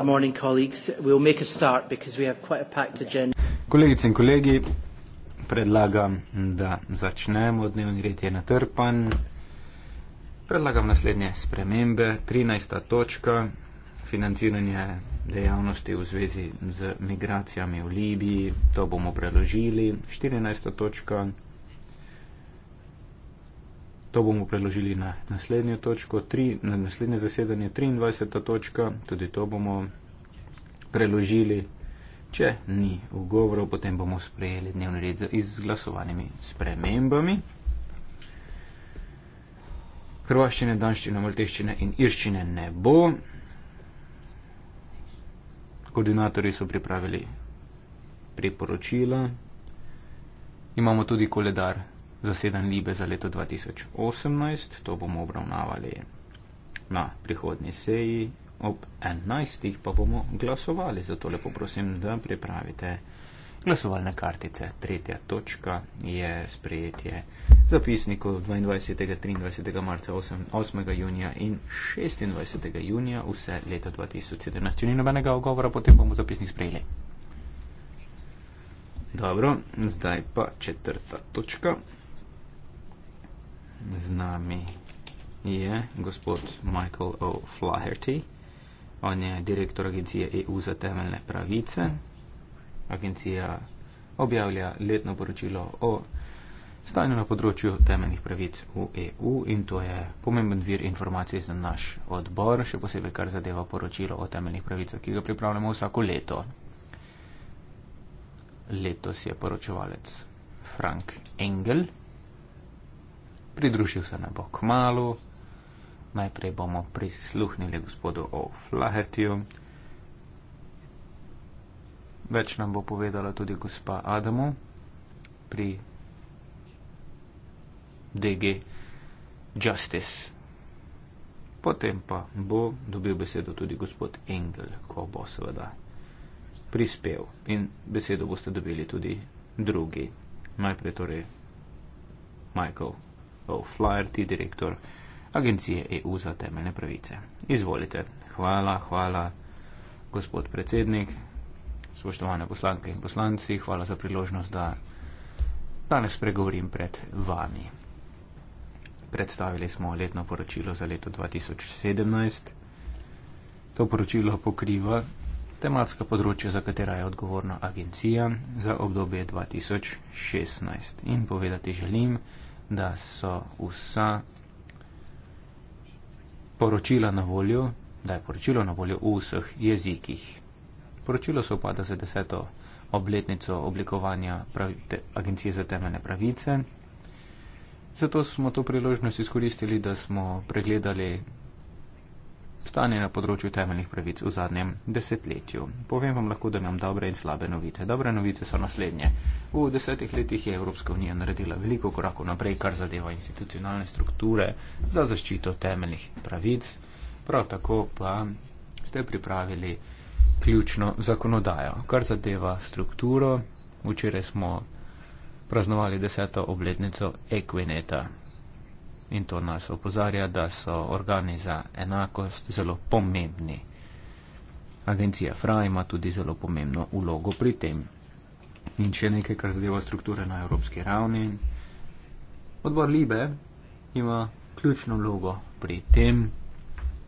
Good morning, colleagues. We'll make a start because we have quite a packed agenda. Kolegice in kolegi, predlagam, da začnemo dnevni red je natrpan. Predlagam naslednje spremembe. 13. točka. Financiranje dejavnosti v zvezi z migracijami v Libiji. To bomo preložili. 14. točka. To bomo predložili na naslednjo točko, tri, na naslednje zasedanje 23. točka, tudi to bomo preložili. Če ni ugovorov, potem bomo sprejeli dnevni red z izglasovanimi spremembami. Hrvaščine, danščine, malteščine in irščine ne bo. Koordinatori so pripravili priporočila. Imamo tudi koledar zaseden Libe za leto 2018. To bomo obravnavali na prihodnji seji. Ob 11. pa bomo glasovali. Zato lepo prosim, da pripravite glasovalne kartice. Tretja točka je sprejetje zapisnikov 22. 23. marca, 8. 8. junija in 26. junija vse leta 2017. Če ni nobenega ogovora, potem bomo zapisnik sprejeli. Dobro, zdaj pa četrta točka z nami je gospod Michael O. Flaherty. On je direktor agencije EU za temeljne pravice. Agencija objavlja letno poročilo o stanju na področju temeljnih pravic v EU in to je pomemben vir informacij za naš odbor, še posebej kar zadeva poročilo o temeljnih pravicah, ki ga pripravljamo vsako leto. Letos je poročevalec Frank Engel pridružil se nam bo k malu. Najprej bomo prisluhnili gospodu O'Flahertyju. Več nam bo povedala tudi gospa Adamu pri DG Justice. Potem pa bo dobil besedo tudi gospod Engel, ko bo seveda prispel. In besedo boste dobili tudi drugi. Najprej torej Michael O'Flaherty, direktor Agencije EU za temeljne pravice. Izvolite. Hvala, hvala, gospod predsednik, spoštovane poslanke in poslanci, hvala za priložnost, da danes pregovorim pred vami. Predstavili smo letno poročilo za leto 2017. To poročilo pokriva tematska področja, za katera je odgovorna agencija za obdobje 2016. In povedati želim, da so vsa poročila na voljo, da je poročilo na voljo v vseh jezikih. Poročilo so pa, da se deseto obletnico oblikovanja pravite, Agencije za temene pravice. Zato smo to priložnost izkoristili, da smo pregledali stanje na področju temeljnih pravic v zadnjem desetletju. Povem vam lahko, da imam dobre in slabe novice. Dobre novice so naslednje. V desetih letih je Evropska unija naredila veliko korakov naprej, kar zadeva institucionalne strukture za zaščito temeljnih pravic. Prav tako pa ste pripravili ključno zakonodajo, kar zadeva strukturo. Včeraj smo praznovali deseto obletnico Equineta in to nas opozarja, da so organi za enakost zelo pomembni. Agencija FRA ima tudi zelo pomembno ulogo pri tem. In še nekaj, kar zadeva strukture na evropski ravni. Odbor Libe ima ključno vlogo pri tem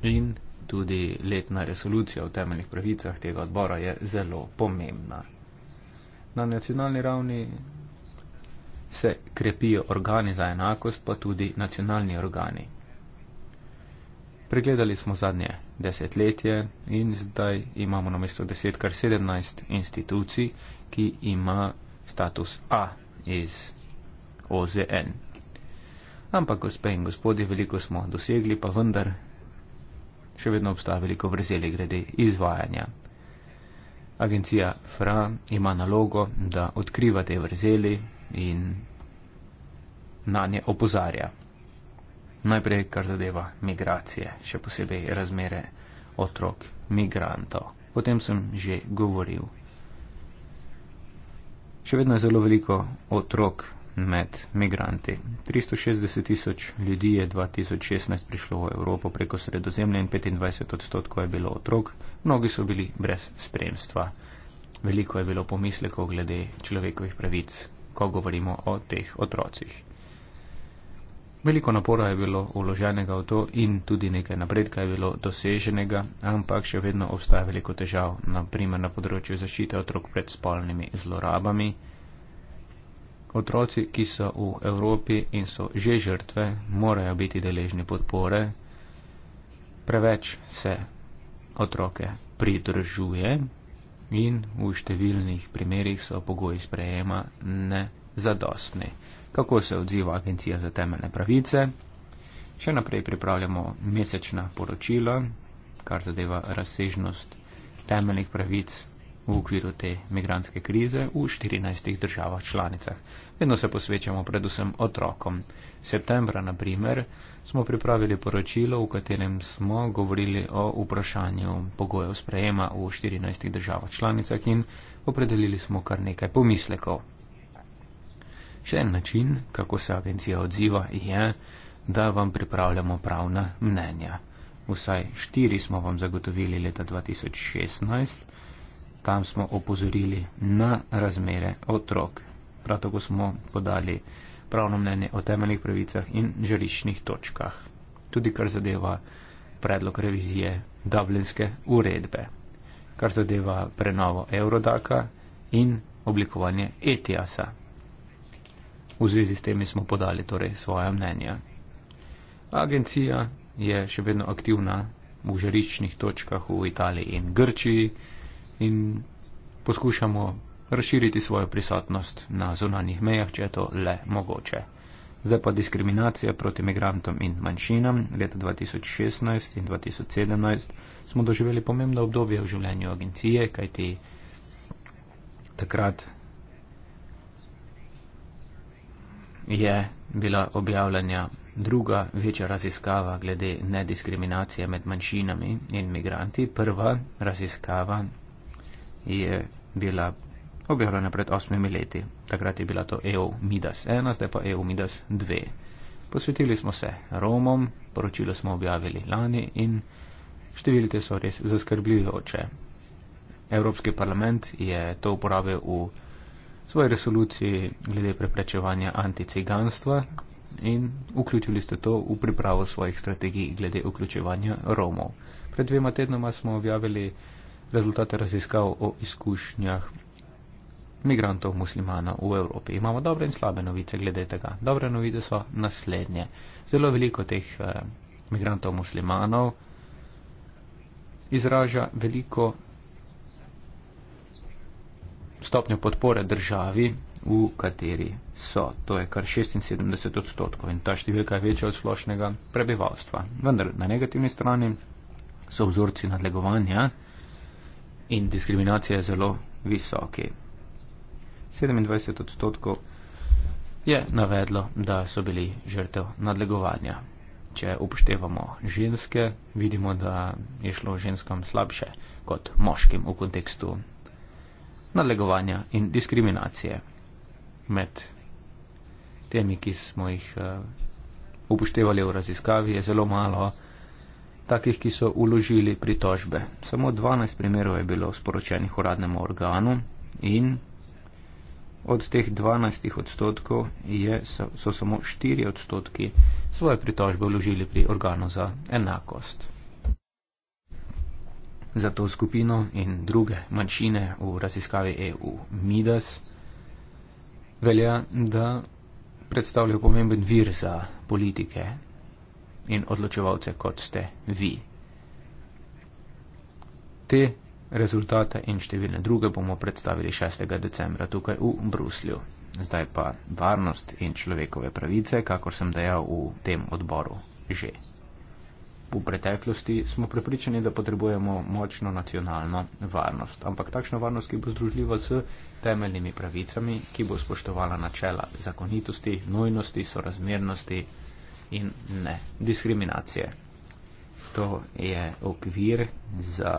in tudi letna resolucija o temeljnih pravicah tega odbora je zelo pomembna. Na nacionalni ravni se krepijo organi za enakost, pa tudi nacionalni organi. Pregledali smo zadnje desetletje in zdaj imamo na mesto deset kar sedemnajst institucij, ki ima status A iz OZN. Ampak, gospe in gospodje, veliko smo dosegli, pa vendar še vedno obstaja veliko vrzeli glede izvajanja. Agencija FRA ima nalogo, da odkriva te vrzeli, in na nje opozarja. Najprej, kar zadeva migracije, še posebej razmere otrok migrantov. O tem sem že govoril. Še vedno je zelo veliko otrok med migranti. 360 tisoč ljudi je 2016 prišlo v Evropo preko sredozemlja in 25 odstotkov je bilo otrok. Mnogi so bili brez spremstva. Veliko je bilo pomislekov glede človekovih pravic ko govorimo o teh otrocih. Veliko napora je bilo uloženega v to in tudi nekaj napredka je bilo doseženega, ampak še vedno obstaja veliko težav, naprimer na področju zaščite otrok pred spolnimi zlorabami. Otroci, ki so v Evropi in so že žrtve, morajo biti deležni podpore. Preveč se otroke pridržuje, in v številnih primerjih so pogoji sprejema nezadostni. Kako se odziva Agencija za temeljne pravice? Še naprej pripravljamo mesečna poročila, kar zadeva razsežnost temeljnih pravic v okviru te migranske krize v 14 državah članicah. Vedno se posvečamo predvsem otrokom. Septembra, na primer, smo pripravili poročilo, v katerem smo govorili o vprašanju pogojev sprejema v 14 državah članicah in opredelili smo kar nekaj pomislekov. Še en način, kako se agencija odziva, je, da vam pripravljamo pravna mnenja. Vsaj štiri smo vam zagotovili leta 2016, tam smo opozorili na razmere otrok. Prav tako smo podali pravno mnenje o temeljnih pravicah in žariščnih točkah, tudi kar zadeva predlog revizije Dublinske uredbe, kar zadeva prenovo Eurodaka in oblikovanje ETIAS-a. V zvezi s temi smo podali torej svoje mnenja. Agencija je še vedno aktivna v žariščnih točkah v Italiji in Grčiji in poskušamo razširiti svojo prisotnost na zunanjih mejah, če je to le mogoče. Zdaj pa diskriminacija proti migrantom in manjšinam. Leta 2016 in 2017 smo doživeli pomembno obdobje v življenju agencije, kajti takrat je bila objavljena druga večja raziskava glede nediskriminacije med manjšinami in migranti. Prva raziskava je bila objavljene pred osmimi leti. Takrat je bila to EU Midas 1, zdaj pa EU Midas 2. Posvetili smo se Romom, poročilo smo objavili lani in številke so res zaskrbljujoče. Evropski parlament je to uporabil v svoji resoluciji glede preprečevanja anticiganstva in vključili ste to v pripravo svojih strategij glede vključevanja Romov. Pred dvema tednoma smo objavili rezultate raziskav o izkušnjah migrantov muslimanov v Evropi. Imamo dobre in slabe novice glede tega. Dobre novice so naslednje. Zelo veliko teh eh, migrantov muslimanov izraža veliko stopnjo podpore državi, v kateri so. To je kar 76 odstotkov in ta številka je večja od splošnega prebivalstva. Vendar na negativni strani so vzorci nadlegovanja in diskriminacija zelo visoki. 27 odstotkov je navedlo, da so bili žrtev nadlegovanja. Če upoštevamo ženske, vidimo, da je šlo ženskam slabše kot moškim v kontekstu nadlegovanja in diskriminacije med temi, ki smo jih eh, upoštevali v raziskavi, je zelo malo takih, ki so uložili pritožbe. Samo 12 primerov je bilo sporočenih uradnemu organu in od teh 12 odstotkov je, so, so samo 4 odstotki svoje pritožbe vložili pri organu za enakost. Za to skupino in druge manjšine v raziskavi EU Midas velja, da predstavljajo pomemben vir za politike in odločevalce, kot ste vi. Te Rezultate in številne druge bomo predstavili 6. decembra tukaj v Bruslju. Zdaj pa varnost in človekove pravice, kakor sem dejal v tem odboru že. V preteklosti smo prepričani, da potrebujemo močno nacionalno varnost, ampak takšno varnost, ki bo združljiva s temeljnimi pravicami, ki bo spoštovala načela zakonitosti, nujnosti, sorazmernosti in ne diskriminacije. To je okvir za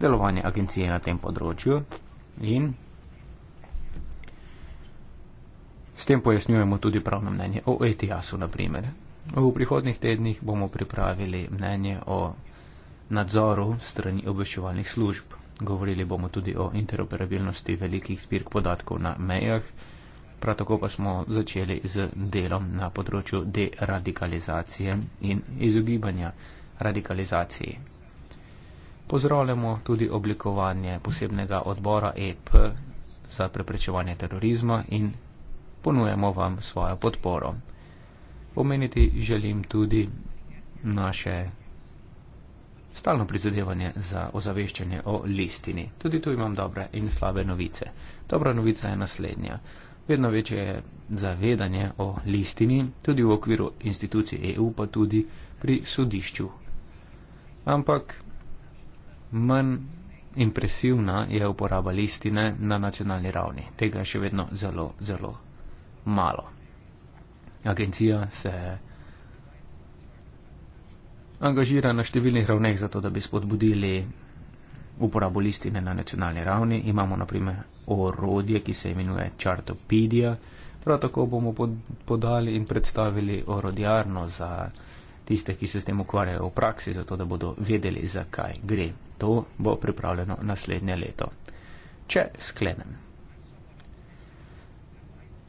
delovanje agencije na tem področju in s tem pojasnjujemo tudi pravno mnenje o ETIAS-u naprimer. V prihodnih tednih bomo pripravili mnenje o nadzoru strani obveščevalnih služb. Govorili bomo tudi o interoperabilnosti velikih zbirk podatkov na mejah, prav tako pa smo začeli z delom na področju deradikalizacije in izogibanja radikalizaciji pozdravljamo tudi oblikovanje posebnega odbora EP za preprečevanje terorizma in ponujemo vam svojo podporo. Omeniti želim tudi naše stalno prizadevanje za ozaveščanje o listini. Tudi tu imam dobre in slabe novice. Dobra novica je naslednja. Vedno večje je zavedanje o listini, tudi v okviru institucij EU, pa tudi pri sodišču. Ampak manj impresivna je uporaba listine na nacionalni ravni. Tega je še vedno zelo, zelo malo. Agencija se angažira na številnih ravneh, zato da bi spodbudili uporabo listine na nacionalni ravni. Imamo naprimer orodje, ki se imenuje Chartopedia. Prav tako bomo podali in predstavili orodjarno za tiste, ki se s tem ukvarjajo v praksi, zato da bodo vedeli, zakaj gre to bo pripravljeno naslednje leto. Če sklenem.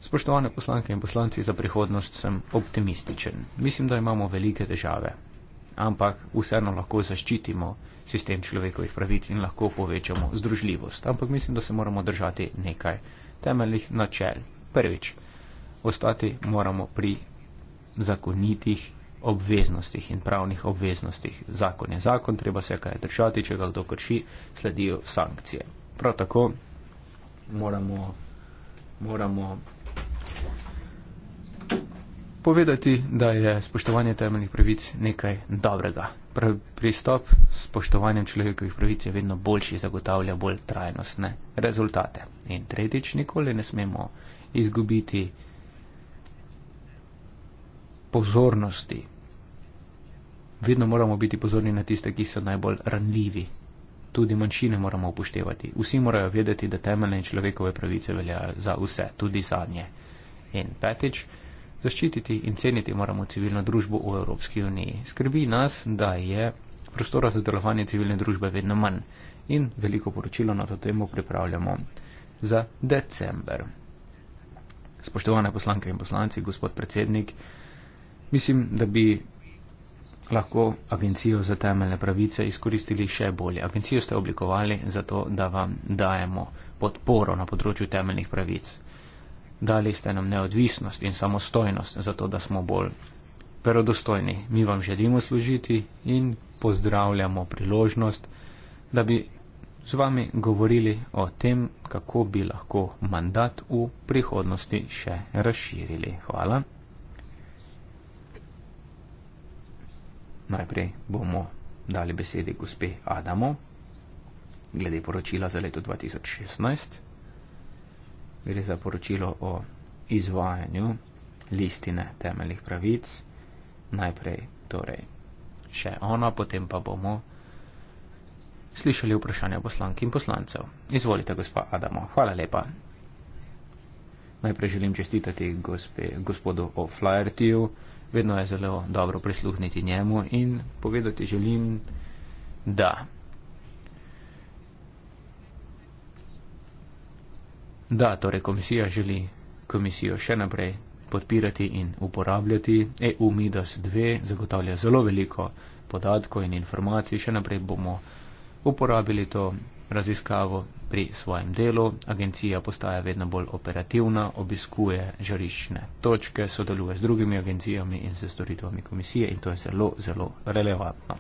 Spoštovane poslanke in poslanci, za prihodnost sem optimističen. Mislim, da imamo velike težave, ampak vseeno lahko zaščitimo sistem človekovih pravic in lahko povečamo združljivost. Ampak mislim, da se moramo držati nekaj temeljnih načel. Prvič, ostati moramo pri zakonitih obveznostih in pravnih obveznostih. Zakon je zakon, treba se kaj držati, če ga kdo krši, sledijo sankcije. Prav tako moramo, moramo povedati, da je spoštovanje temeljnih pravic nekaj dobrega. Pristop s spoštovanjem človekovih pravic je vedno boljši, zagotavlja bolj trajnostne rezultate. In tretjič, nikoli ne smemo izgubiti pozornosti vedno moramo biti pozorni na tiste, ki so najbolj ranljivi. Tudi manjšine moramo upoštevati. Vsi morajo vedeti, da temeljne človekove pravice veljajo za vse, tudi zadnje. In petič, zaščititi in ceniti moramo civilno družbo v Evropski uniji. Skrbi nas, da je prostora za delovanje civilne družbe vedno manj in veliko poročilo na to temo pripravljamo za december. Spoštovane poslanke in poslanci, gospod predsednik, mislim, da bi lahko Agencijo za temeljne pravice izkoristili še bolje. Agencijo ste oblikovali zato, da vam dajemo podporo na področju temeljnih pravic. Dali ste nam neodvisnost in samostojnost, zato da smo bolj perodostojni. Mi vam želimo služiti in pozdravljamo priložnost, da bi z vami govorili o tem, kako bi lahko mandat v prihodnosti še razširili. Hvala. Najprej bomo dali besedi gospe Adamo glede poročila za leto 2016. Gre za poročilo o izvajanju listine temeljnih pravic. Najprej torej še ona, potem pa bomo slišali vprašanja poslank in poslancev. Izvolite, gospa Adamo. Hvala lepa. Najprej želim čestitati gospe, gospodu O'Flaherty-ju vedno je zelo dobro prisluhniti njemu in povedati želim, da. Da, torej komisija želi komisijo še naprej podpirati in uporabljati. EU MIDAS 2 zagotavlja zelo veliko podatkov in informacij. Še naprej bomo uporabili to raziskavo, pri svojem delu. Agencija postaja vedno bolj operativna, obiskuje žarišne točke, sodeluje z drugimi agencijami in se storitvami komisije in to je zelo, zelo relevantno.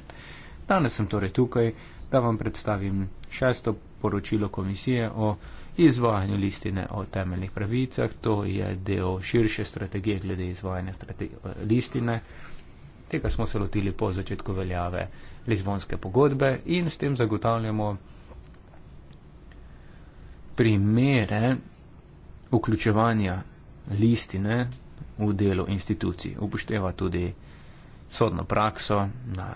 Danes sem torej tukaj, da vam predstavim šesto poročilo komisije o izvajanju listine o temeljnih pravicah. To je del širše strategije glede izvajanja listine. Tega smo se lotili po začetku veljave Lizbonske pogodbe in s tem zagotavljamo primere vključevanja listine v delo institucij. Upošteva tudi sodno prakso na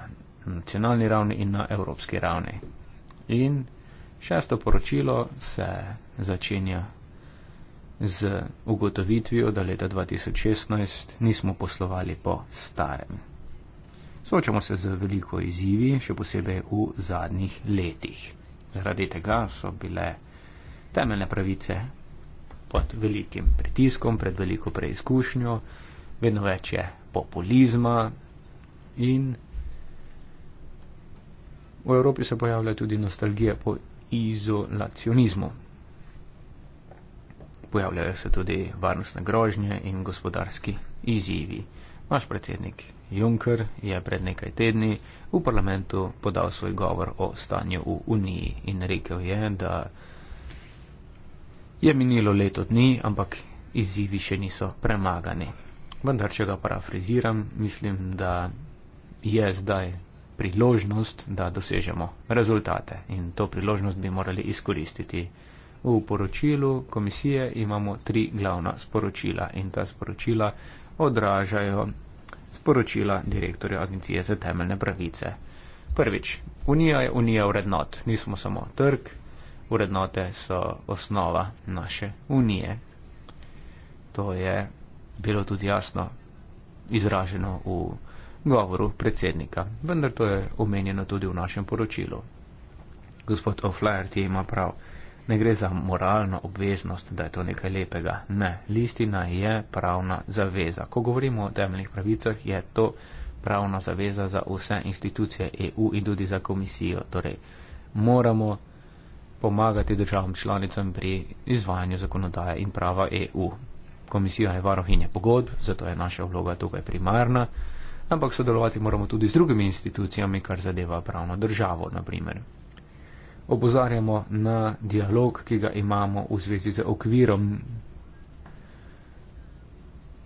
nacionalni ravni in na evropski ravni. In šesto poročilo se začenja z ugotovitvijo, da leta 2016 nismo poslovali po starem. Soočamo se z veliko izzivi, še posebej v zadnjih letih. Zaradi tega so bile temeljne pravice pod velikim pritiskom, pred veliko preizkušnjo, vedno več je populizma in v Evropi se pojavlja tudi nostalgija po izolacionizmu. Pojavljajo se tudi varnostne grožnje in gospodarski izzivi. Vaš predsednik Juncker je pred nekaj tedni v parlamentu podal svoj govor o stanju v Uniji in rekel je, da Je minilo leto dni, ampak izzivi še niso premagani. Vendar, če ga parafriziram, mislim, da je zdaj priložnost, da dosežemo rezultate in to priložnost bi morali izkoristiti. V poročilu komisije imamo tri glavna sporočila in ta sporočila odražajo sporočila direktorja Agencije za temeljne pravice. Prvič, Unija je Unija vrednot, nismo samo trg, vrednote so osnova naše unije. To je bilo tudi jasno izraženo v govoru predsednika, vendar to je omenjeno tudi v našem poročilu. Gospod O'Flaherty ima prav, ne gre za moralno obveznost, da je to nekaj lepega. Ne, listina je pravna zaveza. Ko govorimo o temeljnih pravicah, je to pravna zaveza za vse institucije EU in tudi za komisijo. Torej, moramo pomagati državam članicam pri izvajanju zakonodaje in prava EU. Komisija je varohinja pogodb, zato je naša vloga tukaj primarna, ampak sodelovati moramo tudi z drugimi institucijami, kar zadeva pravno državo, naprimer. Opozarjamo na dialog, ki ga imamo v zvezi z okvirom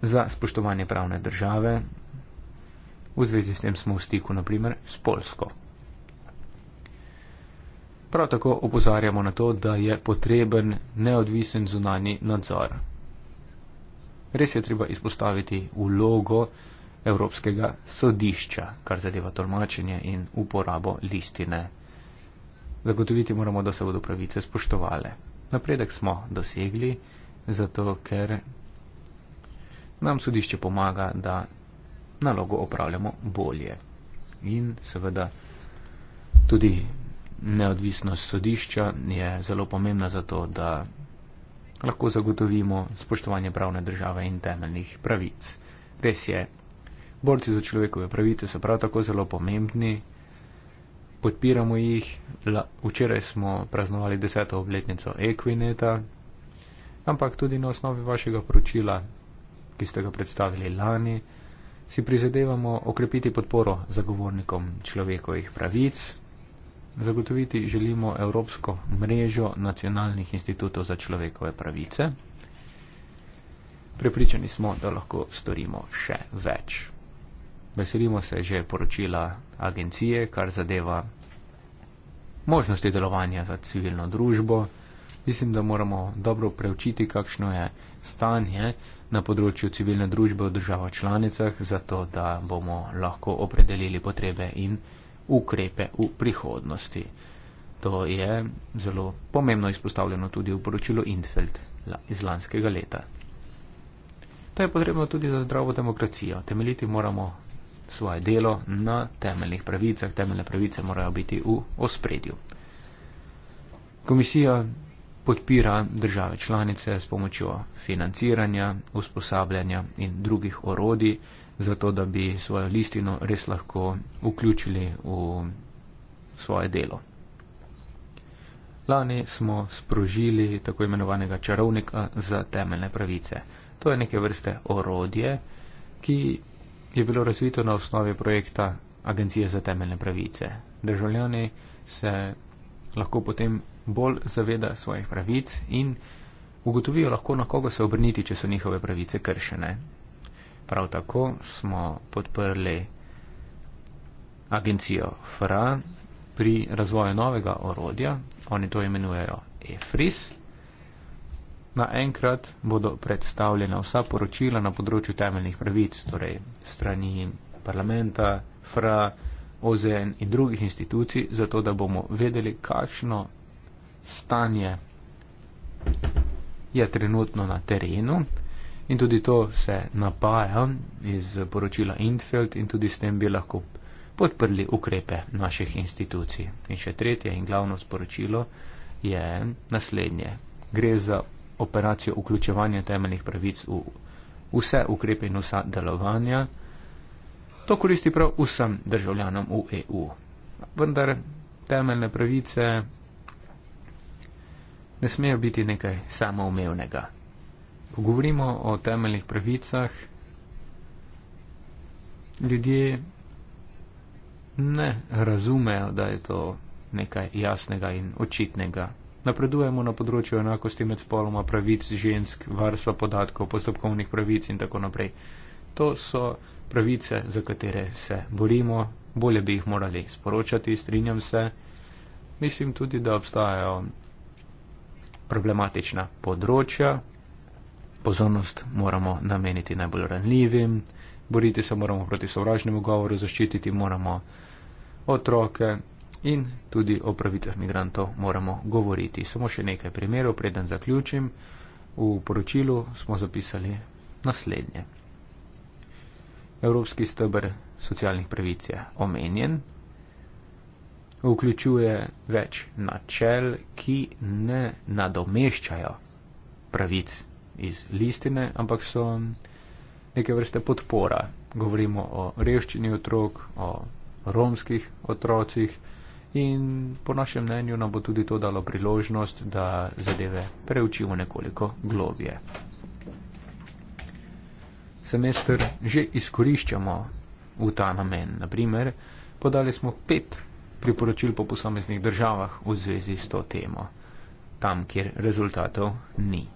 za spoštovanje pravne države. V zvezi s tem smo v stiku, naprimer, s Polsko. Prav tako opozarjamo na to, da je potreben neodvisen zunani nadzor. Res je treba izpostaviti vlogo Evropskega sodišča, kar zadeva tolmačenje in uporabo listine. Zagotoviti moramo, da se bodo pravice spoštovale. Napredek smo dosegli, zato ker nam sodišče pomaga, da nalogo opravljamo bolje. In seveda tudi neodvisnost sodišča je zelo pomembna zato, da lahko zagotovimo spoštovanje pravne države in temeljnih pravic. Res je, borci za človekove pravice so prav tako zelo pomembni, podpiramo jih, La, včeraj smo praznovali deseto obletnico Equineta, ampak tudi na osnovi vašega poročila, ki ste ga predstavili lani, si prizadevamo okrepiti podporo zagovornikom človekovih pravic. Zagotoviti želimo Evropsko mrežo nacionalnih institutov za človekove pravice. Prepričani smo, da lahko storimo še več. Veselimo se že poročila agencije, kar zadeva možnosti delovanja za civilno družbo. Mislim, da moramo dobro preučiti, kakšno je stanje na področju civilne družbe v državah članicah, zato da bomo lahko opredelili potrebe in ukrepe v prihodnosti. To je zelo pomembno izpostavljeno tudi v poročilu Infeld iz lanskega leta. To je potrebno tudi za zdravo demokracijo. Temeljiti moramo svoje delo na temeljnih pravicah. Temeljne pravice morajo biti v ospredju. Komisija podpira države članice s pomočjo financiranja, usposabljanja in drugih orodij zato da bi svojo listino res lahko vključili v svoje delo. Lani smo sprožili tako imenovanega čarovnika za temeljne pravice. To je neke vrste orodje, ki je bilo razvito na osnovi projekta Agencije za temeljne pravice. Državljani se lahko potem bolj zaveda svojih pravic in ugotovijo lahko, na koga se obrniti, če so njihove pravice kršene. Prav tako smo podprli agencijo FRA pri razvoju novega orodja, oni to imenujejo EFRIS. Naenkrat bodo predstavljena vsa poročila na področju temeljnih pravic, torej strani parlamenta, FRA, OZN in drugih institucij, zato da bomo vedeli, kakšno stanje je trenutno na terenu. In tudi to se napaja iz poročila Infield in tudi s tem bi lahko podprli ukrepe naših institucij. In še tretje in glavno sporočilo je naslednje. Gre za operacijo vključevanja temeljnih pravic v vse ukrepe in vsa delovanja. To koristi prav vsem državljanom v EU. Vendar temeljne pravice ne smejo biti nekaj samoumevnega pogovorimo o temeljnih pravicah, ljudje ne razumejo, da je to nekaj jasnega in očitnega. Napredujemo na področju enakosti med spoloma, pravic žensk, varstva podatkov, postopkovnih pravic in tako naprej. To so pravice, za katere se borimo, bolje bi jih morali sporočati, strinjam se. Mislim tudi, da obstajajo problematična področja, pozornost moramo nameniti najbolj ranljivim, boriti se moramo proti sovražnemu govoru, zaščititi moramo otroke in tudi o pravicah migrantov moramo govoriti. Samo še nekaj primerov, preden zaključim. V poročilu smo zapisali naslednje. Evropski stebr socialnih pravic je omenjen. Vključuje več načel, ki ne nadomeščajo pravic iz listine, ampak so neke vrste podpora. Govorimo o revščini otrok, o romskih otrocih in po našem mnenju nam bo tudi to dalo priložnost, da zadeve preučimo nekoliko globje. Semester že izkoriščamo v ta namen. Naprimer, podali smo pet priporočil po posameznih državah v zvezi s to temo, tam, kjer rezultatov ni.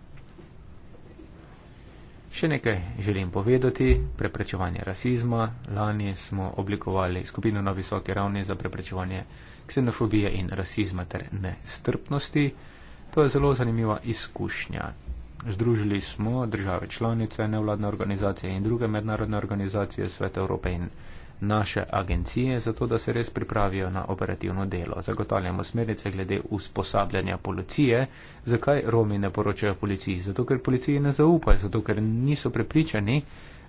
Še nekaj želim povedati. Preprečevanje rasizma. Lani smo oblikovali skupino na visoke ravni za preprečevanje ksenofobije in rasizma ter nestrpnosti. To je zelo zanimiva izkušnja. Združili smo države članice, nevladne organizacije in druge mednarodne organizacije Sveta Evrope in Evrope naše agencije, zato da se res pripravijo na operativno delo. Zagotavljamo smernice glede usposabljanja policije. Zakaj Romi ne poročajo policiji? Zato, ker policiji ne zaupajo, zato, ker niso prepričani,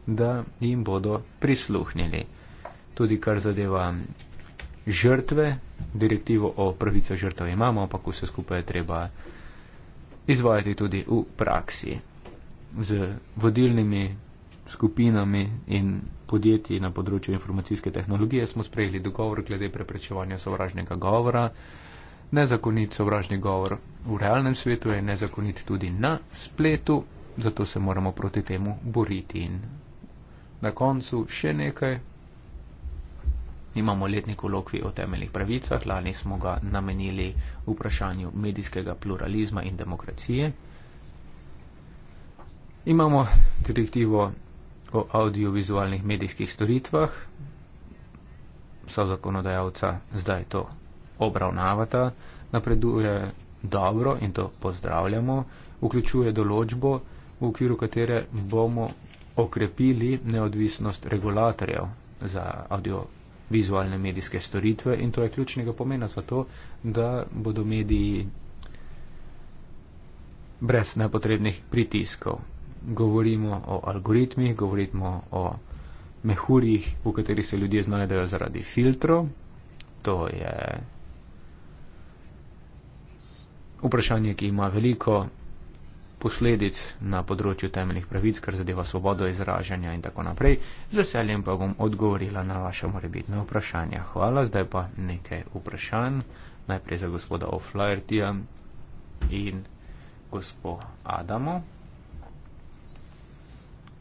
da jim bodo prisluhnili. Tudi kar zadeva žrtve, direktivo o pravice žrtev imamo, ampak vse skupaj je treba izvajati tudi v praksi z vodilnimi skupinami in podjetji na področju informacijske tehnologije smo sprejeli dogovor glede preprečevanja sovražnega govora. Nezakonit sovražni govor v realnem svetu je nezakonit tudi na spletu, zato se moramo proti temu boriti. In na koncu še nekaj. Imamo letnik kolokvi o temeljnih pravicah. Lani smo ga namenili vprašanju medijskega pluralizma in demokracije. Imamo direktivo o audiovizualnih medijskih storitvah. So zakonodajalca zdaj to obravnavata, napreduje dobro in to pozdravljamo, vključuje določbo, v okviru katere bomo okrepili neodvisnost regulatorjev za audiovizualne medijske storitve in to je ključnega pomena za to, da bodo mediji brez nepotrebnih pritiskov govorimo o algoritmih, govorimo o mehurjih, v katerih se ljudje znajdejo zaradi filtrov. To je vprašanje, ki ima veliko posledic na področju temeljnih pravic, kar zadeva svobodo izražanja in tako naprej. Z veseljem pa bom odgovorila na vaše morebitne vprašanja. Hvala, zdaj pa nekaj vprašanj. Najprej za gospoda Oflajrtija in gospo Adamo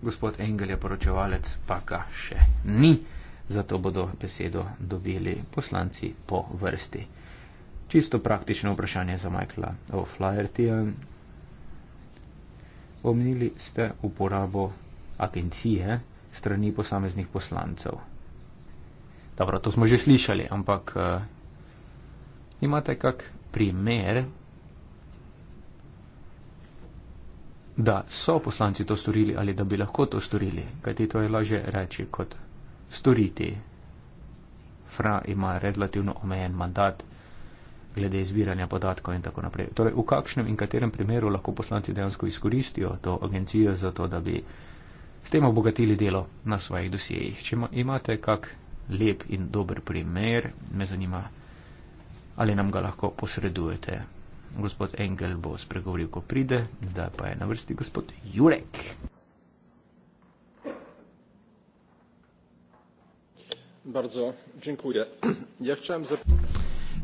gospod Engel je poročevalec, pa ga še ni. Zato bodo besedo dobili poslanci po vrsti. Čisto praktično vprašanje za Michaela O'Flaherty-ja. Omenili ste uporabo agencije strani posameznih poslancev. Dobro, to smo že slišali, ampak uh, imate kak primer da so poslanci to storili ali da bi lahko to storili, kajti to je lažje reči kot storiti. Fra ima relativno omejen mandat glede izbiranja podatkov in tako naprej. Torej, v kakšnem in katerem primeru lahko poslanci dejansko izkoristijo to agencijo za to, da bi s tem obogatili delo na svojih dosjejih. Če imate kak lep in dober primer, me zanima, ali nam ga lahko posredujete gospod Engel bo spregovoril, ko pride, zdaj pa je na vrsti gospod Jurek. Bardzo, dziękuję. Ja chciałem za...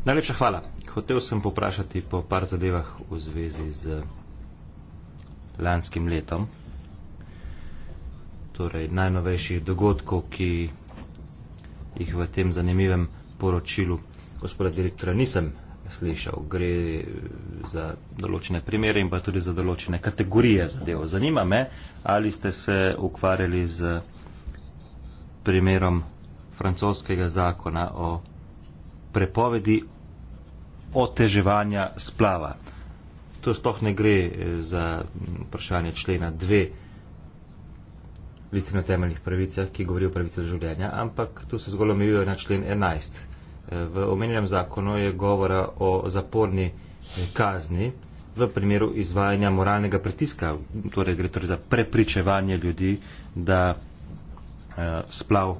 Najlepša hvala. Hotel sem poprašati po par zadevah v zvezi z lanskim letom, torej najnovejših dogodkov, ki jih v tem zanimivem poročilu gospoda direktora nisem slišal. Gre eh, za določene primere in pa tudi za določene kategorije zadev. Zanima me, ali ste se ukvarjali z primerom francoskega zakona o prepovedi oteževanja splava. To sploh ne gre eh, za mm, vprašanje člena 2 listine temeljnih pravicah, ki govori o pravici do življenja, ampak tu se zgolj omejuje na člen 11, V omenjenem zakonu je govora o zaporni kazni v primeru izvajanja moralnega pritiska, torej gre torej za prepričevanje ljudi, da eh, splav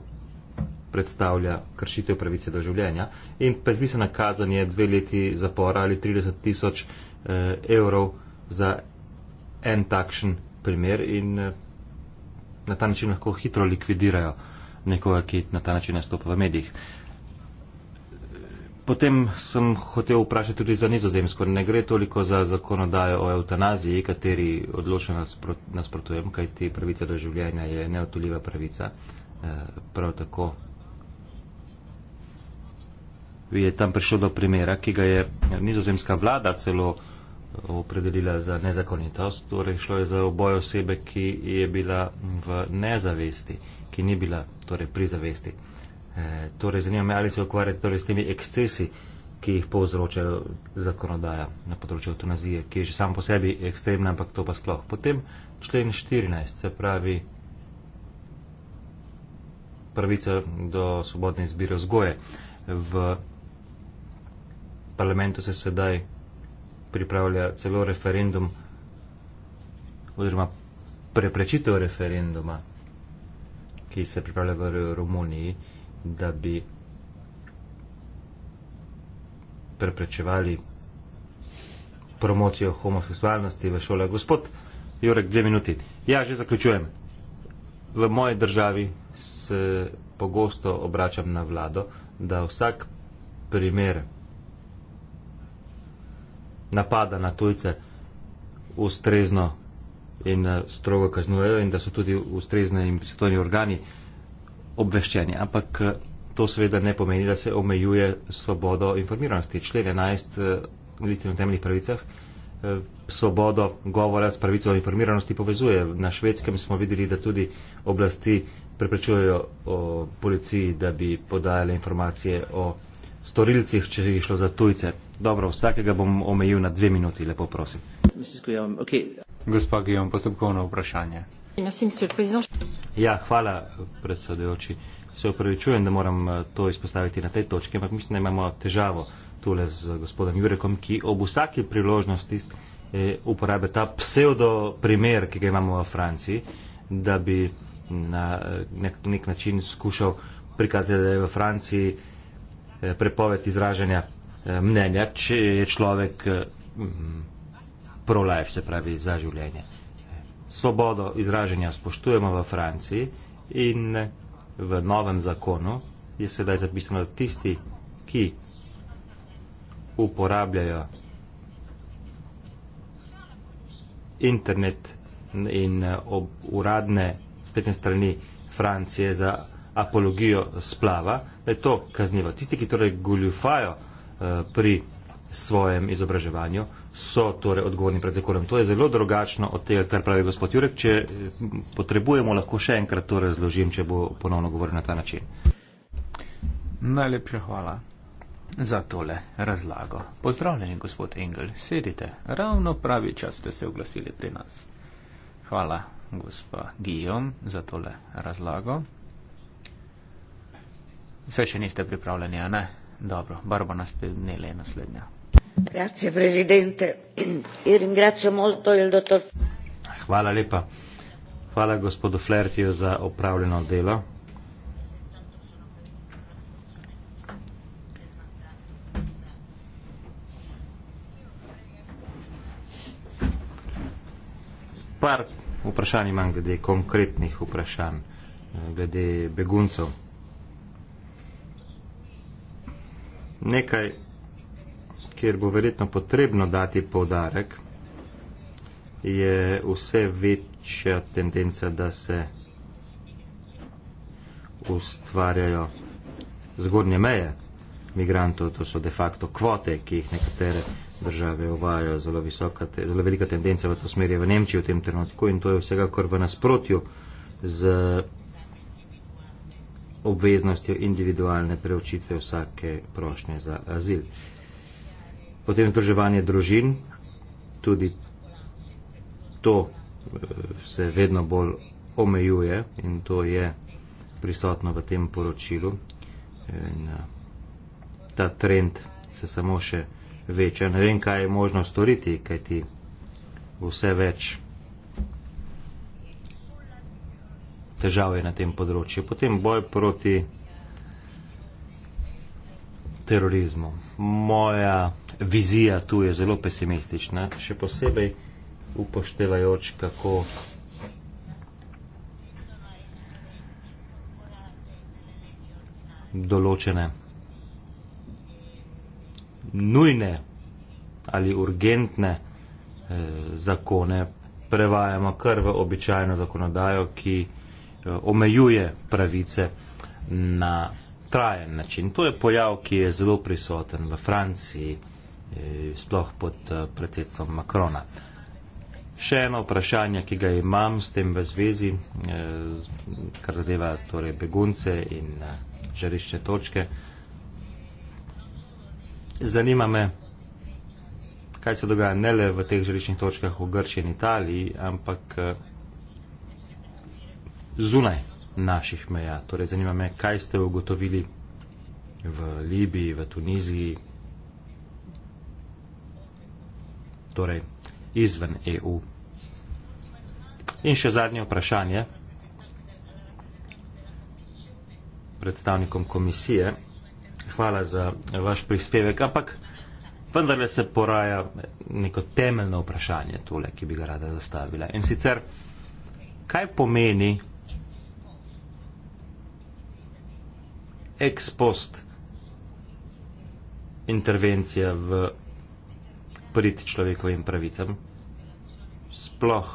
predstavlja kršitev pravice do življenja in predpisana kazen je dve leti zapora ali 30 tisoč eh, evrov za en takšen primer in eh, na ta način lahko hitro likvidirajo nekoga, ki na ta način nastopa v medijih. Potem sem hotel vprašati tudi za nizozemsko. Ne gre toliko za zakonodajo o eutanaziji, kateri odločno nasprotujem, kaj ti pravica do življenja je neotoljiva pravica. Eh, prav tako je tam prišlo do primera, ki ga je nizozemska vlada celo eh, opredelila za nezakonitost. Torej šlo je za oboje osebe, ki je bila v nezavesti, ki ni bila torej, pri zavesti. Eh, torej, zanima me, ali se ukvarjate torej s temi ekscesi, ki jih povzroča zakonodaja na področju eutanazije, ki je že sam po sebi ekstremna, ampak to pa sploh. Potem člen 14, se pravi pravica do svobodne izbire vzgoje. V parlamentu se sedaj pripravlja celo referendum oziroma preprečitev referenduma, ki se pripravlja v Romuniji da bi preprečevali promocijo homoseksualnosti v šole. Gospod Jurek, dve minuti. Ja, že zaključujem. V moji državi se pogosto obračam na vlado, da vsak primer napada na tujce ustrezno in eh, strogo kaznujejo in da so tudi ustrezne in pristojni organi uh, obveščeni. Ampak eh, to seveda ne pomeni, da se omejuje svobodo informiranosti. Člen 11 eh, listin o temeljih pravicah eh, svobodo govora s pravico o informiranosti povezuje. Na švedskem smo videli, da tudi oblasti preprečujejo policiji, da bi podajale informacije o storilcih, če jih šlo za tujce. Dobro, vsakega bom omejil na dve minuti, lepo prosim. Gospa Gijom, postopkovno vprašanje. Ja, hvala, predsedujoči. Se upravičujem, da moram eh, to izpostaviti na tej točki, ampak mislim, da imamo težavo tule z gospodom Jurekom, ki ob vsaki priložnosti eh, uporabi ta pseudo primer, ki ga imamo v Franciji, da bi na eh, nek, nek način skušal prikazati, da je v Franciji prepoved izražanja mnenja, če je človek pro-life, se pravi za življenje svobodo izražanja spoštujemo v Franciji in v novem zakonu je sedaj zapisano tisti, ki uporabljajo internet in ob uradne spletne strani Francije za apologijo splava, da je to kaznivo. Tisti, ki torej goljufajo eh, pri svojem izobraževanju, so torej odgovorni pred zakonom. To je zelo drugačno od tega, kar pravi gospod Jurek. Če eh, potrebujemo, lahko še enkrat to razložim, če bo ponovno govoril na ta način. Najlepša hvala za tole razlago. Pozdravljeni, gospod Engel, sedite. Ravno pravi čas ste se oglasili pri nas. Hvala, gospa Gijom, za tole razlago. Vse še niste pripravljeni, a ne? Dobro, barba nas pevnele naslednja. Grazie Presidente, io ringrazio molto il dottor Hvala lepa. Hvala gospodu Flertiju za opravljeno delo. Par vprašanj imam glede konkretnih vprašanj, glede beguncev. Nekaj vprašanj kjer bo verjetno potrebno dati povdarek, je vse večja tendenca, da se ustvarjajo zgornje meje migrantov, to so de facto kvote, ki jih nekatere države uvajajo, zelo, visoka, zelo velika tendenca v to smer je v Nemčiji v tem trenutku in to je vsega, kar v nasprotju z obveznostjo individualne preučitve vsake prošnje za azil. Potem združevanje družin, tudi to eh, se vedno bolj omejuje in to je prisotno v tem poročilu. In, eh, ta trend se samo še veča. Ne vem, kaj je možno storiti, kaj ti vse več težav je na tem področju. Potem boj proti terorizmu. Moja vizija tu je zelo pesimistična, še posebej upoštevajoč, kako določene nujne ali urgentne eh, zakone prevajamo kar v običajno zakonodajo, ki eh, omejuje pravice na trajen način. To je pojav, ki je zelo prisoten v Franciji, eh, Eh, sploh pod eh, predsedstvom Makrona. Še eno vprašanje, ki ga imam s tem v zvezi, eh, kar zadeva torej begunce in žarišče točke. Zanima me, kaj se dogaja ne le v teh žariščnih točkah v Grči in Italiji, ampak zunaj naših meja. Torej, zanima me, kaj ste ugotovili v Libiji, v Tuniziji, torej izven EU. In še zadnje vprašanje predstavnikom komisije. Hvala za vaš prispevek, ampak vendar se poraja neko temeljno vprašanje tule, ki bi ga rada zastavila. In sicer, kaj pomeni ex post intervencija v prid človekovim pravicam, sploh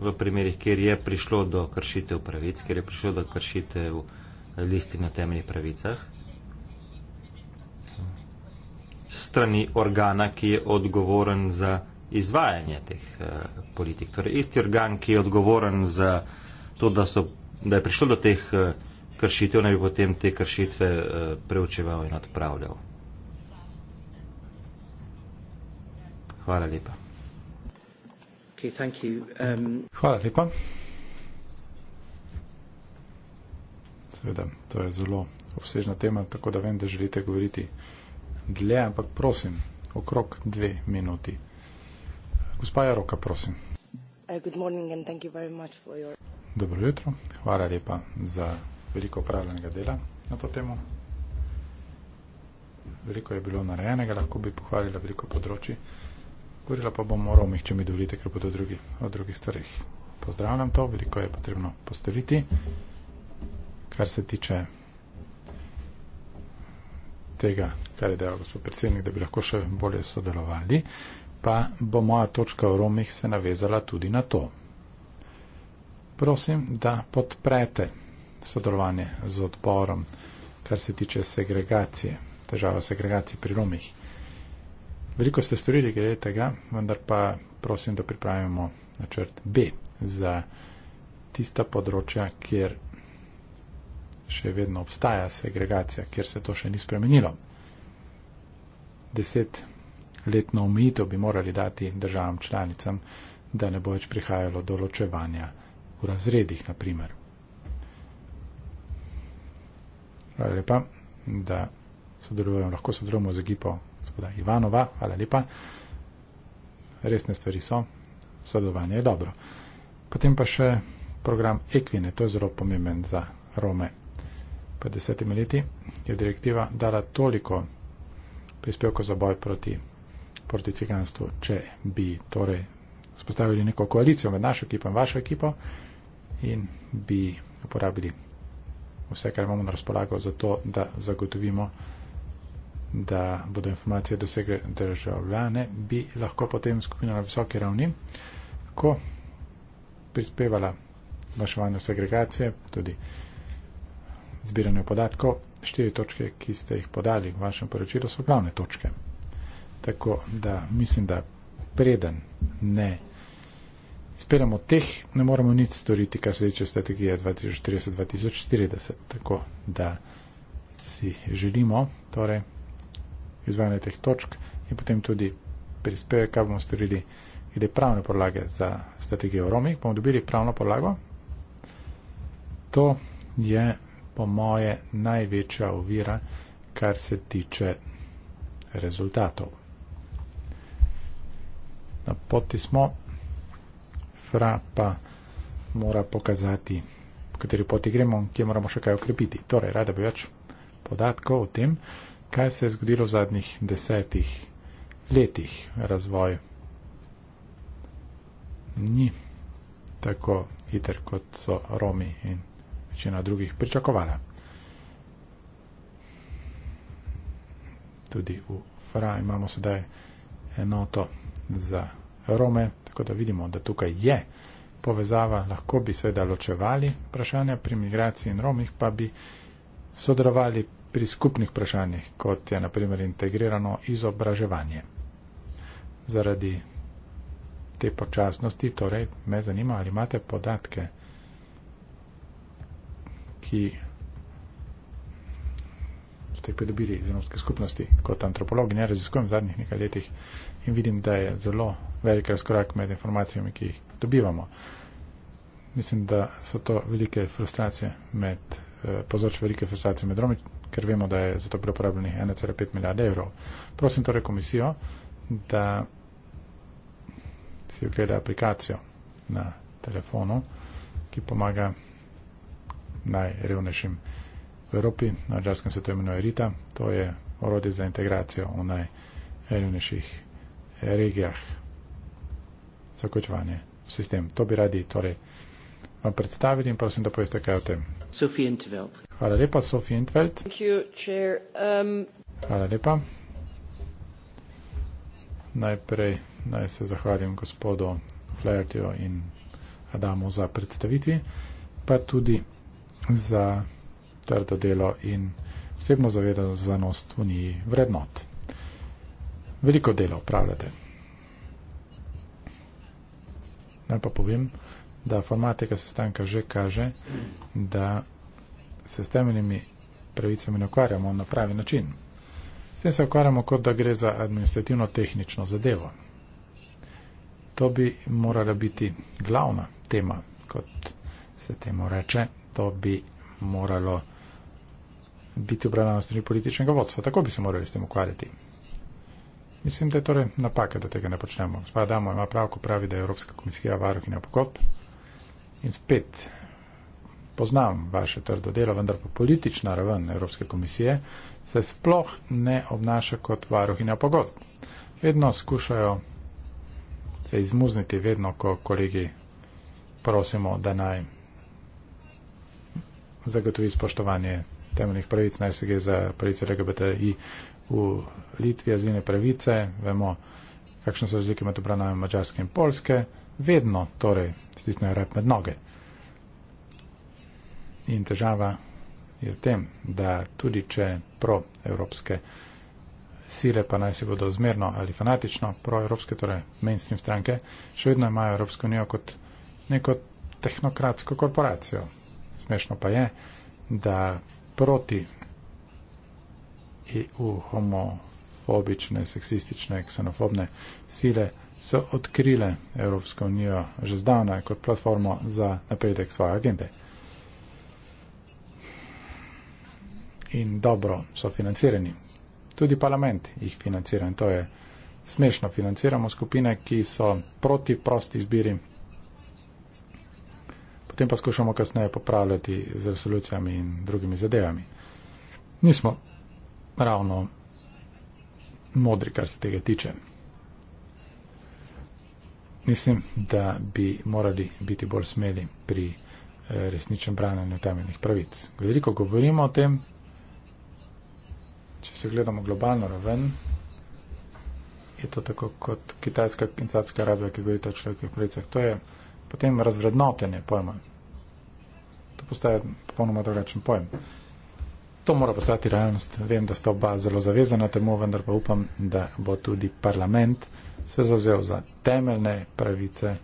v primerih, kjer je prišlo do kršitev pravic, kjer je prišlo do kršitev listi na temeljih pravicah, strani organa, ki je odgovoren za izvajanje teh eh, politik. Torej, isti organ, ki je odgovoren za to, da, so, da je prišlo do teh eh, kršitev, naj bi potem te kršitve eh, preučeval in odpravljal. Hvala lepa. Um, hvala lepa. Seveda, to je zelo obsežna tema, tako da vem, da želite govoriti dlje, ampak prosim, okrog dve minuti. Gospa Jaroka, prosim. Uh, Dobro jutro, hvala lepa za veliko upravljenega dela na to temo. Veliko je bilo narejenega, lahko bi pohvalila veliko področji. Govorila pa bom o Romih, če mi dovolite, ker bodo drugi, o drugih starih. Pozdravljam to, veliko je potrebno postoriti, kar se tiče tega, kar je dejal gospod predsednik, da bi lahko še bolje sodelovali, pa bo moja točka o Romih se navezala tudi na to. Prosim, da podprete sodelovanje z odborom, kar se tiče segregacije, težava segregacije pri Romih. Veliko ste storili glede tega, vendar pa prosim, da pripravimo načrt B za tista področja, kjer še vedno obstaja segregacija, kjer se to še ni spremenilo. Desetletno omejitev bi morali dati državam članicam, da ne bo več prihajalo do ločevanja v razredih, naprimer. Hvala lepa, da sodelujem, lahko sodelujemo z ekipo gospoda Ivanova, hvala lepa. Resne stvari so, sodelovanje je dobro. Potem pa še program Equine, to je zelo pomemben za Rome. Pred desetimi leti je direktiva dala toliko prispevkov za boj proti, proti ciganstvu, če bi torej spostavili neko koalicijo med našo ekipo in vašo ekipo in bi uporabili vse, kar imamo na razpolago, za to, da zagotovimo da bodo informacije dosegle državljane, bi lahko potem skupina na visoki ravni, ko prispevala vaševanju segregacije, tudi zbiranju podatkov, štiri točke, ki ste jih podali v vašem poročilu, so glavne točke. Tako da mislim, da preden ne izpeljamo teh, ne moramo nič storiti, kar se tiče strategije 2030-2040. Tako da si želimo, torej, izvajanje teh točk in potem tudi prispeve, kaj bomo storili glede pravne podlage za strategijo Romi. Bomo dobili pravno podlago. To je po moje največja ovira, kar se tiče rezultatov. Na poti smo, fra pa mora pokazati, po kateri poti gremo in kje moramo še kaj ukrepiti. Torej, rada bi več podatkov o tem kaj se je zgodilo v zadnjih desetih letih razvoj. Ni tako hiter, kot so Romi in večina drugih pričakovala. Tudi v Fra imamo sedaj enoto za Rome, tako da vidimo, da tukaj je povezava, lahko bi seveda ločevali vprašanja pri migraciji in Romih, pa bi sodelovali pri skupnih vprašanjih, kot je naprimer integrirano izobraževanje. Zaradi te počasnosti, torej me zanima, ali imate podatke, ki ste jih pridobili iz Evropske skupnosti kot antropologinja, raziskujem v zadnjih nekaj letih in vidim, da je zelo velik razkorak med informacijami, ki jih dobivamo. Mislim, da so to velike frustracije med, eh, povzroča velike frustracije med Romi, ker vemo, da je za to bilo uporabljenih 1,5 milijarde evrov. Prosim torej komisijo, da si ogleda aplikacijo na telefonu, ki pomaga najrevnejšim v Evropi, na Ačarskem se to imenuje RITA, to je orodje za integracijo v najrevnejših regijah za vključevanje v sistem. To bi radi torej vam predstavili in prosim, da poveste kaj o tem. Sophie Interville. Hvala lepa, Sofija Entfeld. Um, Hvala lepa. Najprej naj se zahvalim gospodu Flaherty-ju in Adamu za predstavitvi, pa tudi za trdo delo in vsebno zavedanost v njih vrednot. Veliko delo upravljate. Naj pa povem, da formatika sestanka že kaže, da se s temeljnimi pravicami ne ukvarjamo na pravi način. S tem se ukvarjamo, kot da gre za administrativno-tehnično zadevo. To bi morala biti glavna tema, kot se temu reče. To bi moralo biti obravnavano strani političnega vodstva. Tako bi se morali s tem ukvarjati. Mislim, da je torej napaka, da tega ne počnemo. Spada Damo ima prav, ko pravi, da je Evropska komisija varuhinja pokop. In spet poznam vaše trdo delo, vendar pa politična raven Evropske komisije se sploh ne obnaša kot varuhina pogodb. Vedno skušajo se izmuzniti, vedno, ko kolegi prosimo, da naj zagotovi spoštovanje temeljnih pravic, naj se gre za pravice LGBTI v Litvi, azilne pravice, vemo, kakšne so razlike med obravnavami Mačarske in Polske, vedno torej stisnejo rep med noge. In težava je v tem, da tudi če proevropske sile, pa naj se bodo zmerno ali fanatično proevropske, torej mainstream stranke, še vedno imajo Evropsko unijo kot neko tehnokratsko korporacijo. Smešno pa je, da proti EU homofobične, seksistične, ksenofobne sile so odkrile Evropsko unijo že zdavnaj kot platformo za napredek svoje agende. in dobro so financirani. Tudi parlament jih financira in to je smešno. Financiramo skupine, ki so proti prosti izbiri. Potem pa skušamo kasneje popravljati z resolucijami in drugimi zadevami. Nismo ravno modri, kar se tega tiče. Mislim, da bi morali biti bolj smeli pri eh, resničnem branjenju temeljnih pravic. Veliko govorimo o tem, če se gledamo globalno raven, je to tako kot Kitajska in Sadska Arabija, ki govorita o človekovih pravicah. To je potem razvrednotenje pojma. To postaje popolnoma drugačen pojem. To mora postati realnost. Vem, da sta oba zelo zavezana temu, vendar pa upam, da bo tudi parlament se zavzel za temeljne pravice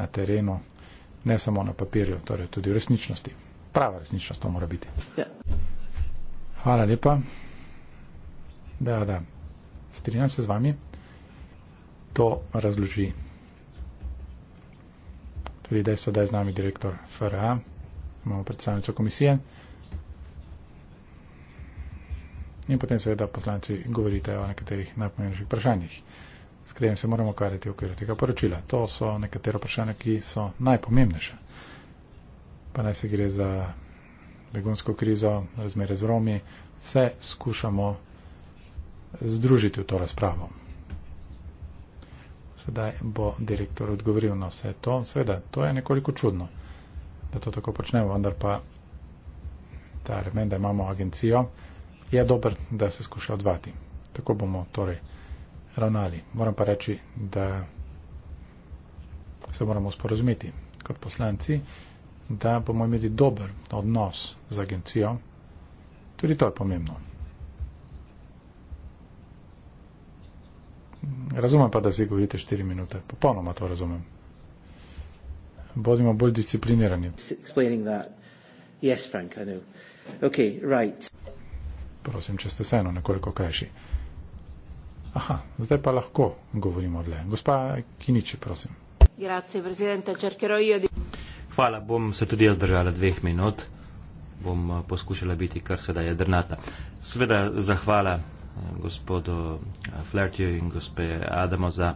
na terenu, ne samo na papirju, torej tudi v resničnosti. Prava resničnost to mora biti. Yeah. Ja. Hvala lepa. Da, da, strinjam se z vami. To razloži tudi dejstvo, da je z nami direktor FRA, imamo predstavnico komisije. In potem seveda poslanci govorite o nekaterih najpomembnejših vprašanjih, s katerimi se moramo ukvarjati v okviru tega poročila. To so nekatera vprašanja, ki so najpomembnejša. Pa naj se gre za begunsko krizo, razmere z Romi, se skušamo združiti v to razpravo. Sedaj bo direktor odgovoril na vse to. Seveda, to je nekoliko čudno, da to tako počnemo, vendar pa ta remen, da imamo agencijo, je dober, da se skuša odvati. Tako bomo torej ravnali. Moram pa reči, da se moramo sporozumeti kot poslanci da bomo imeli dober odnos z agencijo. Tudi to je pomembno. Razumem pa, da si govorite 4 minute. Popolnoma to razumem. Bodimo bolj disciplinirani. Yes, Frank, okay, right. Prosim, če ste vseeno nekoliko krajši. Aha, zdaj pa lahko govorimo le. Gospa Kiniči, prosim. Grazie, Hvala, bom se tudi jaz držala dveh minut, bom eh, poskušala biti kar sedaj jedrnata. Sveda zahvala eh, gospodu eh, Flertiju in gospe Adamo za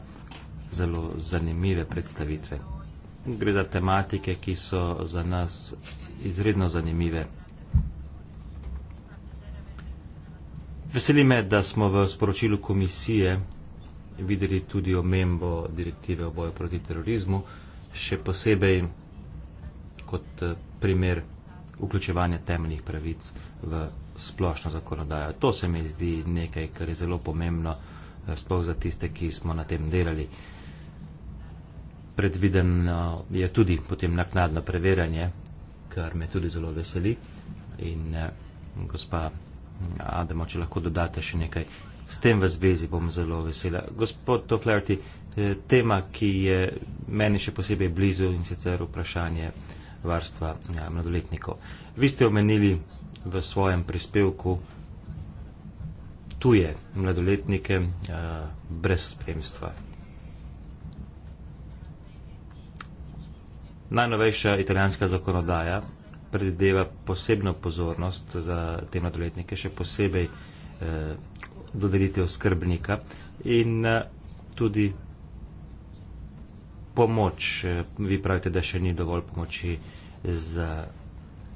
zelo zanimive predstavitve. Gre za tematike, ki so za nas izredno zanimive. Veseli me, da smo v sporočilu komisije videli tudi omembo direktive o boju proti terorizmu, še posebej kot eh, primer vključevanja temeljnih pravic v splošno zakonodajo. To se mi zdi nekaj, kar je zelo pomembno, eh, sploh za tiste, ki smo na tem delali. Predvideno je tudi potem naknadno preverjanje, kar me tudi zelo veseli. In eh, gospa mm, Adamo, če lahko dodate še nekaj, s tem v zvezi bom zelo vesela. Gospod Toflerti, tema, ki je meni še posebej blizu in sicer vprašanje varstva ja, mladoletnikov. Vi ste omenili v svojem prispevku tuje mladoletnike ja, brez spremstva. Najnovejša italijanska zakonodaja predideva posebno pozornost za te mladoletnike, še posebej eh, dodelitev skrbnika in eh, tudi pomoč, eh, vi pravite, da še ni dovolj pomoči za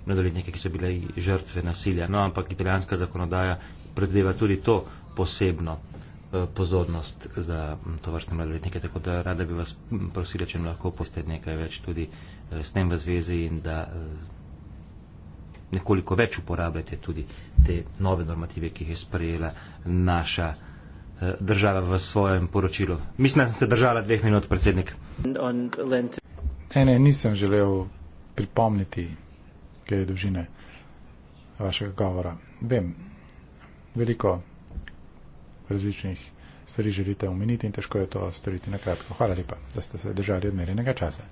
mladoletnike, ki so bile žrtve nasilja. No, ampak italijanska zakonodaja predeva tudi to posebno eh, pozornost za mm, to vrstne mladoletnike, tako da rada bi vas mm, prosila, če lahko poste nekaj več tudi eh, s tem v zvezi in da nekoliko več uporabljate tudi te nove normative, ki jih je sprejela naša držala v svojem poročilu. Mislim, da sem se držala dveh minut, predsednik. Ne, ne, nisem želel pripomniti, kaj je dolžine vašega govora. Vem, veliko različnih stvari želite omeniti in težko je to storiti na kratko. Hvala lepa, da ste se držali odmerjenega časa.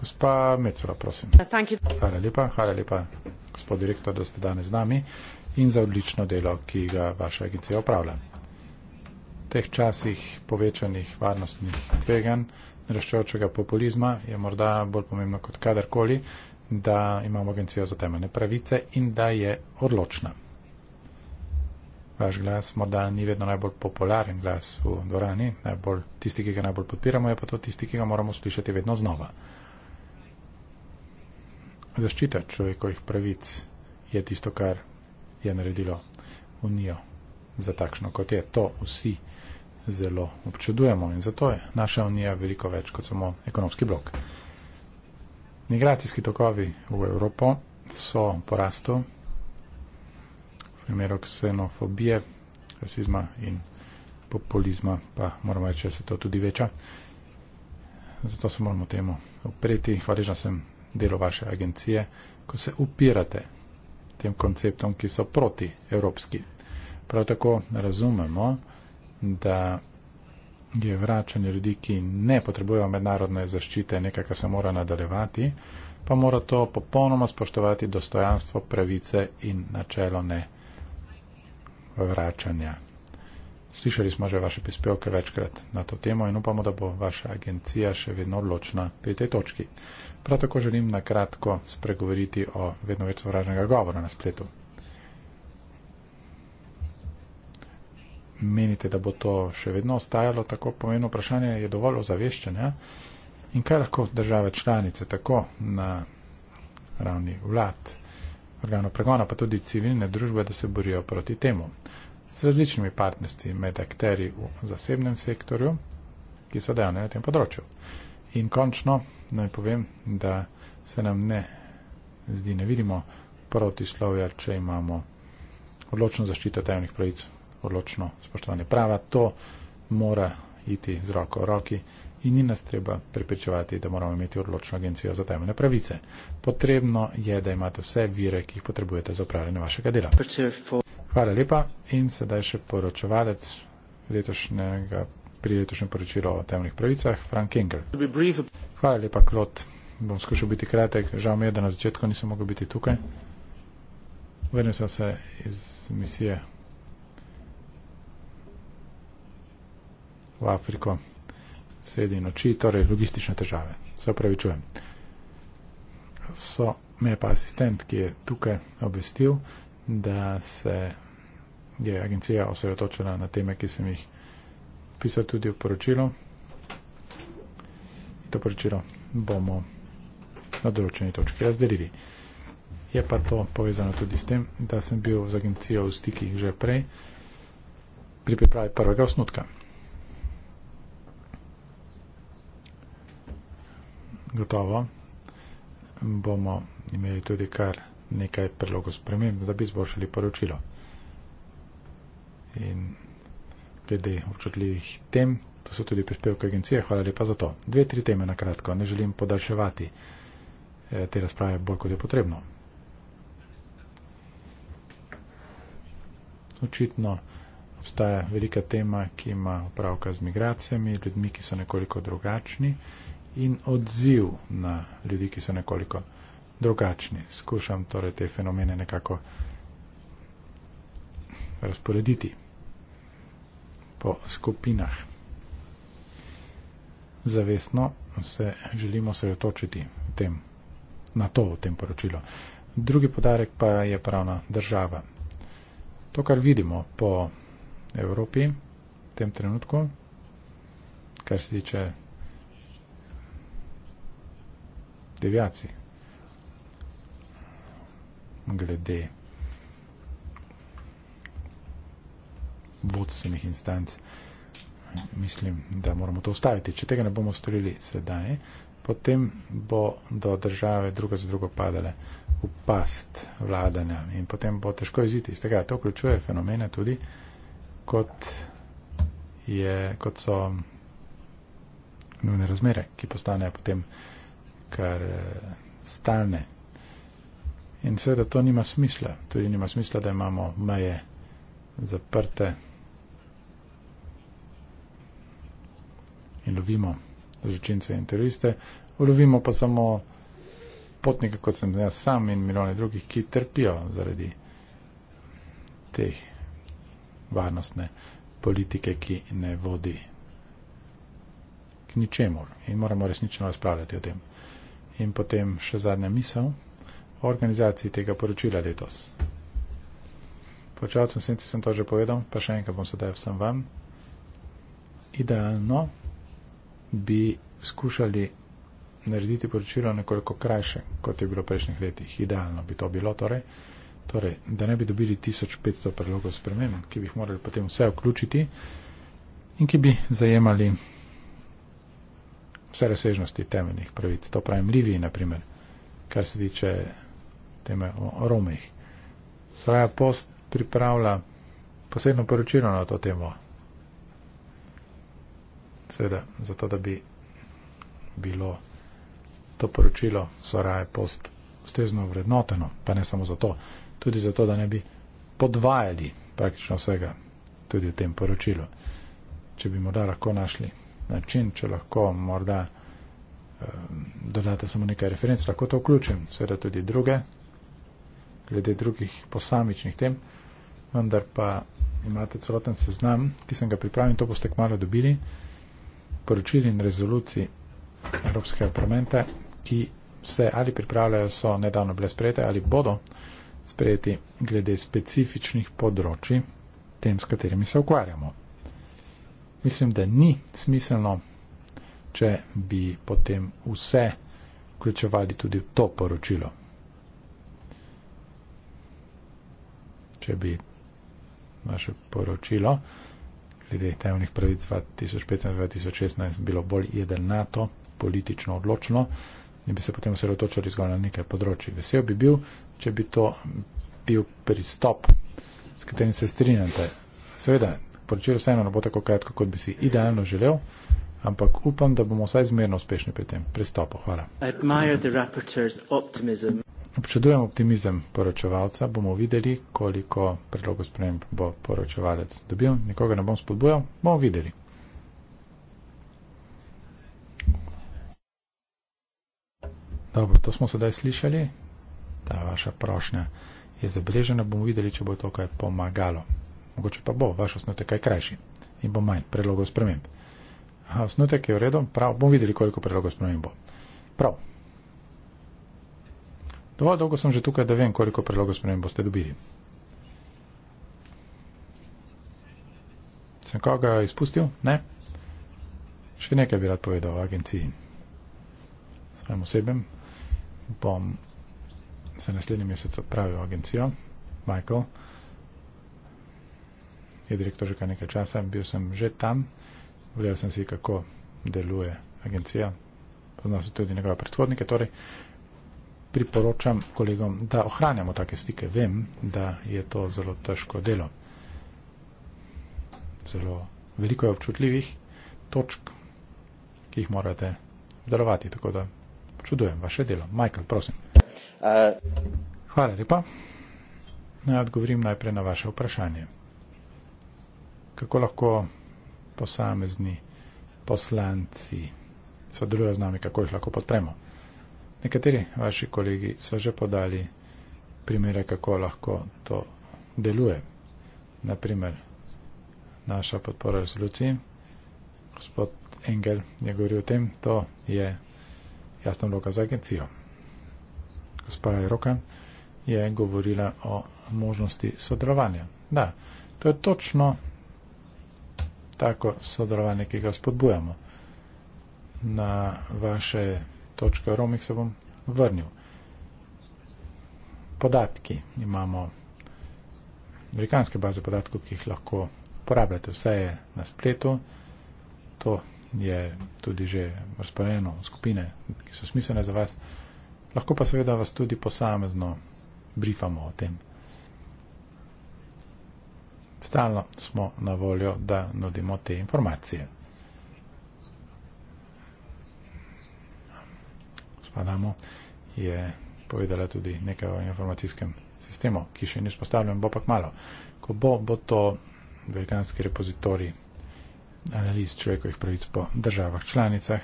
Gospa Mecula, prosim. Hvala lepa, hvala lepa, gospod direktor, da ste danes z nami in za odlično delo, ki ga vaša agencija opravlja teh časih povečanih varnostnih tveganj, raščevčega populizma, je morda bolj pomembno kot kadarkoli, da imamo agencijo za temeljne pravice in da je odločna. Vaš glas morda ni vedno najbolj popularen glas v dvorani, najbolj, tisti, ki ga najbolj podpiramo, je pa to tisti, ki ga moramo slišati vedno znova. Zaščita človekovih pravic je tisto, kar je naredilo Unijo za takšno, kot je to vsi zelo občudujemo in zato je naša unija veliko več kot samo ekonomski blok. Migracijski tokovi v Evropo so porastu v primeru ksenofobije, rasizma in populizma, pa moramo reči, da se to tudi veča. Zato se moramo temu opreti. Hvaležna sem delo vaše agencije, ko se upirate tem konceptom, ki so proti evropski. Prav tako razumemo, da je vračanje ljudi, ki ne potrebujejo mednarodne zaščite, nekaj, kar se mora nadaljevati, pa mora to popolnoma spoštovati dostojanstvo, pravice in načelo ne vračanja. Slišali smo že vaše prispevke večkrat na to temo in upamo, da bo vaša agencija še vedno odločna pri tej točki. Prav tako želim na kratko spregovoriti o vedno več sovražnega govora na spletu. menite, da bo to še vedno ostajalo tako pomembno vprašanje, je dovolj ozaveščen. Ja? In kaj lahko države članice tako na ravni vlad, organov pregona, pa tudi civilne družbe, da se borijo proti temu? S različnimi partnerstvi med akteri v zasebnem sektorju, ki so dejavni na tem področju. In končno naj povem, da se nam ne zdi, ne vidimo protislovja, če imamo odločno zaščito tajnih pravic odločno spoštovanje prava. To mora iti z roko v roki in ni nas treba prepričevati, da moramo imeti odločno agencijo za temeljne pravice. Potrebno je, da imate vse vire, ki jih potrebujete za upravljanje vašega dela. Hvala lepa in sedaj še poročevalec letošnjega pri letošnjem poročilu o temeljnih pravicah, Frank Engel. Hvala lepa, Klot. Bom skušal biti kratek. Žal mi je, da na začetku nisem mogel biti tukaj. Vrnil sem se iz misije v Afriko, sedi noči, torej logistične težave. Se opravičujem. So me pa asistent, ki je tukaj obvestil, da se je agencija osredotočila na teme, ki sem jih pisal tudi v poročilo. To poročilo bomo na določeni točki razdelili. Je pa to povezano tudi s tem, da sem bil z agencijo v stikih že prej pri pripravi prvega osnutka. gotovo bomo imeli tudi kar nekaj predlogov sprememb, da bi izboljšali poročilo. In glede občutljivih tem, to so tudi prispevke agencije, hvala lepa za to. Dve, tri teme na kratko, ne želim podaljševati eh, te razprave bolj, kot je potrebno. Očitno obstaja velika tema, ki ima upravka z migracijami, ljudmi, ki so nekoliko drugačni in odziv na ljudi, ki so nekoliko drugačni. Skušam torej te fenomene nekako razporediti po skupinah. Zavestno se želimo sredotočiti tem, na to v tem poročilu. Drugi podarek pa je pravna država. To, kar vidimo po Evropi v tem trenutku, kar se tiče deviacij. Glede vodstvenih instanc. Mislim, da moramo to ustaviti. Če tega ne bomo storili sedaj, potem bo do države druga za drugo padale v past vladanja in potem bo težko iziti iz tega. To vključuje fenomene tudi, kot, je, kot so nujne razmere, ki postanejo potem kar eh, stalne. In seveda to nima smisla. Tudi nima smisla, da imamo meje zaprte in lovimo zločince in teroriste. Ulovimo pa samo potnike, kot sem jaz sam in milijone drugih, ki trpijo zaradi teh varnostne politike, ki ne vodi k ničemu. In moramo resnično razpravljati o tem. In potem še zadnja misel o organizaciji tega poročila letos. Počalcem senci sem to že povedal, pa še enkrat bom sedaj vsem vam. Idealno bi skušali narediti poročilo nekoliko krajše, kot je bilo v prejšnjih letih. Idealno bi to bilo, torej, torej, da ne bi dobili 1500 predlogov spremen, ki bi jih morali potem vse vključiti in ki bi zajemali vse razsežnosti temeljnih pravic. To pravim Liviji, naprimer, kar se tiče teme o Romih. Svoja post pripravlja posebno poročilo na to temo. Seveda, zato da bi bilo to poročilo Soraje post ustrezno vrednoteno, pa ne samo zato, tudi zato, da ne bi podvajali praktično vsega tudi v tem poročilu, če bi morda lahko našli način, če lahko morda ehm, dodate samo nekaj referenc, lahko to vključim, seveda tudi druge, glede drugih posamičnih tem, vendar pa imate celoten seznam, ki sem ga pripravil, to boste kmalo dobili, poročili in rezoluciji Evropskega parlamenta, ki se ali pripravljajo, so nedavno bile sprejete ali bodo sprejeti glede specifičnih področji, tem, s katerimi se ukvarjamo. Mislim, da ni smiselno, če bi potem vse vključevali tudi v to poročilo. Če bi naše poročilo glede temeljnih pravic 2015-2016 bilo bolj jedrnato, politično odločno, in bi se potem osredotočili zgolj na nekaj področji. Vesel bi bil, če bi to bil pristop, s katerim se strinjate. Seveda, poročilo vseeno ne bo tako kratko, kot bi si idealno želel, ampak upam, da bomo vsaj zmerno uspešni pri tem pristopu. Hvala. Občudujem optimizem poročevalca, bomo videli, koliko predlogov sprememb bo poročevalec dobil. Nikoga ne bom spodbujal, bomo videli. Dobro, to smo sedaj slišali. Ta vaša prošnja je zabeležena, bomo videli, če bo to kaj pomagalo mogoče pa bo vaš osnutek kaj krajši in bo manj predlogov sprememb. Osnutek je v redu, prav, bomo videli, koliko predlogov sprememb bo. Prav. Dovolj dolgo sem že tukaj, da vem, koliko predlogov sprememb boste dobili. Sem koga izpustil? Ne. Še nekaj bi rad povedal o agenciji. Svojem osebem bom se naslednji mesec odpravil v agencijo. Michael je direktor že kar nekaj časa, bil sem že tam, gledal sem si, kako deluje agencija, poznal sem tudi njegove predhodnike, torej priporočam kolegom, da ohranjamo take stike. Vem, da je to zelo težko delo. Zelo veliko je občutljivih točk, ki jih morate obdelovati, tako da čudujem vaše delo. Michael, prosim. Eh. Hvala lepa. Naj odgovorim najprej na vaše vprašanje kako lahko posamezni poslanci sodelujo z nami, kako jih lahko podpremo. Nekateri vaši kolegi so že podali primere, kako lahko to deluje. Naprimer, naša podpora rezoluciji, gospod Engel je govoril o tem, to je jasno vloga za agencijo. Gospa Roka je govorila o možnosti sodelovanja. Da, to je točno tako sodelovanje, ki ga spodbujamo. Na vaše točke o romih se bom vrnil. Podatki imamo, amerikanske baze podatkov, ki jih lahko uporabljate, vse je na spletu, to je tudi že razporejeno v skupine, ki so smiselne za vas, lahko pa seveda vas tudi posamezno brifamo o tem. Stalno smo na voljo, da nudimo te informacije. Spadamo je povedala tudi nekaj o informacijskem sistemu, ki še ni spostavljen, bo pa malo. Ko bo, bo to velikanski repozitorij analiz človekovih pravic po državah, članicah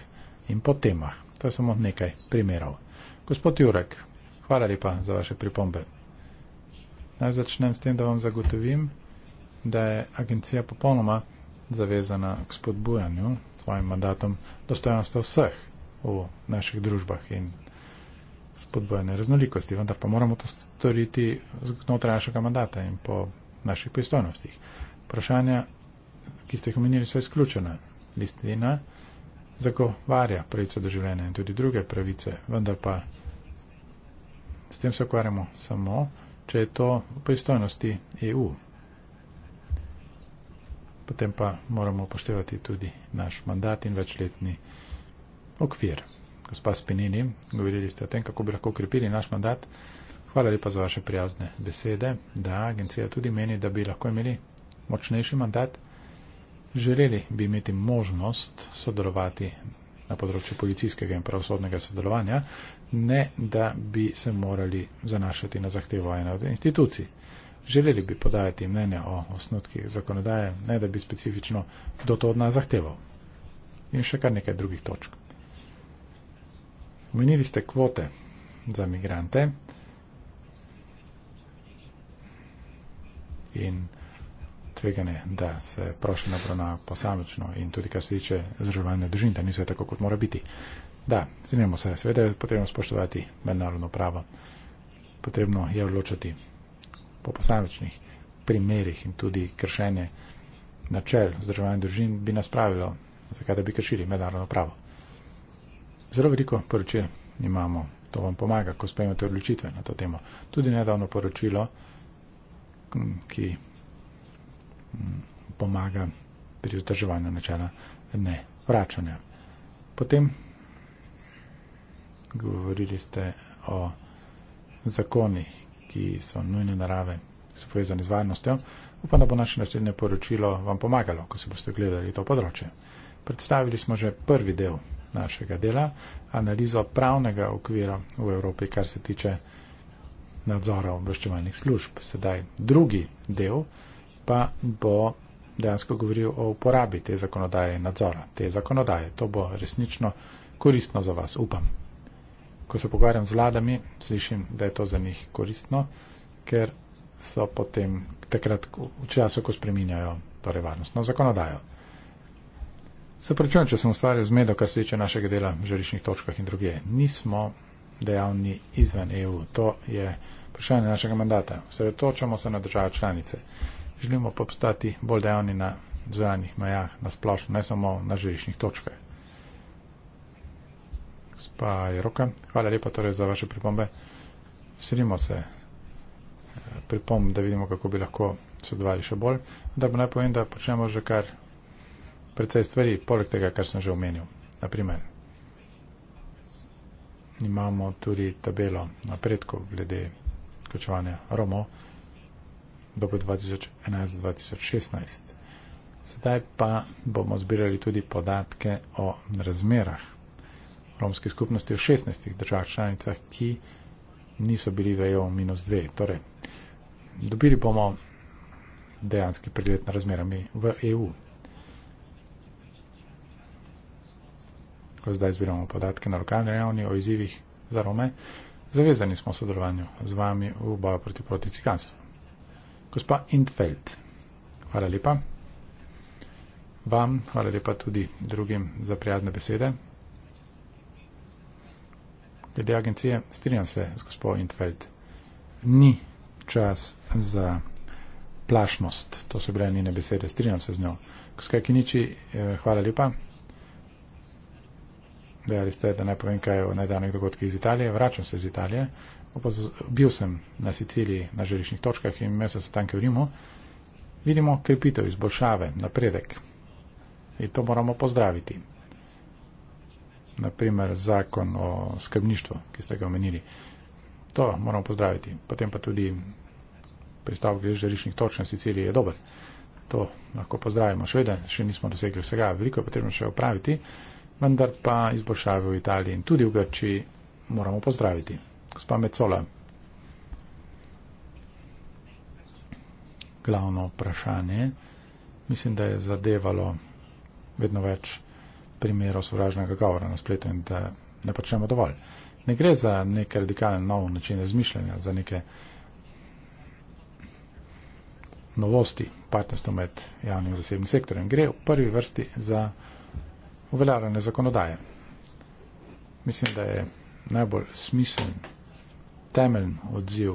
in po temah. To je samo nekaj primerov. Gospod Jurek, hvala lepa za vaše pripombe. Naj začnem s tem, da vam zagotovim, da je agencija popolnoma zavezana k spodbujanju svojim mandatom dostojanstva vseh v naših družbah in spodbojene raznolikosti, vendar pa moramo to storiti znotraj našega mandata in po naših pristojnostih. Vprašanja, ki ste jih omenili, so izključena. Listina zagovarja pravico do življenja in tudi druge pravice, vendar pa s tem se ukvarjamo samo, če je to v pristojnosti EU potem pa moramo upoštevati tudi naš mandat in večletni okvir. Gospa Spinini, govorili ste o tem, kako bi lahko ukrepili naš mandat. Hvala lepa za vaše prijazne besede, da agencija tudi meni, da bi lahko imeli močnejši mandat. Želeli bi imeti možnost sodelovati na področju policijskega in pravosodnega sodelovanja, ne da bi se morali zanašati na zahtevo ene od institucij. Želeli bi podajati mnenja o osnutkih zakonodaje, ne da bi specifično do to od nas zahteval. In še kar nekaj drugih točk. Omenili ste kvote za migrante in tvegane, da se prošli naprona posamično in tudi kar se tiče zdržovanja držin, da ni vse tako, kot mora biti. Da, zanimamo se, seveda je potrebno spoštovati mednarodno pravo, potrebno je odločati po posamičnih primerjih in tudi kršenje načel vzdrževanja družin bi nas pravilo, zakaj da bi kršili mednarodno pravo. Zelo veliko poročil imamo, to vam pomaga, ko spremete odločitve na to temo. Tudi nedavno poročilo, ki pomaga pri vzdrževanju načela ne vračanja. Potem govorili ste o zakonih, ki so nujne narave, so povezane z varnostjo. Upam, da bo naše naslednje poročilo vam pomagalo, ko se boste gledali to področje. Predstavili smo že prvi del našega dela, analizo pravnega okvira v Evropi, kar se tiče nadzora obveščevalnih služb. Sedaj drugi del pa bo dejansko govoril o uporabi te zakonodaje in nadzora te zakonodaje. To bo resnično koristno za vas, upam ko se pogovarjam z vladami, slišim, da je to za njih koristno, ker so potem takrat v času, ko spreminjajo torej varnostno zakonodajo. Se pričujem, če sem ustvaril zmedo, kar se tiče našega dela v žarišnih točkah in druge. Nismo dejavni izven EU. To je vprašanje našega mandata. Sredotočamo se na države članice. Želimo pa postati bolj dejavni na zvanih majah, na splošno, ne samo na žarišnih točkah gospa Jeroka. Hvala lepa torej za vaše pripombe. Veselimo se eh, pripomb, da vidimo, kako bi lahko sodelovali še bolj. Da bo najpovem, da počnemo že kar precej stvari, poleg tega, kar sem že omenil. Naprimer, imamo tudi tabelo napredkov glede vključevanja Romo dobo 2011-2016. Sedaj pa bomo zbirali tudi podatke o razmerah romske skupnosti v 16 držav članicah, ki niso bili v EU minus 2. Torej, dobili bomo dejanski pregled na razmerami v EU. Ko zdaj zbiramo podatke na lokalni ravni o izzivih za Rome, zavezani smo sodelovanju z vami v boju proti proti cikanstvu. Gospa Intfeld, hvala lepa. Vam hvala lepa tudi drugim za prijazne besede glede agencije, strinjam se z gospod Intveld, ni čas za plašnost. To so bile njene besede, strinjam se z njo. Gospod Kiniči, eh, hvala lepa. Dejali ste, da ne povem kaj o nedavnih dogodkih iz Italije. Vračam se iz Italije. Opaz, bil sem na Siciliji na želišnih točkah in imel sem se tanke v Rimu. Vidimo krepitev, izboljšave, napredek. In to moramo pozdraviti naprimer zakon o skrbništvu, ki ste ga omenili. To moramo pozdraviti. Potem pa tudi pristav glede žarišnih točk na Siciliji je dober. To lahko pozdravimo. Še vedno še nismo dosegli vsega. Veliko je potrebno še upraviti, vendar pa izboljšave v Italiji in tudi v Grčiji moramo pozdraviti. Gospa Mecola. Glavno vprašanje, mislim, da je zadevalo vedno več primerov sovražnega govora na spletu in da ne počnemo dovolj. Ne gre za nek radikalen nov način razmišljanja, za neke novosti partnerstva med javnim in zasebnim sektorjem. Gre v prvi vrsti za uveljavljanje zakonodaje. Mislim, da je najbolj smiseln, temeljni odziv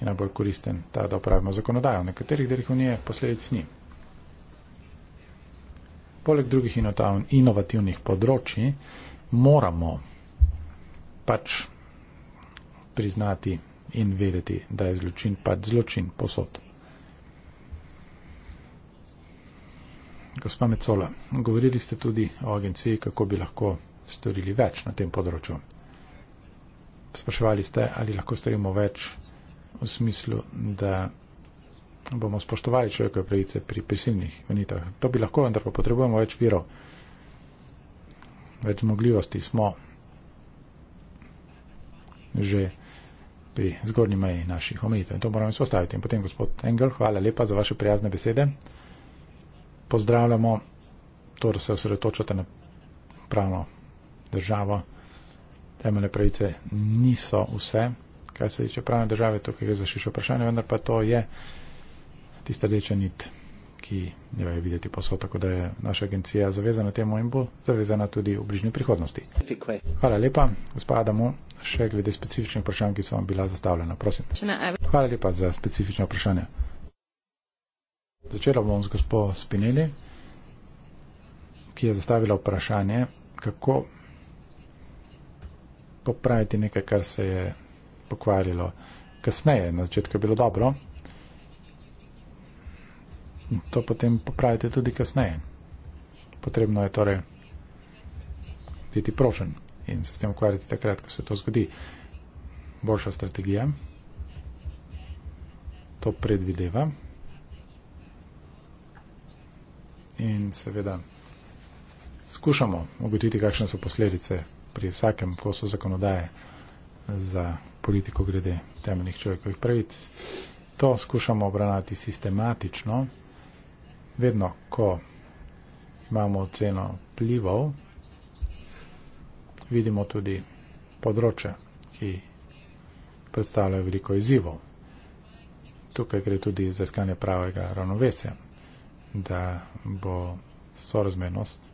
in najbolj koristen ta, da upravimo zakonodajo. V nekaterih delih unije posledic ni poleg drugih inovativnih področji, moramo pač priznati in vedeti, da je zločin pač zločin posod. Gospa Mecola, govorili ste tudi o agenciji, kako bi lahko storili več na tem področju. Spraševali ste, ali lahko storimo več v smislu, da bomo spoštovali človekove pravice pri prisilnih menitah. To bi lahko, vendar pa potrebujemo več virov, več zmogljivosti. Smo že pri zgornji meji naših omejitev in to moramo izpostaviti. In potem, gospod Engel, hvala lepa za vaše prijazne besede. Pozdravljamo to, da se osredotočate na pravno državo. Temeljne pravice niso vse, kaj se tiče pravne države, tukaj je zašišo vprašanje, vendar pa to je tista rdeča nit, ki jo je videti posod, tako da je naša agencija zavezana temu in bo zavezana tudi v bližnji prihodnosti. Hvala lepa, gospodamo, še glede specifičnih vprašanj, ki so vam bila zastavljena. Prosim. Hvala lepa za specifične vprašanja. Začela bom z gospod Spinelli, ki je zastavila vprašanje, kako popraviti nekaj, kar se je pokvarilo. Kasneje, na začetku je bilo dobro, to potem popravite tudi kasneje. Potrebno je torej biti prošen in se s tem ukvarjati takrat, ko se to zgodi. Boljša strategija to predvideva in seveda skušamo ugotoviti, kakšne so posledice pri vsakem kosu zakonodaje za politiko glede temeljnih človekovih pravic. To skušamo obravnavati sistematično vedno, ko imamo oceno plivov, vidimo tudi področje, ki predstavljajo veliko izzivov. Tukaj gre tudi za iskanje pravega ravnovesja, da bo sorazmernost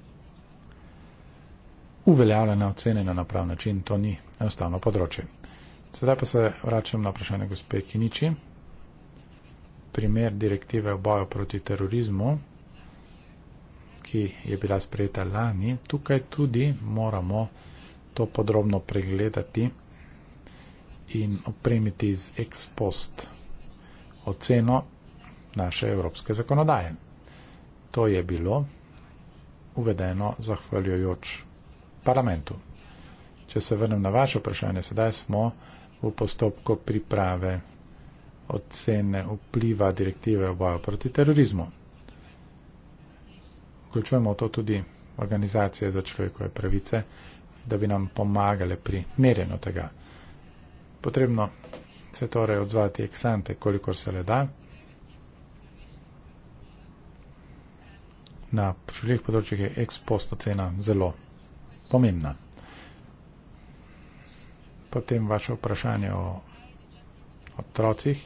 uveljavljena ocenjena na prav način, to ni enostavno področje. Sedaj pa se vračam na vprašanje gospe Kiniči primer direktive o boju proti terorizmu, ki je bila sprejeta lani, tukaj tudi moramo to podrobno pregledati in opremiti z ex post oceno naše evropske zakonodaje. To je bilo uvedeno zahvaljujoč parlamentu. Če se vrnem na vaše vprašanje, sedaj smo v postopku priprave ocene vpliva direktive o boju proti terorizmu. Vključujemo to tudi organizacije za človekove pravice, da bi nam pomagale pri merjenju tega. Potrebno se torej odzvati eksante, kolikor se le da. Na čudovih področjih je ex post ocena zelo pomembna. Potem vaše vprašanje o otrocih.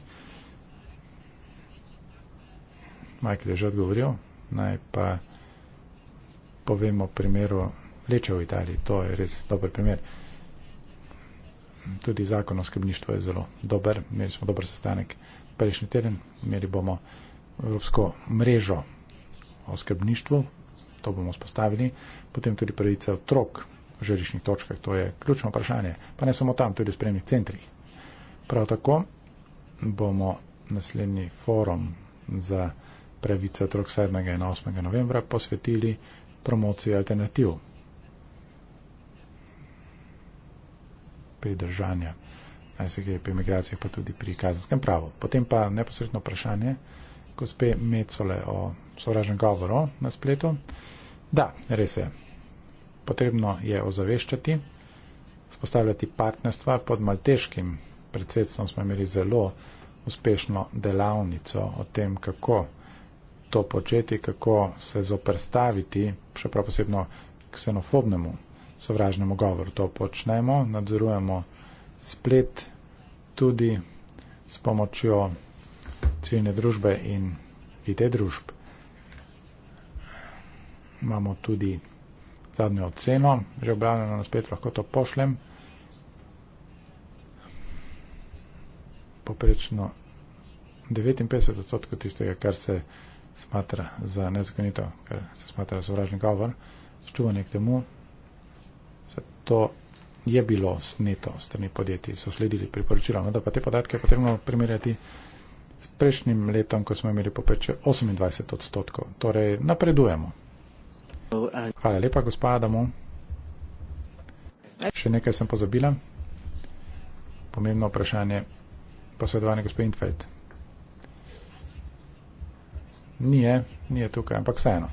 Michael je že odgovoril, naj pa povemo o primeru leče v Italiji, to je res dober primer. Tudi zakon o skrbništvu je zelo dober, imeli smo dober sestanek prejšnji teden, imeli bomo Evropsko mrežo o skrbništvu, to bomo spostavili, potem tudi pravice otrok v žeriščnih točkah, to je ključno vprašanje, pa ne samo tam, tudi v spremnih centrih. Prav tako bomo naslednji forum za pravice otrok 7. in 8. novembra posvetili promociji alternativ. Pri držanju ICG, pri imigracijah, pa tudi pri kazenskem pravu. Potem pa neposredno vprašanje gospe Mecole o sovražnem govoru na spletu. Da, res je. Potrebno je ozaveščati, spostavljati partnerstva pod malteškim predsedstvom smo imeli zelo uspešno delavnico o tem, kako to početi, kako se zoprstaviti, še prav posebno ksenofobnemu sovražnemu govoru. To počnemo, nadzorujemo splet tudi s pomočjo civilne družbe in IT družb. Imamo tudi zadnjo oceno, že objavljeno na spletu, lahko to pošlem. poprečno 59 odstotkov tistega, kar se smatra za nezakonito, kar se smatra za vražni govor, čuvanje k temu, zato je bilo sneto strani podjetij, so sledili priporočilom, da pa te podatke je potrebno primerjati s prejšnjim letom, ko smo imeli popeče 28 odstotkov. Torej, napredujemo. Hvala lepa, gospa Adamu. Še nekaj sem pozabila. Pomembno vprašanje posredovanje gospod Intfeld. Nije, nije tukaj, ampak vseeno.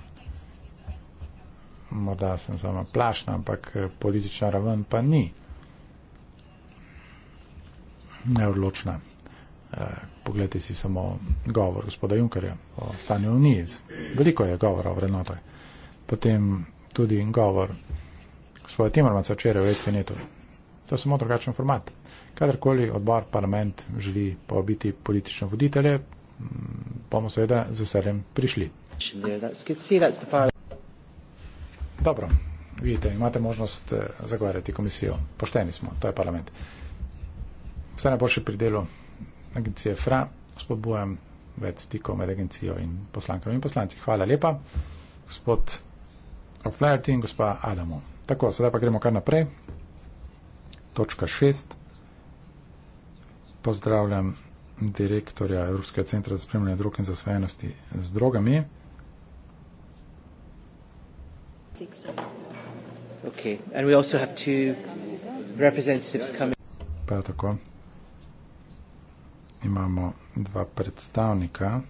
Morda sem samo plašna, ampak eh, politična raven pa ni neodločna. Eh, poglejte si samo govor gospoda Junkerja o stanju v Uniji. Veliko je govora o vrednotah. Potem tudi govor gospoda Timormaca včeraj v Etvenetu. To je samo drugačen format. Kadarkoli odbor parlament želi povabiti politične voditelje, bomo seveda z veseljem prišli. Dobro, vidite, imate možnost eh, zagovarjati komisijo. Pošteni smo, to je parlament. Vse najboljše pri delu agencije FRA. Spodbujam več stikov med agencijo in poslankami in poslanci. Hvala lepa, gospod O'Flaherty in gospa Adamo. Tako, sedaj pa gremo kar naprej. Točka šest pozdravljam direktorja Evropskega centra za spremljanje drog in zasvojenosti z drogami. Pa tako. Imamo dva predstavnika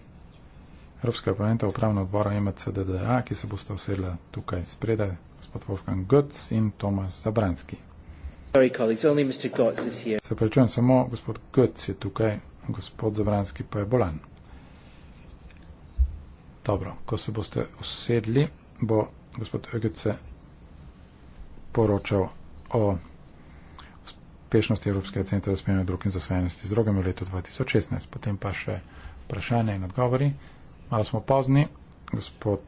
Evropskega parlamenta upravno odbora MCDDA, ki se bosta usedla tukaj spredaj, gospod Wolfgang Götz in Tomas Zabranski. Sorry, colleagues, only Mr. Gotz is here. Se prečujem, samo gospod Götz je tukaj, gospod Zabranski pa je bolan. Dobro, ko se boste usedli, bo gospod Götz poročal o uspešnosti Evropskega centra za spremljanje drug in zasvajenosti z drugim v letu 2016. Potem pa še vprašanje in odgovori. Malo smo pozni, gospod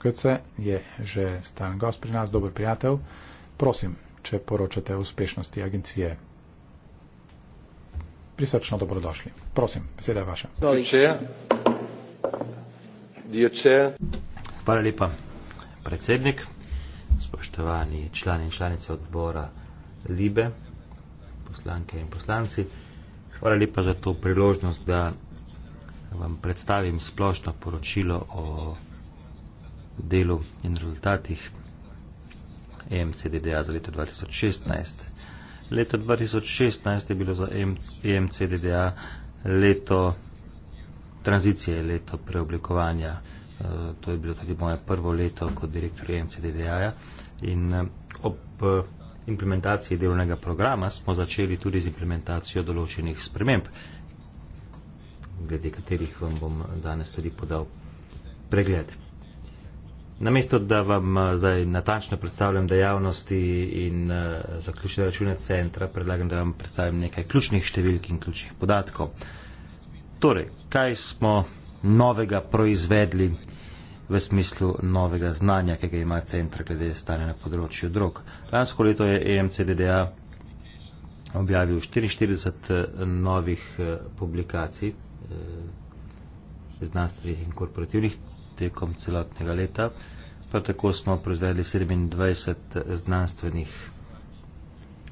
Götz je že stalen gost pri nas, dober prijatelj. Prosim, če poročate o uspešnosti agencije. Prisrčno dobrodošli. Prosim, beseda je vaša. Hvala lepa, predsednik, spoštovani člani in članice odbora Libe, poslanke in poslanci. Hvala lepa za to priložnost, da vam predstavim splošno poročilo o delu in rezultatih MCDDA za leto 2016. Leto 2016 je bilo za MCDDA leto tranzicije, leto preoblikovanja. Eh, to je bilo tudi moje prvo leto kot direktor MCDDA in eh, ob eh, implementaciji delovnega programa smo začeli tudi z implementacijo določenih sprememb, glede katerih vam bom danes tudi podal pregled. Namesto, da vam eh, zdaj natančno predstavljam dejavnosti in uh, zaključne račune centra, predlagam, da vam predstavim nekaj ključnih številk in ključnih podatkov. Torej, kaj smo novega proizvedli v smislu novega znanja, ki ga ima centra glede stanja na področju drog. Lansko leto je EMCDDA objavil 44 eh, novih publikacij znanstvenih in korporativnih, tekom celotnega leta. Prav tako smo proizvedli 27 znanstvenih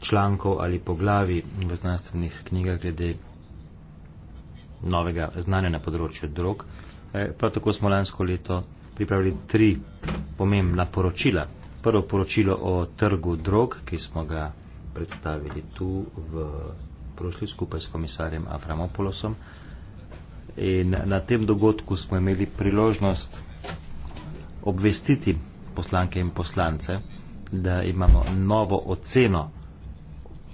člankov ali poglavi v znanstvenih knjigah glede novega znanja na področju drog. E, prav tako smo lansko leto pripravili tri pomembna poročila. Prvo poročilo o trgu drog, ki smo ga predstavili tu v Prošli skupaj s komisarjem Aframopolosom. In na tem dogodku smo imeli priložnost obvestiti poslanke in poslance, da imamo novo oceno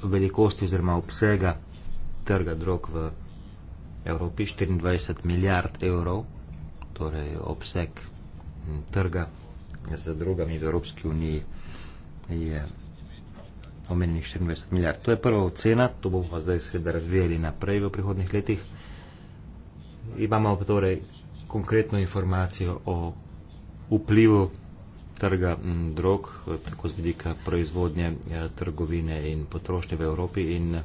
velikosti oziroma obsega trga drog v Evropi, 24 milijard evrov, torej obseg trga za drogami v Evropski uniji je omenjenih 24 milijard. To je prva ocena, to bomo zdaj sveda razvijali naprej v prihodnih letih imamo torej konkretno informacijo o vplivu trga mm, drog, tako z vidika proizvodnje, ja, trgovine in potrošnje v Evropi in eh,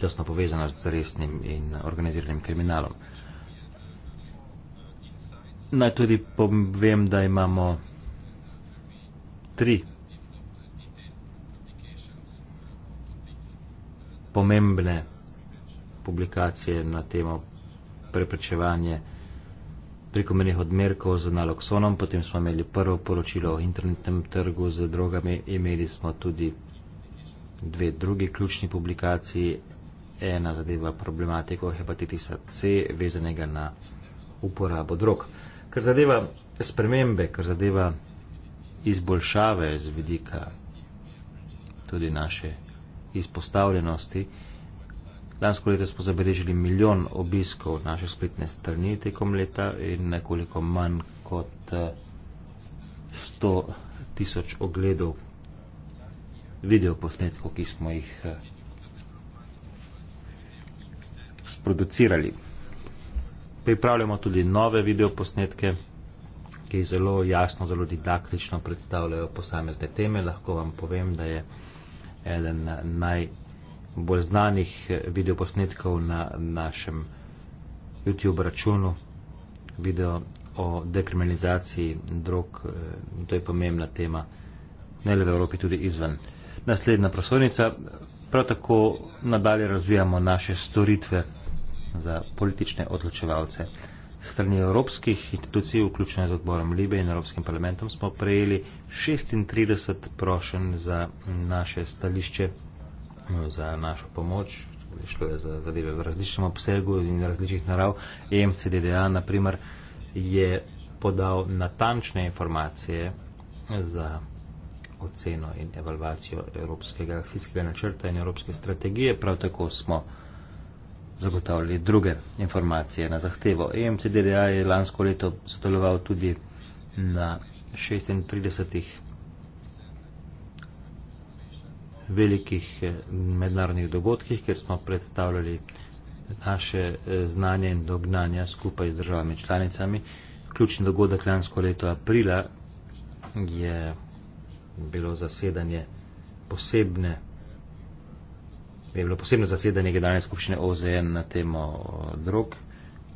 tesno povezana z resnim in organiziranim kriminalom. Naj tudi povem, da imamo tri pomembne informacije, publikacije na temo preprečevanje prekomernih odmerkov z naloksonom, potem smo imeli prvo poročilo o internetnem trgu z drogami, imeli smo tudi dve drugi ključni publikaciji, ena zadeva problematiko hepatitisa C, vezanega na uporabo drog. Kar zadeva spremembe, kar zadeva izboljšave z vidika tudi naše izpostavljenosti, Lansko leto smo zabeležili milijon obiskov naše spletne strani tekom leta in nekoliko manj kot 100 eh, tisoč ogledov videoposnetkov, ki smo jih eh, sproducirali. Pripravljamo tudi nove videoposnetke, ki zelo jasno, zelo didaktično predstavljajo posamezne teme. Lahko vam povem, da je eden najbolj eh, bolj znanih eh, videoposnetkov na našem YouTube računu, video o dekriminalizaciji drog, eh, to je pomembna tema, ne le v Evropi, tudi izven. Naslednja prosovnica, prav tako nadalje razvijamo naše storitve za politične odločevalce. Strani evropskih institucij, vključno z odborom Libe in Evropskim parlamentom, smo prejeli 36 prošen za naše stališče za našo pomoč. Šlo je za zadeve v različnem obsegu in različnih narav. E MCDDA, naprimer, je podal natančne informacije za oceno in evalvacijo Evropskega akcijskega načrta in Evropske strategije. Prav tako smo zagotavljali druge informacije na zahtevo. EMCDDA je lansko leto sodeloval tudi na 36 velikih eh, mednarodnih dogodkih, kjer smo predstavljali naše eh, znanje in dognanja skupaj z državami članicami. Ključni dogodek lansko leto aprila je bilo zasedanje posebne je bilo posebno zasedanje generalne skupščine OZN na temo eh, drog.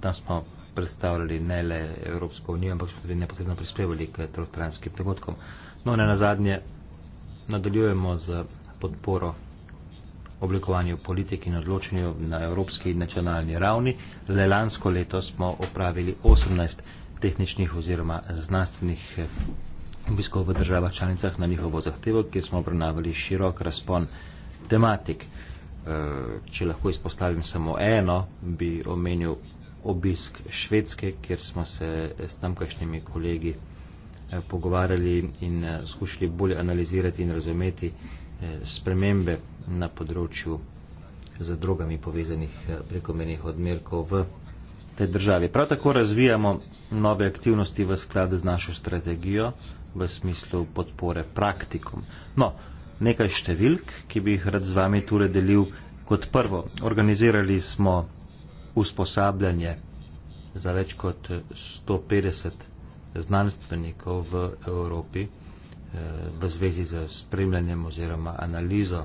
Tam smo predstavljali ne le Evropsko unijo, ampak smo tudi neposredno prispevali k trojstranskim dogodkom. No, ne na zadnje, nadaljujemo z podporo oblikovanju politik in odločenju na evropski in nacionalni ravni. Le lansko leto smo opravili 18 tehničnih oziroma znanstvenih eh, obiskov v državah članicah na njihovo zahtevo, kjer smo obravnavali širok razpon tematik. Eh, če lahko izpostavim samo eno, bi omenil obisk Švedske, kjer smo se eh, s tamkajšnjimi kolegi pogovarjali in skušali bolje analizirati in razumeti Eh, spremembe na področju z drogami povezanih eh, prekomernih odmerkov v tej državi. Prav tako razvijamo nove aktivnosti v skladu z našo strategijo v smislu podpore praktikom. No, nekaj številk, ki bi jih rad z vami tule delil. Kot prvo, organizirali smo usposabljanje za več kot 150 znanstvenikov v Evropi. Eh, v zvezi z spremljanjem oziroma analizo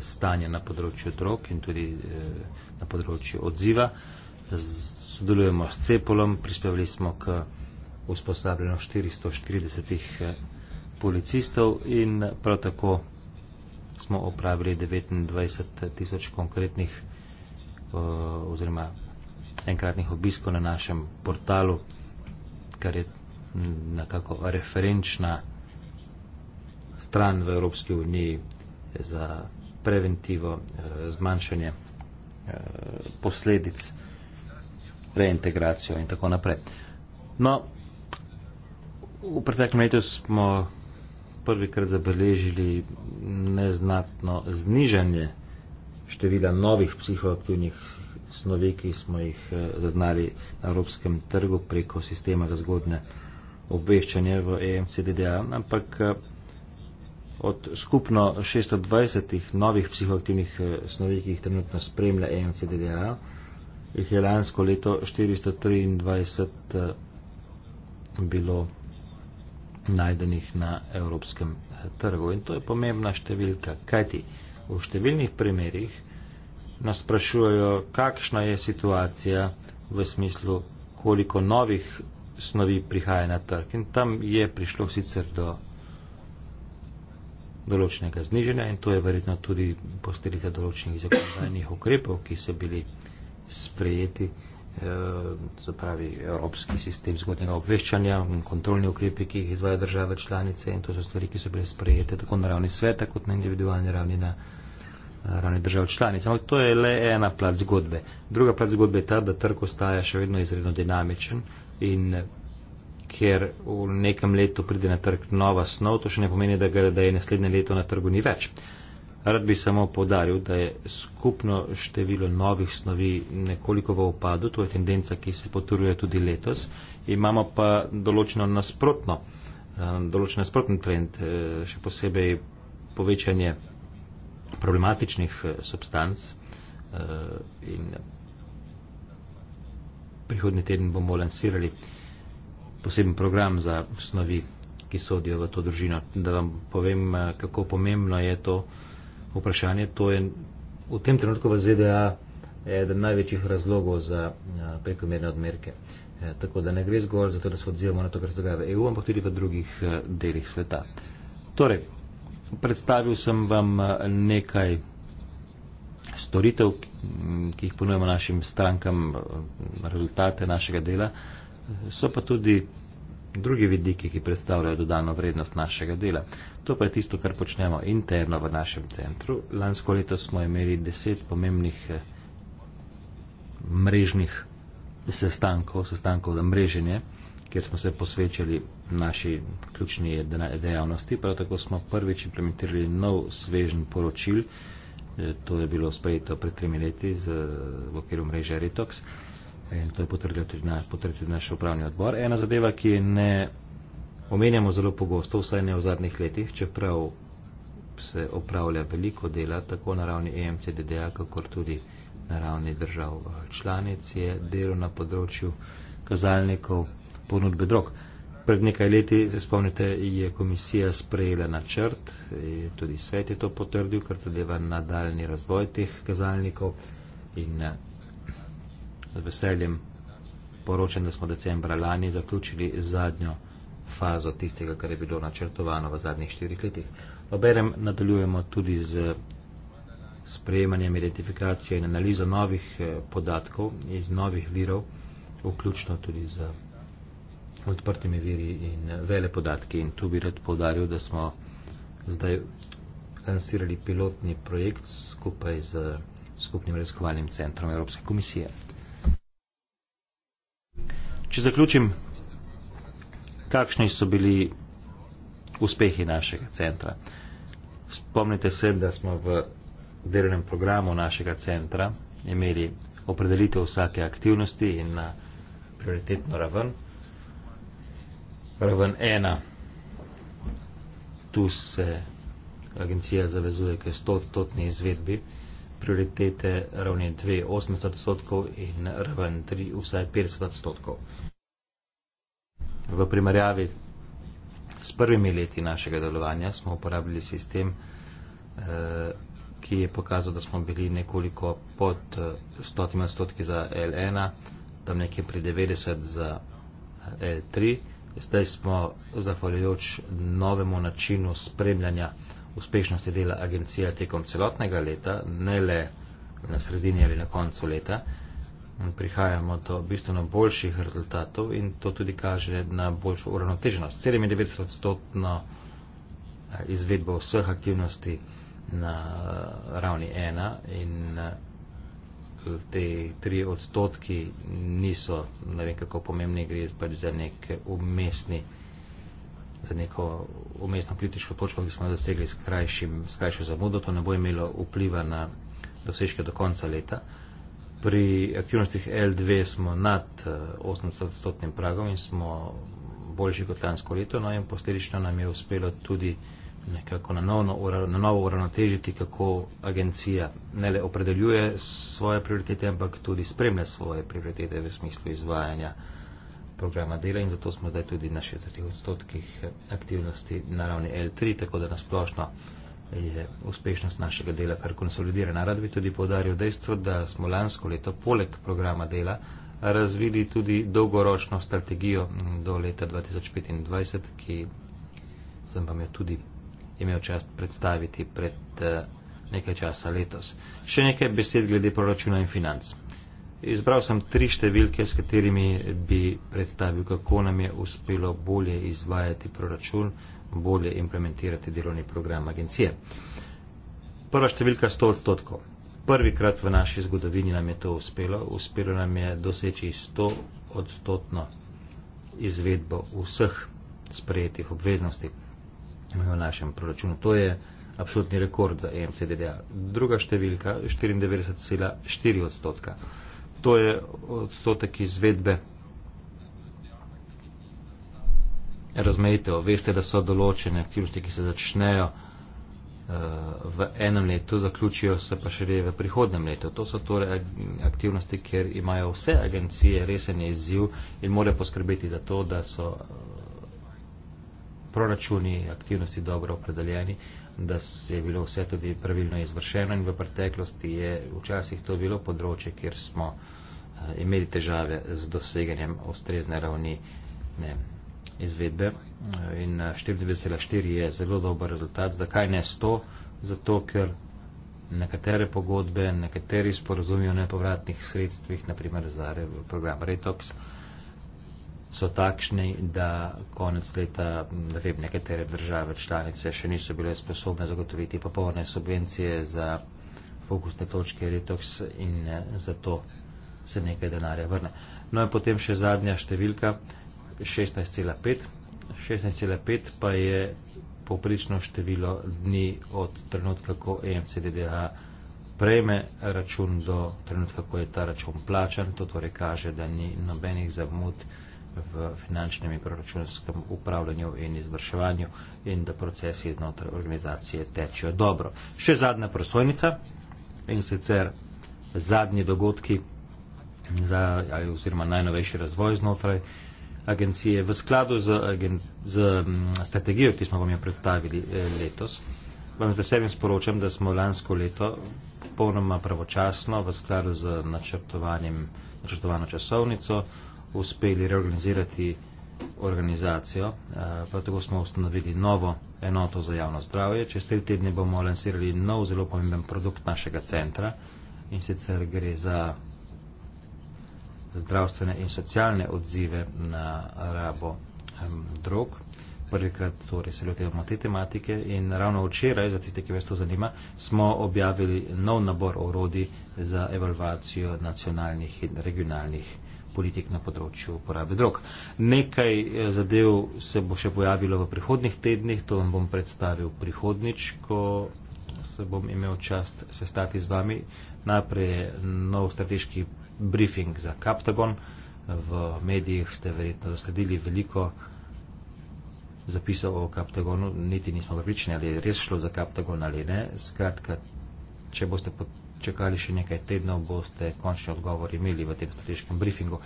stanja na področju otrok in tudi eh, na področju odziva. Sodelujemo s Cepolom, prispevali smo k usposabljeno 440 eh, policistov in prav tako smo opravili 29 tisoč konkretnih oziroma enkratnih obiskov na našem portalu, kar je nekako referenčna stran v Evropski uniji za preventivo, eh, zmanjšanje eh, posledic, reintegracijo in tako naprej. No, v preteklem letu smo prvikrat zabeležili neznatno znižanje števila novih psihoaktivnih snovi, ki smo jih eh, zaznali na evropskem trgu preko sistema razgodne obveščanje v EMCDDA, ampak eh, od skupno 620 novih psihoaktivnih eh, snovi, ki jih trenutno spremlja EMCDDA, jih je lansko leto 423 eh, bilo najdenih na evropskem trgu. In to je pomembna številka, kajti v številnih primerjih nas sprašujejo, kakšna je situacija v smislu, koliko novih snovi prihaja na trg. In tam je prišlo sicer do določenega zniženja in to je verjetno tudi posledica določenih zakonodajnih ukrepov, ki so bili sprejeti, eh, se pravi evropski sistem zgodnega obveščanja, kontrolni ukrepi, ki jih izvaja države članice in to so stvari, ki so bile sprejete tako na ravni sveta kot na individualni ravni na ravni držav članic. Ampak to je le ena plat zgodbe. Druga plat zgodbe je ta, da trg ostaja še vedno izredno dinamičen, in eh, ker v nekem letu pride na trg nova snov, to še ne pomeni, da, ga, da je naslednje leto na trgu ni več. Rad bi samo podaril, da je skupno število novih snovi nekoliko v upadu, to je tendenca, ki se potrjuje tudi letos, imamo pa določeno nasprotno, eh, določeno nasprotno trend, eh, še posebej povečanje problematičnih substanc in prihodni teden bomo lansirali poseben program za snovi, ki sodijo v to družino. Da vam povem, eh, kako pomembno je to vprašanje. To je v tem trenutku v ZDA eden največjih razlogov za eh, prekomerne odmerke. Eh, tako da ne gre zgolj za to, da se odzivamo na to, kar se dogaja v EU, ampak tudi v drugih delih sveta. Torej, predstavil sem vam nekaj storitev, ki jih ponujemo našim strankam, rezultate našega dela, so pa tudi drugi vidiki, ki predstavljajo dodano vrednost našega dela. To pa je tisto, kar počnemo interno v našem centru. Lansko leto smo imeli deset pomembnih eh, mrežnih sestankov, sestankov za mreženje, kjer smo se posvečali naši ključni dejavnosti. Prav tako smo prvič implementirali nov svežen poročil, E, to je bilo sprejeto pred tremi leti z, v okviru mreže Retox in to je potrdil tudi, na, tudi naš upravni odbor. Ena zadeva, ki ne omenjamo zelo pogosto, vsaj ne v zadnjih letih, čeprav se opravlja veliko dela tako na ravni EMCDDA, kakor tudi na ravni držav eh, članic, je delo na področju kazalnikov ponudbe drog. Pred nekaj leti, se spomnite, je komisija sprejela načrt, e, tudi svet je to potrdil, kar zadeva nadaljni razvoj teh kazalnikov in e, z veseljem poročam, da smo decembra lani zaključili zadnjo fazo tistega, kar je bilo načrtovano v zadnjih štirih letih. Oberem nadaljujemo tudi z sprejemanjem identifikacije in analizo novih e, podatkov iz novih virov, vključno tudi z odprtimi viri in vele podatki. In tu bi rad povdaril, da smo zdaj lansirali pilotni projekt skupaj z skupnim raziskovalnim centrom Evropske komisije. Če zaključim, kakšni so bili uspehi našega centra. Spomnite se, da smo v delnem programu našega centra imeli opredelitev vsake aktivnosti in na prioritetno raven raven ena. Tu se agencija zavezuje k 100-stotni izvedbi, prioritete ravni 2 80 odstotkov in raven 3 vsaj 50 odstotkov. V primerjavi s prvimi leti našega delovanja smo uporabili sistem, eh, ki je pokazal, da smo bili nekoliko pod 100 eh, odstotki za L1, tam nekje pri 90 za eh, L3 Zdaj smo, zahvaljujoč novemu načinu spremljanja uspešnosti dela agencije tekom celotnega leta, ne le na sredini ali na koncu leta, prihajamo do bistveno boljših rezultatov in to tudi kaže na boljšo uravnoteženost. 97 odstotno eh, izvedbo vseh aktivnosti na eh, ravni 1 in eh, te tri odstotki niso, ne vem kako pomembni, gre pač za nek umestni, za neko umestno kritično točko, ki smo jo dosegli s krajšo zamudo, to ne bo imelo vpliva na dosežke do konca leta. Pri aktivnostih L2 smo nad 800-stotnim eh, pragom in smo boljši kot lansko leto, no in posledično nam je uspelo tudi nekako na novo, na novo uravnotežiti, kako agencija ne le opredeljuje svoje prioritete, ampak tudi spremlja svoje prioritete v smislu izvajanja programa dela in zato smo zdaj tudi na 60 odstotkih aktivnosti na ravni L3, tako da nasplošno je uspešnost našega dela kar konsolidirana. Rad bi tudi povdaril dejstvo, da smo lansko leto poleg programa dela razvili tudi dolgoročno strategijo do leta 2025, ki sem vam jo tudi imel čast predstaviti pred eh, nekaj časa letos. Še nekaj besed glede proračuna in financ. Izbral sem tri številke, s katerimi bi predstavil, kako nam je uspelo bolje izvajati proračun, bolje implementirati delovni program agencije. Prva številka 100 odstotkov. Prvi krat v naši zgodovini nam je to uspelo. Uspelo nam je doseči 100 odstotno izvedbo vseh sprejetih obveznosti v našem proračunu. To je absolutni rekord za EMCDDA. Druga številka, 94,4 odstotka. To je odstotek izvedbe razmejitev. Veste, da so določene aktivnosti, ki se začnejo eh, v enem letu, zaključijo se pa še v prihodnem letu. To so torej aktivnosti, kjer imajo vse agencije resen izziv in morajo poskrbeti za to, da so proračuni aktivnosti dobro opredeljeni, da je bilo vse tudi pravilno izvršeno in v preteklosti je včasih to bilo področje, kjer smo eh, imeli težave z doseganjem ustrezne ravni ne, izvedbe. Eh, in 94,4 eh, je zelo dober rezultat. Zakaj ne 100? Zato, ker nekatere pogodbe, nekateri sporozumijo nepovratnih sredstvih, naprimer za program Retox, so takšni, da konec leta, ne vem, nekatere države članice še niso bile sposobne zagotoviti popolne subvencije za fokusne točke Retox in eh, zato se nekaj denarja vrne. No in potem še zadnja številka, 16,5. 16,5 pa je poprično število dni od trenutka, ko EMCDDH prejme račun do trenutka, ko je ta račun plačan. To torej kaže, da ni nobenih zamud v finančnem in proračunskem upravljanju in izvrševanju in da procesi iznotraj organizacije tečejo dobro. Še zadnja prosojnica in sicer zadnji dogodki za, ali oziroma najnovejši razvoj znotraj agencije v skladu z, agen, z strategijo, ki smo vam jo predstavili eh, letos. Vam z veseljem sporočam, da smo lansko leto popolnoma pravočasno v skladu z načrtovanjem, načrtovano časovnico uspeli reorganizirati organizacijo. Eh, prav tako smo ustanovili novo enoto za javno zdravje. Čez tri tedne bomo lansirali nov, zelo pomemben produkt našega centra in sicer gre za zdravstvene in socialne odzive na rabo um, drog. Prvikrat torej se lotevamo te tematike in ravno včeraj, za tiste, ki vas to zanima, smo objavili nov nabor orodij za evalvacijo nacionalnih in regionalnih politik na področju uporabe drog. Nekaj eh, zadev se bo še pojavilo v prihodnih tednih, to vam bom predstavil prihodnič, ko se bom imel čast sestati z vami. Najprej je nov strateški briefing za Captagon. V medijih ste verjetno zasledili veliko zapisal o Captagonu, niti nismo pripričani, ali je res šlo za Captagon ali ne. Skratka, če boste potrebovali čakali še nekaj tednov, boste končni odgovor imeli v tem strateškem briefingu.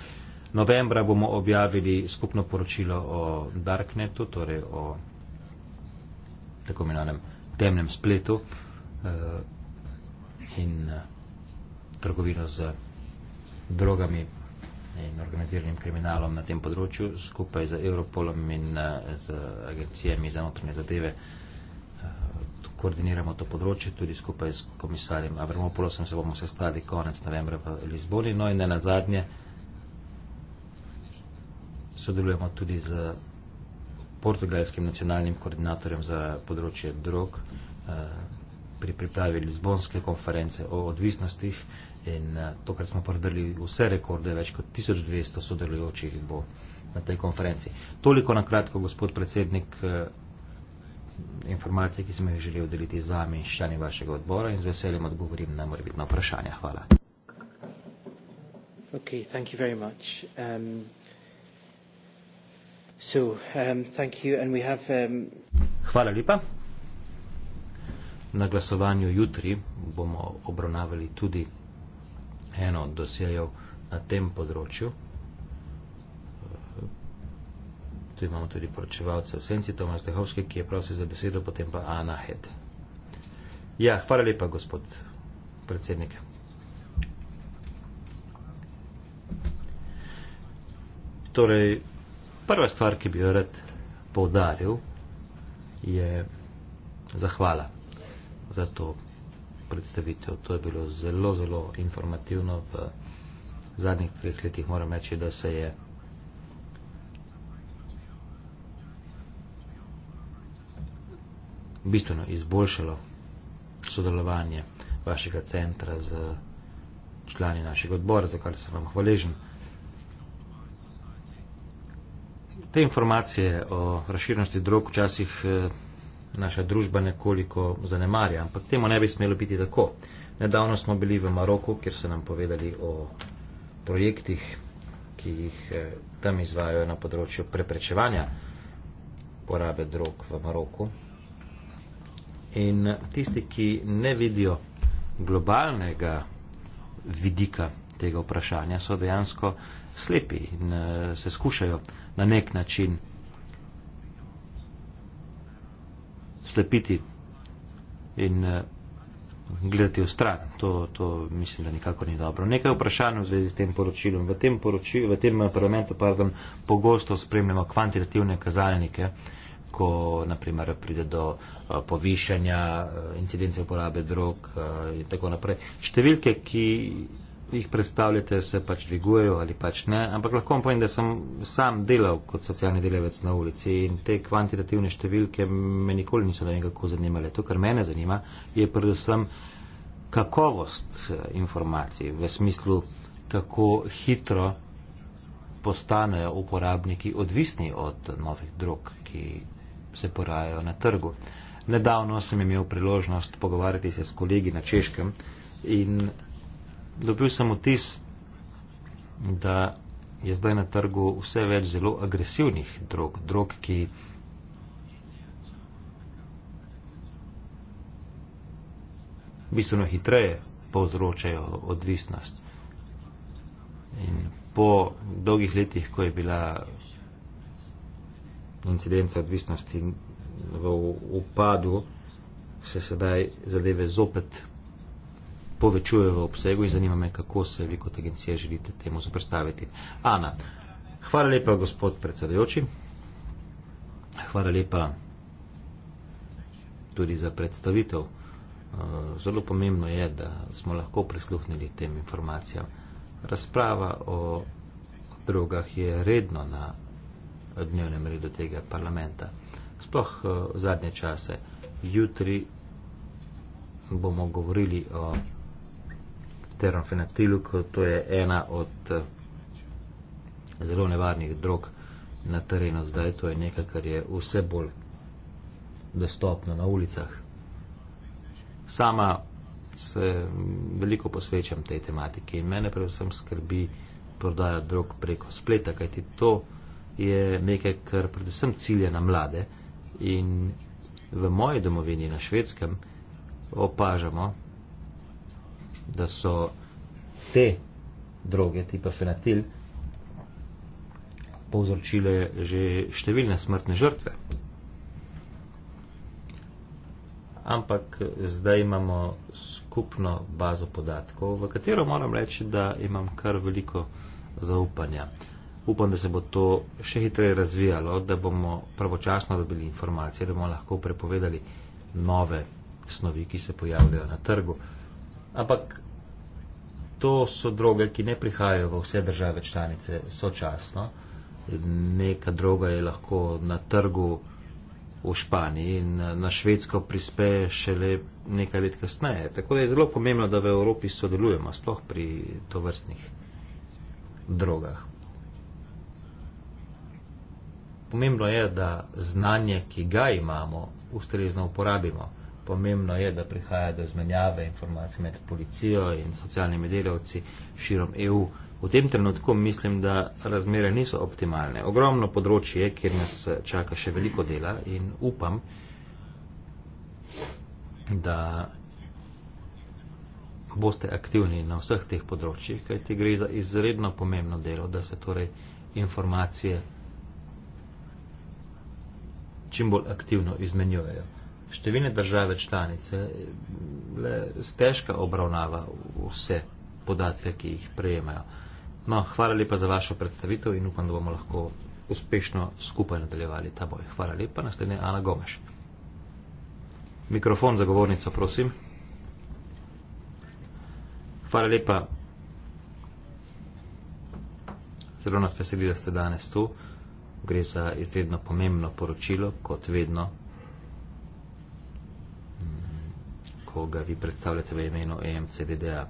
Novembra bomo objavili skupno poročilo o Darknetu, torej o tako imenovanem temnem spletu eh, in eh, trgovino z drogami in organiziranim kriminalom na tem področju skupaj z Europolom in eh, z agencijami za notranje zadeve koordiniramo to področje, tudi skupaj s komisarjem Avramopolosom se bomo sestali konec novembra v Lizboni. No in ne na zadnje, sodelujemo tudi z portugalskim nacionalnim koordinatorjem za področje drog eh, pri pripravi Lizbonske konference o odvisnostih in eh, to, kar smo prodali vse rekorde, več kot 1200 sodelujočih bo na tej konferenci. Toliko nakratko, gospod predsednik, eh, informacije, ki sem jih želel deliti z vami in ščani vašega odbora in z veseljem odgovorim na morbitno vprašanje. Hvala. Ok, thank you very much. Um, so, um, thank you and we have... Um... Hvala lepa. Na glasovanju jutri bomo obravnavali tudi eno dosjejo na tem področju. tu imamo tudi poročevalce v senci Toma Stehovske, ki je prosil za besedo, potem pa Ana Het. Ja, hvala lepa, gospod predsednik. Torej, prva stvar, ki bi jo rad poudaril, je zahvala za to predstavitev. To je bilo zelo, zelo informativno v zadnjih treh letih. Moram reči, da se je bistveno izboljšalo sodelovanje vašega centra z člani našega odbora, za kar se vam hvaležen. Te informacije o razširnosti drog včasih eh, naša družba nekoliko zanemarja, ampak temu ne bi smelo biti tako. Nedavno smo bili v Maroku, kjer so nam povedali o projektih, ki jih eh, tam izvajajo na področju preprečevanja porabe drog v Maroku. In tisti, ki ne vidijo globalnega vidika tega vprašanja, so dejansko slepi in eh, se skušajo na nek način slepiti in eh, gledati v stran. To, to mislim, da nikako ni dobro. Nekaj vprašanj v zvezi s tem poročilom. V tem, poročil, v tem parlamentu pardon, pogosto spremljamo kvantitativne kazalnike, ko naprimer pride do eh, povišanja eh, incidence uporabe drog eh, in tako naprej. Številke, ki jih predstavljate, se pač dvigujejo ali pač ne, ampak lahko vam povem, da sem sam delal kot socialni delavec na ulici in te kvantitativne številke me nikoli niso nekako zanimale. To, kar mene zanima, je predvsem kakovost informacij v smislu, kako hitro postanejo uporabniki odvisni od novih drog, ki se porajajo na trgu. Nedavno sem imel priložnost pogovarjati se s kolegi na Češkem in dobil sem vtis, da je zdaj na trgu vse več zelo agresivnih drog, drog, ki bistveno hitreje povzročajo odvisnost. In po dolgih letih, ko je bila incidenca odvisnosti v upadu, se sedaj zadeve zopet povečujejo v obsegu in zanima me, kako se vi kot agencija želite temu zaprstaviti. Ana, hvala lepa, gospod predsedujoči. Hvala lepa tudi za predstavitev. Eh, zelo pomembno je, da smo lahko prisluhnili tem informacijam. Razprava o drogah je redno na dnevnem redu tega parlamenta. Sploh eh, v zadnje čase. Jutri bomo govorili o teronfenatilu, ko to je ena od eh, zelo nevarnih drog na terenu zdaj. To je nekaj, kar je vse bolj dostopno na ulicah. Sama se mm, veliko posvečam tej tematiki in mene predvsem skrbi prodaja drog preko spleta, kajti to je je nekaj, kar predvsem cilja na mlade. In v moji domovini na švedskem opažamo, da so te droge, tipa fenatil, povzročile že številne smrtne žrtve. Ampak zdaj imamo skupno bazo podatkov, v katero moram reči, da imam kar veliko zaupanja. Uh, upam, da se bo to še hitreje razvijalo, da bomo pravočasno dobili informacije, da bomo lahko prepovedali nove snovi, ki se pojavljajo na trgu. Ampak to so droge, ki ne prihajajo v vse države članice sočasno. Neka droga je lahko na trgu v Španiji in na Švedsko prispe šele nekaj let kasneje. Tako da je zelo pomembno, da v Evropi sodelujemo sploh pri tovrstnih drogah. Pomembno je, da znanje, ki ga imamo, ustrezno uporabimo. Pomembno je, da prihaja do izmenjave informacij med policijo in socialnimi delavci širom EU. V tem trenutku mislim, da razmere niso optimalne. Ogromno področje, kjer nas čaka še veliko dela in upam, da boste aktivni na vseh teh področjih, kajti gre za izredno pomembno delo, da se torej informacije čim bolj aktivno izmenjujejo. Številne države članice le stežka obravnava vse podatke, ki jih prejemajo. No, hvala lepa za vašo predstavitev in upam, da bomo lahko uspešno skupaj nadaljevali ta boj. Hvala lepa, naslednja je Ana Gomeš. Mikrofon za govornico, prosim. Hvala lepa. Zelo nas veseli, da ste danes tu gre za izredno pomembno poročilo, kot vedno, ko ga vi predstavljate v imenu EMCDDA.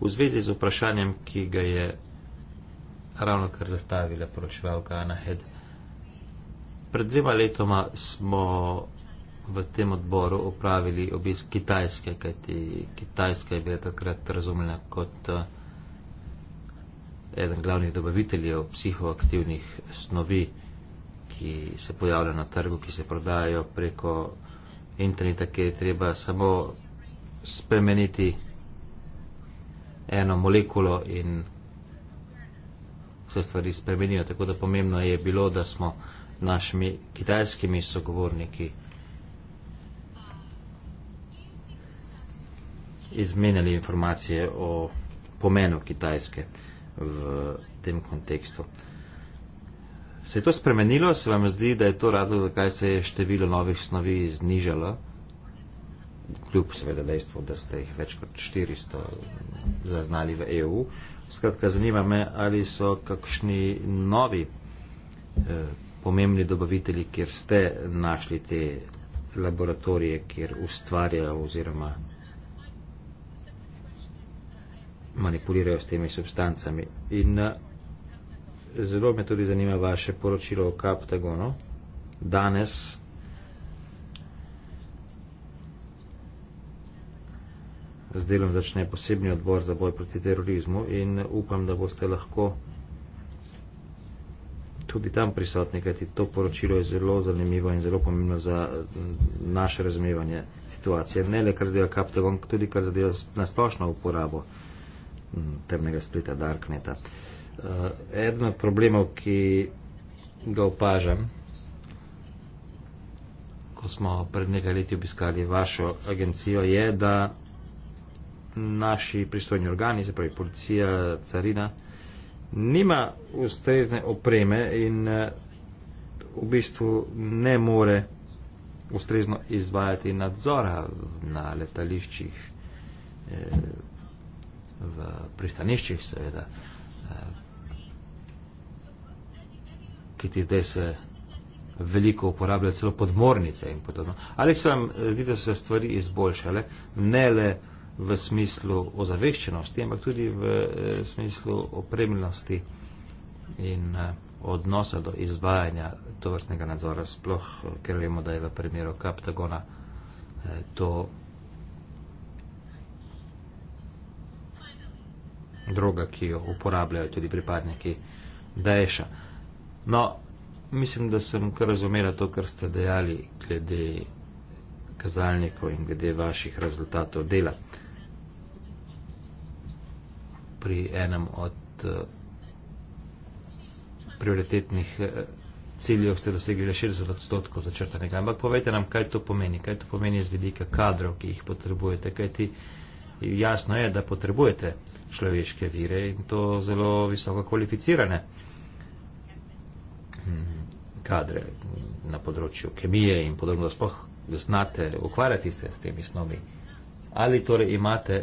V zvezi z vprašanjem, ki ga je ravno kar zastavila poročevalka Ana Hed, pred dvema letoma smo v tem odboru opravili obisk Kitajske, kajti Kitajska je bila takrat razumljena kot eh, eden glavnih dobaviteljev psihoaktivnih snovi ki se pojavljajo na trgu, ki se prodajajo preko interneta, kjer je treba samo spremeniti eno molekulo in vse stvari spremenijo. Tako da pomembno je bilo, da smo našimi kitajskimi sogovorniki izmenjali informacije o pomenu Kitajske v tem kontekstu. Se je to spremenilo? Se vam zdi, da je to razlog, zakaj se je število novih snovi znižalo? Kljub seveda dejstvu, da ste jih več kot 400 zaznali v EU. Skratka, zanima me, ali so kakšni novi eh, pomembni dobavitelji, kjer ste našli te laboratorije, kjer ustvarjajo oziroma manipulirajo s temi substancami. In, eh, zelo me tudi zanima vaše poročilo o Kaptagonu. Danes z delom začne posebni odbor za boj proti terorizmu in upam, da boste lahko tudi tam prisotni, kajti to poročilo je zelo zanimivo in zelo pomembno za naše razumevanje situacije. Ne le kar zadeva Kaptagon, tudi kar zadeva na splošno uporabo temnega spleta Darkneta. Uh, Uh, Eden od problemov, ki ga opažam, ko smo pred nekaj leti obiskali vašo agencijo, je, da naši pristojni organi, se pravi policija, carina, nima ustrezne opreme in uh, v bistvu ne more ustrezno izvajati nadzora na letališčih, eh, v pristaniščih seveda. Eh, ki ti zdaj se veliko uporabljajo, celo podmornice in podobno. Ali se vam eh, zdi, da so se stvari izboljšale, ne le v smislu ozaveščenosti, ampak tudi v eh, smislu opremljenosti in eh, odnosa do izvajanja tovrstnega nadzora, sploh ker vemo, da je v primeru Kaptagona to droga, ki jo uporabljajo tudi pripadniki Daesha. No, mislim, da sem kar razumela to, kar ste dejali glede kazalnikov in glede vaših rezultatov dela. Pri enem od eh, prioritetnih eh, ciljev ste dosegli le 60 odstotkov začrtanega. Ampak povejte nam, kaj to pomeni, kaj to pomeni z vidika kadrov, ki jih potrebujete, kaj ti jasno je, da potrebujete človeške vire in to zelo visoko kvalificirane. Mhm. kadre na področju kemije in podobno, da sploh znate ukvarjati se s temi snovi. Ali torej imate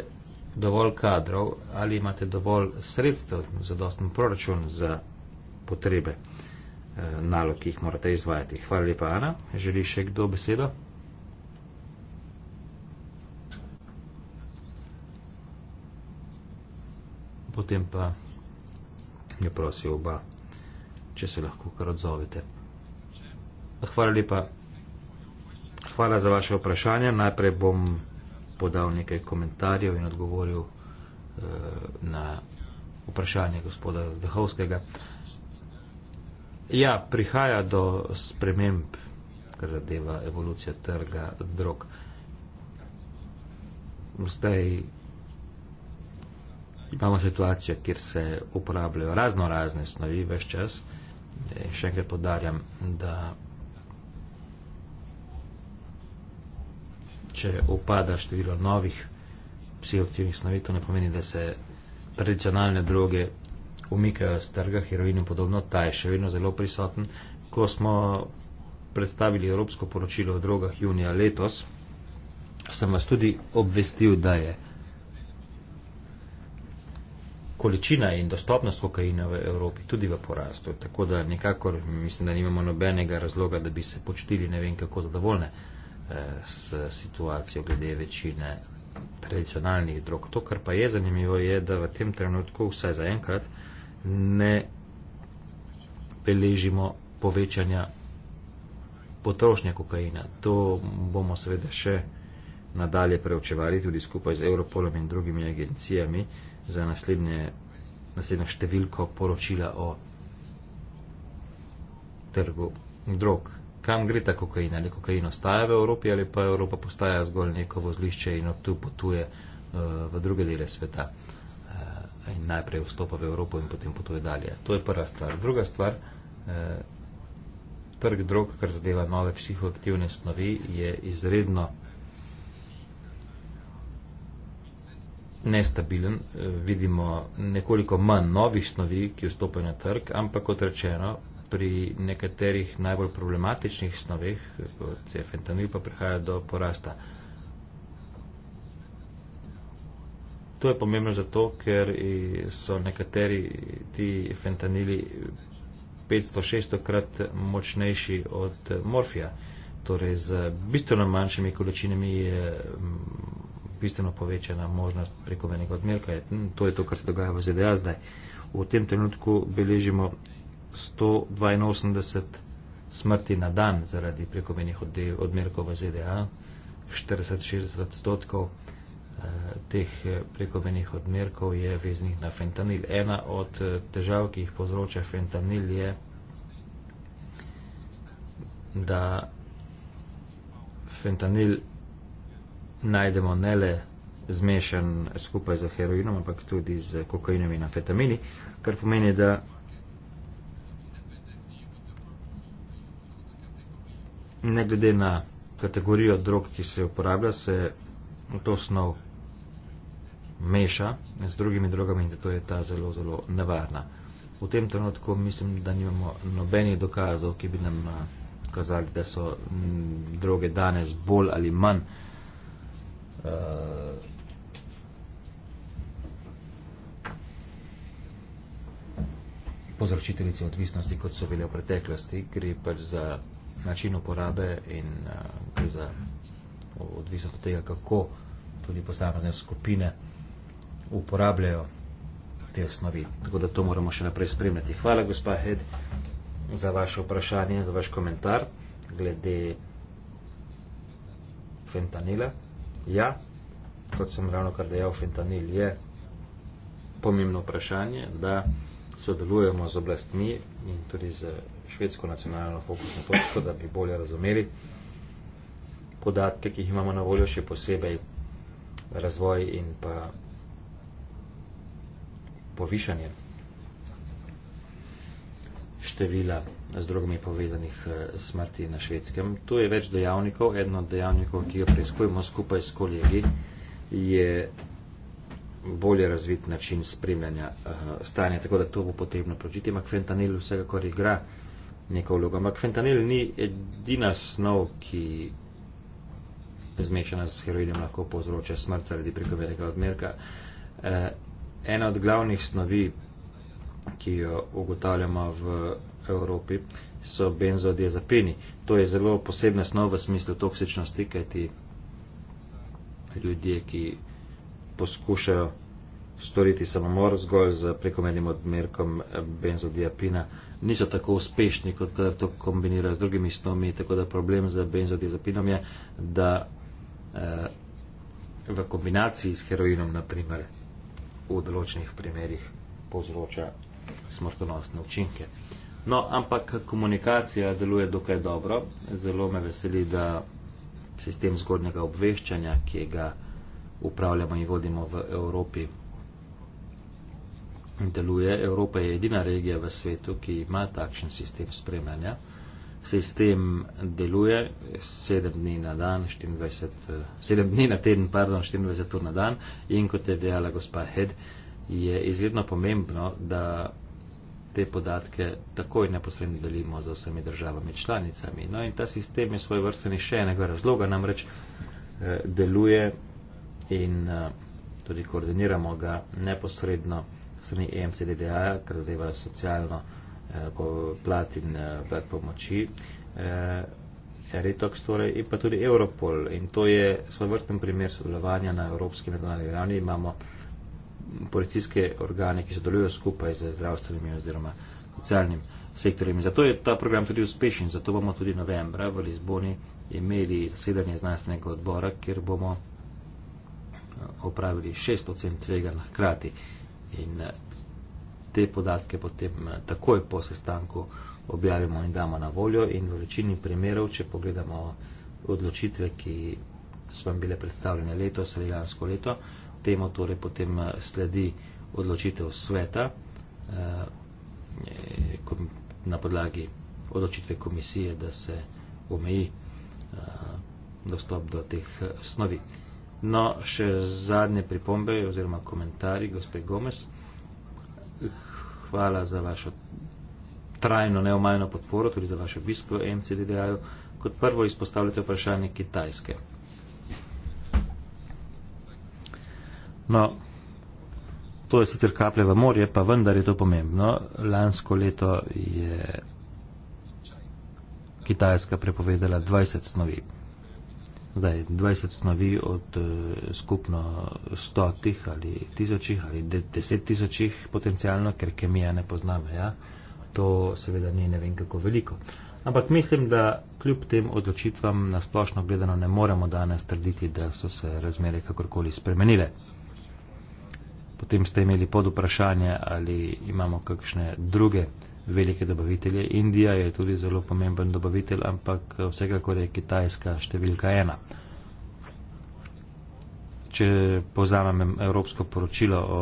dovolj kadrov, ali imate dovolj sredstev za dostan proračun za potrebe eh, nalog, ki jih morate izvajati. Hvala lepa, Ana. Želi še kdo besedo? Potem pa je prosil oba če se lahko kar odzovete. Hvala lepa. Hvala za vaše vprašanje. Najprej bom podal nekaj komentarjev in odgovoril uh, na vprašanje gospoda Zdahovskega. Ja, prihaja do sprememb, kar zadeva evolucijo trga drog. Zdaj imamo situacijo, kjer se uporabljajo razno razne snovi več čas. Uh, Eh, še enkrat podarjam, da če upada število novih psihoaktivnih snovi, to ne pomeni, da se tradicionalne droge umikajo z trga, heroin in podobno, ta je še vedno zelo prisoten. Ko smo predstavili Evropsko poročilo o drogah junija letos, sem vas tudi obvestil, da je količina in dostopnost kokaina v Evropi tudi v porastu. Tako da nekako mislim, da nimamo nobenega razloga, da bi se počutili ne vem kako zadovoljne eh, s situacijo glede večine tradicionalnih drog. To, kar pa je zanimivo, je, da v tem trenutku vsaj zaenkrat ne beležimo povečanja potrošnje kokaina. To bomo seveda še nadalje preučevali tudi skupaj z Europolom in drugimi agencijami za naslednje, naslednjo številko poročila o trgu drog. Kam gre ta kokain? Ali kokain ostaja v Evropi ali pa Evropa postaja zgolj neko vozlišče in od tu potuje uh, v druge dele sveta uh, in najprej vstopa v Evropo in potem potuje dalje. To je prva stvar. Druga stvar, uh, trg drog, kar zadeva nove psihoaktivne snovi, je izredno nestabilen, eh, vidimo nekoliko manj novih snovi, ki vstopajo na trg, ampak kot rečeno, pri nekaterih najbolj problematičnih snoveh, kot je fentanil, pa prihaja do porasta. To je pomembno zato, ker so nekateri ti fentanili 500-600 krat močnejši od morfija. Torej, z bistveno manjšimi količinami je bistveno povečana možnost prekomernega odmerka. To je to, kar se dogaja v ZDA zdaj. V tem trenutku beležimo 182 smrti na dan zaradi prekomernih odmerkov v ZDA, 40-60 odstotkov eh, teh eh, prekomenih odmerkov je veznih na fentanil. Ena od eh, težav, ki jih povzroča fentanil, je, da fentanil najdemo ne le zmešan skupaj z heroinom, ampak tudi z kokainom in amfetamini, kar pomeni, da ne glede na kategorijo drog, ki se uporablja, se to snov meša z drugimi drogami in da to je ta zelo, zelo nevarna. V tem trenutku mislim, da nimamo nobenih dokazov, ki bi nam eh, kazali, da so mm, droge danes bolj ali manj Eh, povzročiteljici odvisnosti, kot so bile v preteklosti, gre pač za način uporabe in uh, gre za odvisnost od tega, kako tudi posamezne skupine uporabljajo te osnovi. Tako da to moramo še naprej spremljati. Hvala, gospa Hed, za vaše vprašanje, za vaš komentar glede fentanila. Ja, kot sem ravno kar dejal, fentanil je pomembno vprašanje, da sodelujemo z oblastmi in tudi z švedsko nacionalno fokusno točko, da bi bolje razumeli podatke, ki jih imamo na voljo, še posebej razvoj in pa povišanje števila z drogami povezanih eh, smrti na švedskem. Tu je več dejavnikov. Eden od dejavnikov, ki jo preizkujemo skupaj s kolegi, je bolje razvit način spremljanja eh, stanja. Tako da to bo potrebno pročiti. Ampak fentanil vsekakor igra neko vlogo. Ampak fentanil ni edina snov, ki zmešana s heroinom lahko povzroča smrt zaradi prekomernega odmerka. Eh, ena od glavnih snovi ki jo ugotavljamo v Evropi, so benzodiazepini. To je zelo posebna snov v smislu toksičnosti, kajti ljudje, ki poskušajo storiti samomor zgolj z prekomernim odmerkom benzodiapina, niso tako uspešni, kot kadar to kombinirajo z drugimi snovmi, tako da problem z benzodiazepinom je, da eh, v kombinaciji s heroinom, naprimer, v določenih primerjih povzroča smrtonosne učinke. No, ampak komunikacija deluje dokaj dobro. Zelo me veseli, da sistem zgodnega obveščanja, ki ga upravljamo in vodimo v Evropi, deluje. Evropa je edina regija v svetu, ki ima takšen sistem spremljanja. Sistem deluje 7 dni na dan, 24, 7 eh, dni na teden, pardon, 24 ur na dan in kot je dejala gospa Hed, je izredno pomembno, da te podatke takoj neposredno delimo z vsemi državami članicami. No in ta sistem je svoj vrsteni še enega razloga, namreč eh, deluje in eh, tudi koordiniramo ga neposredno strani EMCDDA, kar zadeva socialno eh, plat in eh, plat pomoči, eh, Eritox torej, in pa tudi Europol. In to je svoj vrsten primer sodelovanja na evropski mednarodni ravni. Imamo eh, policijske organe, ki sodelujo skupaj z zdravstvenimi oziroma socialnim sektorjem. Zato je ta program tudi uspešen, zato bomo tudi novembra v Lizboni imeli zasedanje znanstvenega odbora, kjer bomo eh, opravili šest ocen tvega na hkrati in eh, te podatke potem eh, takoj po sestanku objavimo in damo na voljo in v večini primerov, če pogledamo odločitve, ki so vam bile predstavljene letos ali lansko leto, leto temu torej potem eh, sledi odločitev sveta eh, na podlagi odločitve komisije, da se omeji eh, dostop do teh snovi. No, še zadnje pripombe oziroma komentarji, gospe Gomez. Hvala za vašo trajno neomajno podporo, tudi za vaš obisk v NCDDA-ju. Kot prvo izpostavljate vprašanje Kitajske. No, to je sicer kaplje v morje, pa vendar je to pomembno. Lansko leto je Kitajska prepovedala 20 snovi. Zdaj, 20 snovi od uh, skupno stotih ali tisočih ali de deset tisočih potencijalno, ker kemija ne pozname, ja? to seveda ni ne vem kako veliko. Ampak mislim, da kljub tem odločitvam na splošno gledano ne moremo danes trditi, da so se razmere kakorkoli spremenile. Potem ste imeli pod vprašanje, ali imamo kakšne druge velike dobavitelje. Indija je tudi zelo pomemben dobavitelj, ampak vsekakor je Kitajska številka ena. Če poznam evropsko poročilo o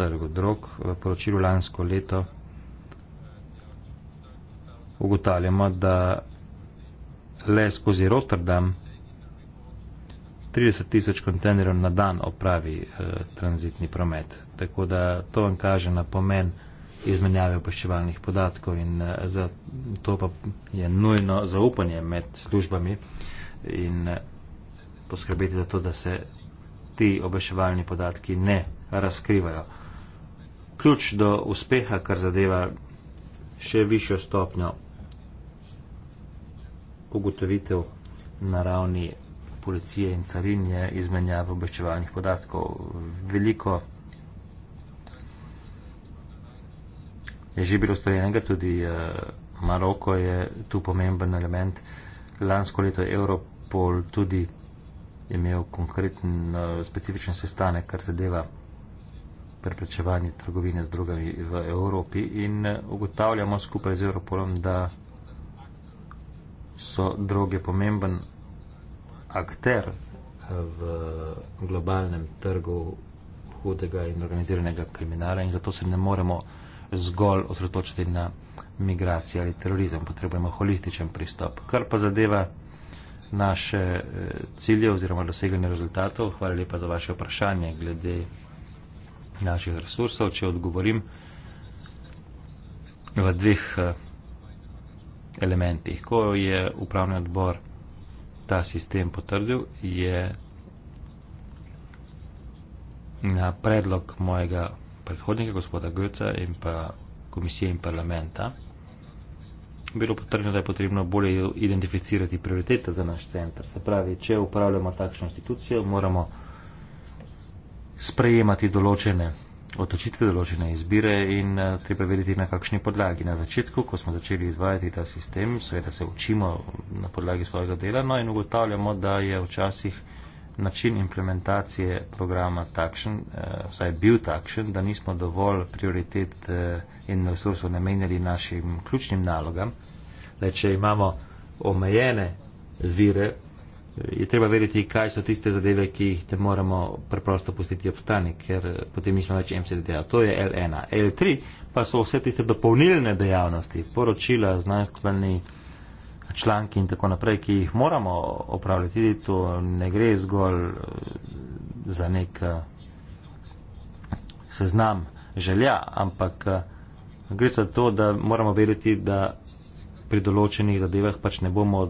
trgu drog, v poročilu lansko leto ugotavljamo, da le skozi Rotterdam 30 tisoč kontejnerov na dan opravi eh, tranzitni promet. Tako da to vam kaže na pomen izmenjave poščevalnih podatkov in eh, za to pa je nujno zaupanje med službami in eh, poskrbeti za to, da se ti obveščevalni podatki ne razkrivajo. Ključ do uspeha, kar zadeva še višjo stopnjo ugotovitev na ravni policije in carinje izmenjav obveščevalnih podatkov. Veliko je že bilo storjenega, tudi eh, Maroko je tu pomemben element. Lansko leto je Europol tudi imel konkreten, eh, specifičen sestanek, kar se deva preprečevanje trgovine z drugami v Evropi in eh, ugotavljamo skupaj z Europolom, da so droge pomemben akter eh, v globalnem trgu hudega in organiziranega kriminala in zato se ne moremo zgolj osredotočiti na migracijo ali terorizem. Potrebujemo holističen pristop. Kar pa zadeva naše eh, cilje oziroma doseganje rezultatov, hvala lepa za vaše vprašanje glede naših resursov. Če odgovorim v dveh eh, elementih. Ko je upravni odbor ta sistem potrdil, je na predlog mojega predhodnika, gospoda Goca in pa komisije in parlamenta, bilo potrebno, da je potrebno bolje identificirati prioritete za naš center. Se pravi, če upravljamo takšno institucijo, moramo sprejemati določene odločitve, določene izbire in eh, treba vedeti, na kakšni podlagi. Na začetku, ko smo začeli izvajati ta sistem, seveda se učimo na podlagi svojega dela no, in ugotavljamo, da je včasih način implementacije programa takšen, eh, vsaj bil takšen, da nismo dovolj prioritet eh, in resursov namenjali našim ključnim nalogam. Le, če imamo omejene vire je treba vedeti, kaj so tiste zadeve, ki jih ne moremo preprosto pustiti ob strani, ker eh, potem nismo več MCDD. To je L1. L3 pa so vse tiste dopolnilne dejavnosti, poročila, znanstveni članki in tako naprej, ki jih moramo opravljati. To ne gre zgolj eh, za nek eh, seznam želja, ampak gre za to, da moramo vedeti, da pri določenih zadevah pač ne bomo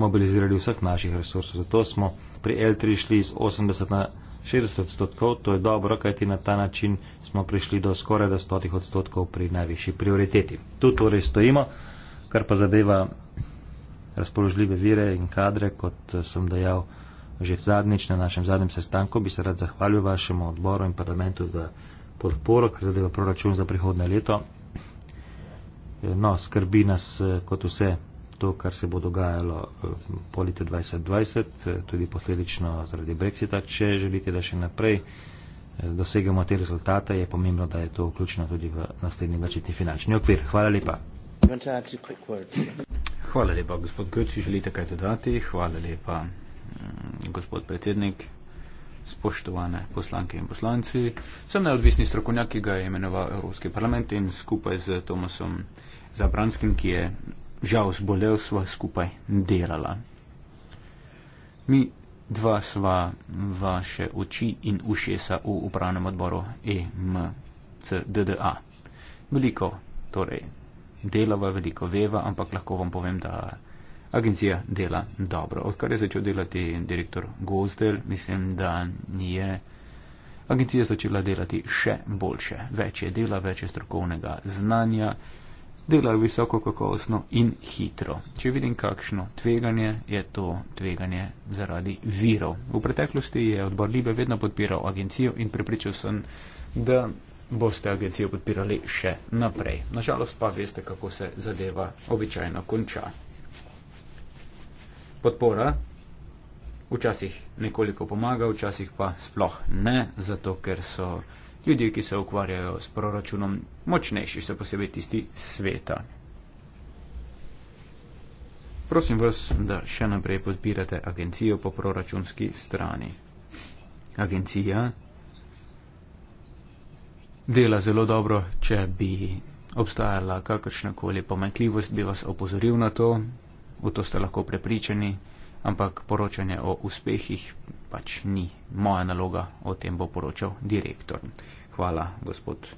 mobilizirali vseh naših resursov. Zato smo pri L3 šli iz 80 na 60 odstotkov, to je dobro, kajti na ta način smo prišli do skoraj 100 odstotkov pri najvišji prioriteti. Tu torej stojimo, kar pa zadeva razpoložljive vire in kadre, kot eh, sem dejal že zadnjič na našem zadnjem sestanku, bi se rad zahvalil vašemu odboru in parlamentu za podporo, kar zadeva proračun za prihodne leto. Eh, no, skrbi nas eh, kot vse to, kar se bo dogajalo eh, po letu 2020, eh, tudi posledično zaradi brexita. Če želite, da še naprej eh, dosegamo te rezultate, je pomembno, da je to vključeno tudi v naslednji načetni finančni okvir. Hvala lepa. Hvala lepa, gospod Goči, želite kaj dodati? Hvala lepa, mm, gospod predsednik. Spoštovane poslanke in poslanci, sem neodvisni strokovnjak, ki ga je imenoval Evropski parlament in skupaj z Tomasom Zabranskim, ki je žal zbolel, sva skupaj delala. Mi dva sva vaše oči in ušesa v upravnem odboru EMCDDA. Veliko, torej, delava, veliko veva, ampak lahko vam povem, da agencija dela dobro. Odkar je začel delati direktor Gozdel, mislim, da je agencija začela delati še boljše. Več je dela, več je strokovnega znanja delajo visoko kakovostno in hitro. Če vidim, kakšno tveganje je to tveganje zaradi virov. V preteklosti je odbor Libe vedno podpiral agencijo in pripričal sem, da boste agencijo podpirali še naprej. Nažalost pa veste, kako se zadeva običajno konča. Podpora včasih nekoliko pomaga, včasih pa sploh ne, zato ker so ljudje, ki se ukvarjajo s proračunom, močnejši, še posebej tisti sveta. Prosim vas, da še naprej podpirate agencijo po proračunski strani. Agencija dela zelo dobro, če bi obstajala kakršnakoli pomankljivost, bi vas opozoril na to, v to ste lahko prepričani, ampak poročanje o uspehih pač ni moja naloga, o tem bo poročal direktor. Hvala, gospod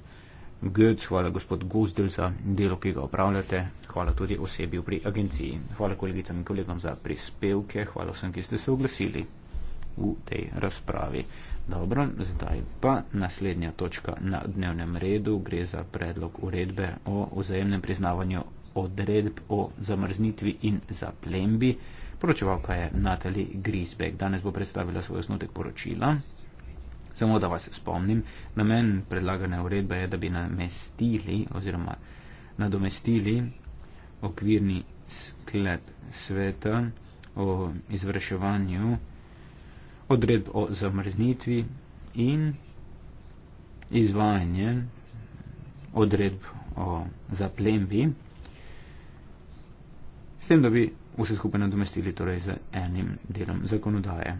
Götz, hvala, gospod Guzdel, za delo, ki ga opravljate. Hvala tudi osebi pri agenciji. Hvala kolegicam in kolegom za prispevke. Hvala vsem, ki ste se oglasili v tej razpravi. Dobro, zdaj pa naslednja točka na dnevnem redu. Gre za predlog uredbe o vzajemnem priznavanju odredb o zamrznitvi in zaplembi. Poročevalka je Natalie Grisbeck. Danes bo predstavila svoj osnutek poročila. Samo da vas spomnim, namen predlagane uredbe je, da bi namestili oziroma nadomestili okvirni sklep sveta o izvrševanju odredb o zamrznitvi in izvajanje odredb o zaplembi, s tem, da bi vse skupaj nadomestili torej z enim delom zakonodaje.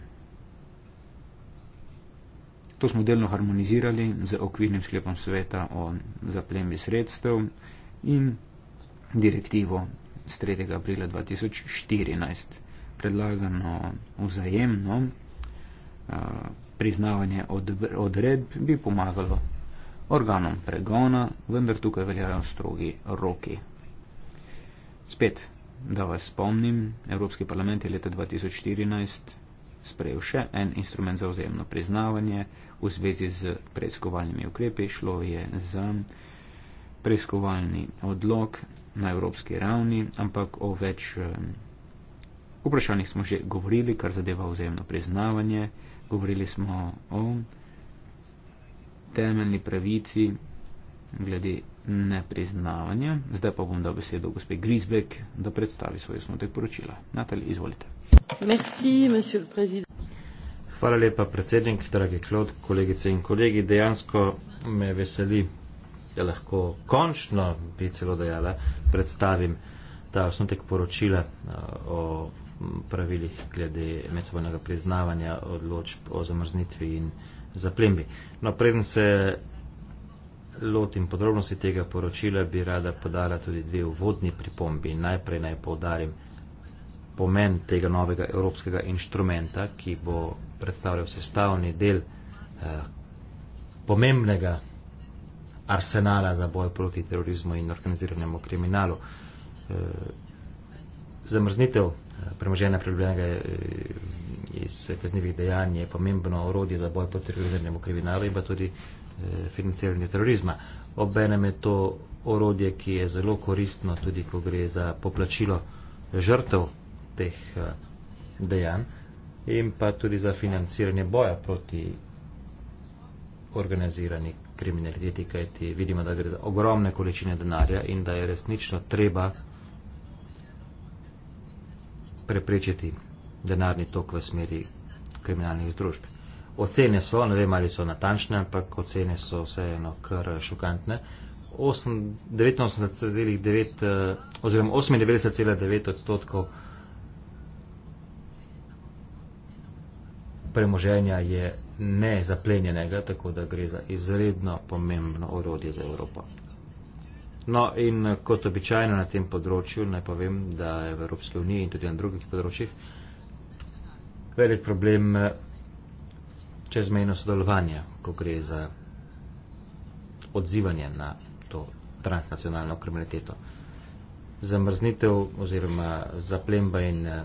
To smo delno harmonizirali z okvirnim sklepom sveta o zaplembi sredstev in direktivo z 3. aprila 2014 predlagano vzajemno priznavanje odredb bi pomagalo organom pregona, vendar tukaj veljajo strogi roki. Spet da vas spomnim, Evropski parlament je leta 2014 sprejel še en instrument za vzajemno priznavanje v zvezi z preiskovalnimi ukrepi. Šlo je za preiskovalni odlog na evropski ravni, ampak o več vprašanjih smo že govorili, kar zadeva vzajemno priznavanje. Govorili smo o temeljni pravici glede nepriznavanja. Zdaj pa bom dal besedo gospe Grisbek, da predstavi svoj osnutek poročila. Natalij, izvolite. Merci, Hvala lepa, predsednik, dragi Klod, kolegice in kolegi. Dejansko me veseli, da lahko končno, bi celo dejala, predstavim ta osnutek poročila eh, o pravilih glede medsebojnega priznavanja odločb o zamrznitvi in zaplembi. No, preden se lotim podrobnosti tega poročila, bi rada podala tudi dve uvodni pripombi. Najprej naj povdarim pomen tega novega evropskega inštrumenta, ki bo predstavljal sestavni del eh, pomembnega arsenala za boj proti terorizmu in organiziranemu kriminalu. Eh, zamrznitev eh, premoženja pribljenega eh, iz kaznivih dejanj je pomembno orodje za boj proti organiziranemu kriminalu in pa tudi Eh, financiranju terorizma. Obenem je to orodje, ki je zelo koristno tudi, ko gre za poplačilo žrtev teh eh, dejanj in pa tudi za financiranje boja proti organizirani kriminaliteti, kajti vidimo, da gre za ogromne količine denarja in da je resnično treba preprečiti denarni tok v smeri kriminalnih združb. Ocene so, ne vem ali so natančne, ampak ocene so vseeno kar šokantne. 89,9 eh, oziroma 98,9 odstotkov premoženja je nezaplenjenega, tako da gre za izredno pomembno orodje za Evropo. No in kot običajno na tem področju, naj povem, da je v Evropski uniji in tudi na drugih področjih velik problem eh, čezmejno sodelovanje, ko gre za odzivanje na to transnacionalno kriminaliteto. Zamrznitev oziroma zaplemba in eh,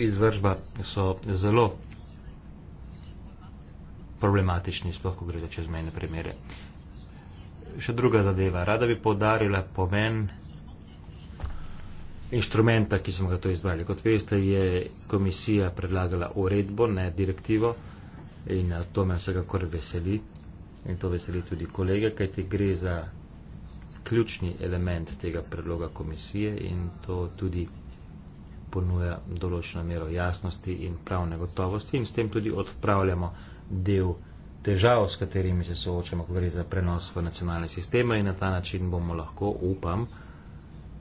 izvržba so zelo problematični, sploh ko gre za čezmejne primere. Še druga zadeva. Rada bi povdarila pomen inštrumenta, ki smo ga to izvali. Kot veste, je komisija predlagala uredbo, ne direktivo in eh, to me vsekakor veseli in to veseli tudi kolege, kajti gre za ključni element tega predloga komisije in to tudi ponuja določeno mero jasnosti in pravne gotovosti in s tem tudi odpravljamo del težav, s katerimi se soočamo, ko gre za prenos v nacionalne sisteme in na ta način bomo lahko, upam,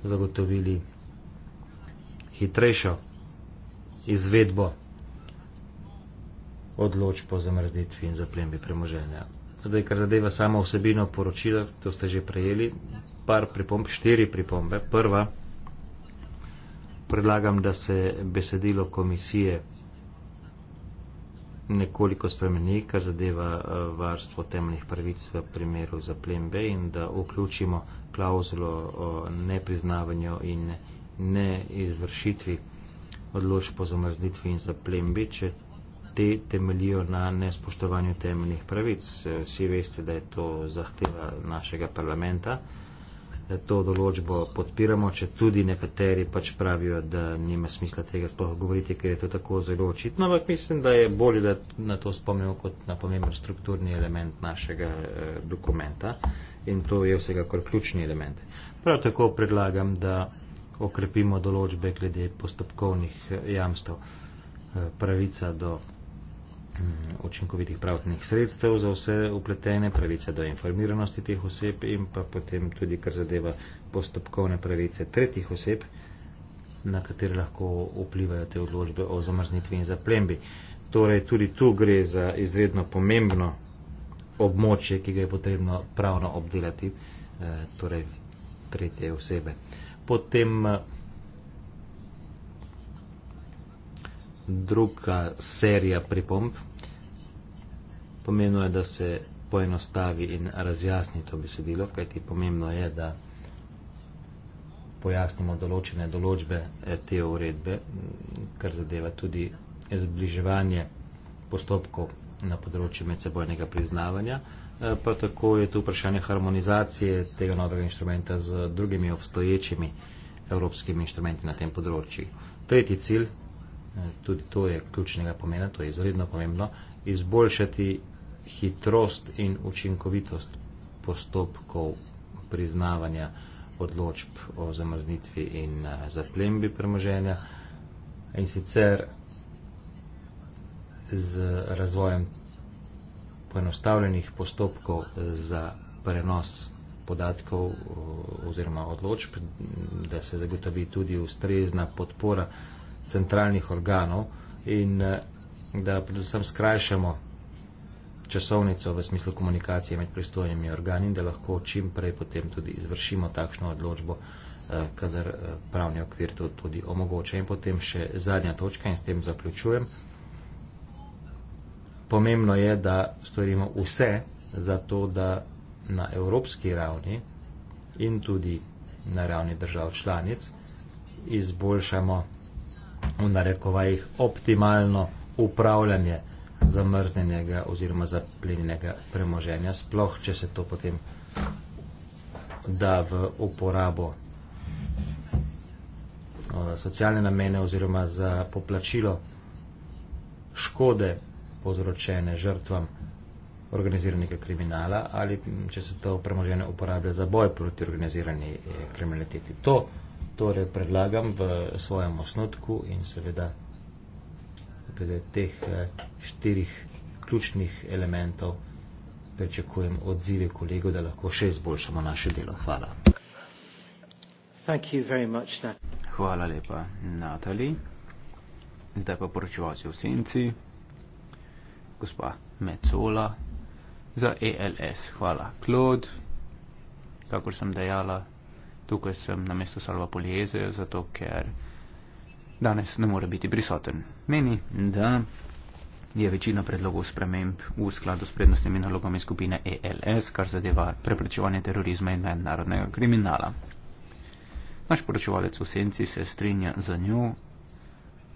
zagotovili hitrejšo izvedbo odločb po zamrznitvi in zaplembi premoženja. Zdaj, kar zadeva samo vsebino poročila, to ste že prejeli, par pripomb, štiri pripombe. Prva, predlagam, da se besedilo komisije nekoliko spremeni, kar zadeva eh, varstvo temeljnih pravic v primeru zaplembe in da vključimo klauzulo o nepriznavanju in nepriznavanju ne izvršitvi odložb po zamrznitvi in zaplembi, če te temeljijo na nespoštovanju temeljnih pravic. Vsi veste, da je to zahteva našega parlamenta, da to določbo podpiramo, če tudi nekateri pač pravijo, da nima smisla tega sploh govoriti, ker je to tako zelo očitno, ampak mislim, da je bolje, da na to spomnimo kot na pomemben strukturni element našega eh, dokumenta in to je vsekakor ključni element. Prav tako predlagam, da okrepimo določbe glede postopkovnih eh, jamstv, eh, pravica do mm, učinkovitih pravnih sredstev za vse upletene, pravica do informiranosti teh oseb in pa potem tudi, kar zadeva postopkovne pravice tretjih oseb, na katere lahko vplivajo te odločbe o zamrznitvi in zaplembi. Torej, tudi tu gre za izredno pomembno območje, ki ga je potrebno pravno obdelati, eh, torej tretje osebe potem eh, druga serija pripomb. Pomembno je, da se poenostavi in razjasni to besedilo, kajti pomembno je, da pojasnimo določene določbe eh, te uredbe, kar zadeva tudi zbliževanje postopkov na področju medsebojnega priznavanja. Eh, prav tako je tu vprašanje harmonizacije tega novega inštrumenta z drugimi obstoječimi evropskimi inštrumenti na tem področju. Tretji cilj, eh, tudi to je ključnega pomena, to je izredno pomembno, izboljšati hitrost in učinkovitost postopkov priznavanja odločb o zamrznitvi in eh, zaplembi premoženja in sicer z razvojem poenostavljenih postopkov za prenos podatkov eh, oziroma odločb, da se zagotovi tudi ustrezna podpora centralnih organov in eh, da predvsem skrajšamo časovnico v smislu komunikacije med pristojnimi organi in da lahko čim prej potem tudi izvršimo takšno odločbo, eh, kadar pravni okvir to tudi omogoča. In potem še zadnja točka in s tem zaključujem pomembno je, da storimo vse za to, da na evropski ravni in tudi na ravni držav članic izboljšamo v narekovajih optimalno upravljanje zamrznjenega oziroma zaplenjenega premoženja, sploh če se to potem da v uporabo eh, socialne namene oziroma za poplačilo škode povzročene žrtvam organiziranega kriminala ali če se to premoženje uporablja za boj proti organizirani eh, kriminaliteti. To torej predlagam v svojem osnutku in seveda glede teh eh, štirih ključnih elementov pričakujem odzive kolegov, da lahko še izboljšamo naše delo. Hvala. Thank you very much, Hvala lepa, Natali. Zdaj pa poročevalci v senci gospa Mecola za ELS. Hvala, Klod. Kakor sem dejala, tukaj sem na mestu Salva Polijeze, zato ker danes ne more biti prisoten. Meni, da je večina predlogov sprememb v skladu s prednostnimi nalogami skupine ELS, kar zadeva preprečevanje terorizma in mednarodnega kriminala. Naš poročevalec v senci se strinja za njo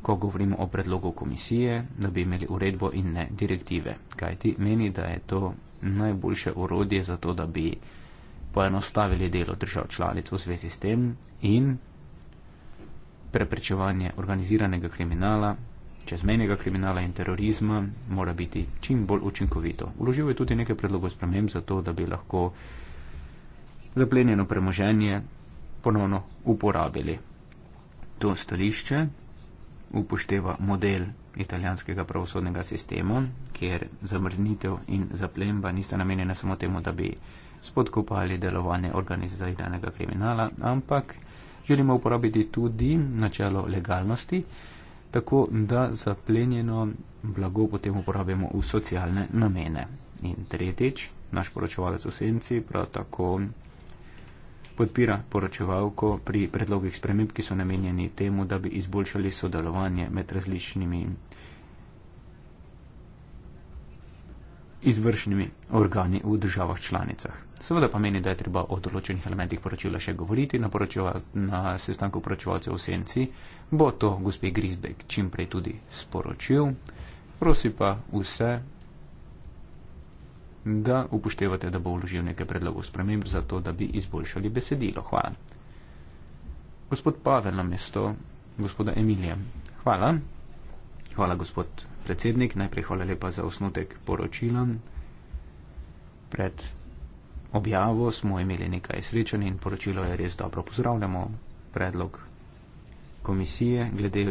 ko govorimo o predlogu komisije, da bi imeli uredbo in ne direktive. Kajti meni, da je to najboljše urodje za to, da bi poenostavili delo držav članic v zvezi s tem in preprečevanje organiziranega kriminala, čezmenjega kriminala in terorizma mora biti čim bolj učinkovito. Uložil je tudi nekaj predlogov sprememb za to, da bi lahko zaplenjeno premoženje ponovno uporabili. To stališče upošteva model italijanskega pravosodnega sistema, kjer zamrznitev in zaplemba nista namenjena samo temu, da bi spodkopali delovanje organiziranega kriminala, ampak želimo uporabiti tudi načelo legalnosti, tako da zaplenjeno blago potem uporabimo v socialne namene. In tretjič, naš poročevalec v senci prav tako podpira poročevalko pri predlogih sprememb, ki so namenjeni temu, da bi izboljšali sodelovanje med različnimi izvršnimi organi v državah članicah. Seveda pa meni, da je treba o določenih elementih poročila še govoriti na, na sestanku poročevalcev v Senci. Bo to gospe Grisbek čimprej tudi sporočil. Prosim pa vse, da upoštevate, da bo vložil nekaj predlogov sprememb za to, da bi izboljšali besedilo. Hvala. Gospod Pavel na mesto gospoda Emilija. Hvala. Hvala, gospod predsednik. Najprej hvala lepa za osnutek poročila. Pred objavo smo imeli nekaj srečanj in poročilo je res dobro. Pozdravljamo predlog komisije glede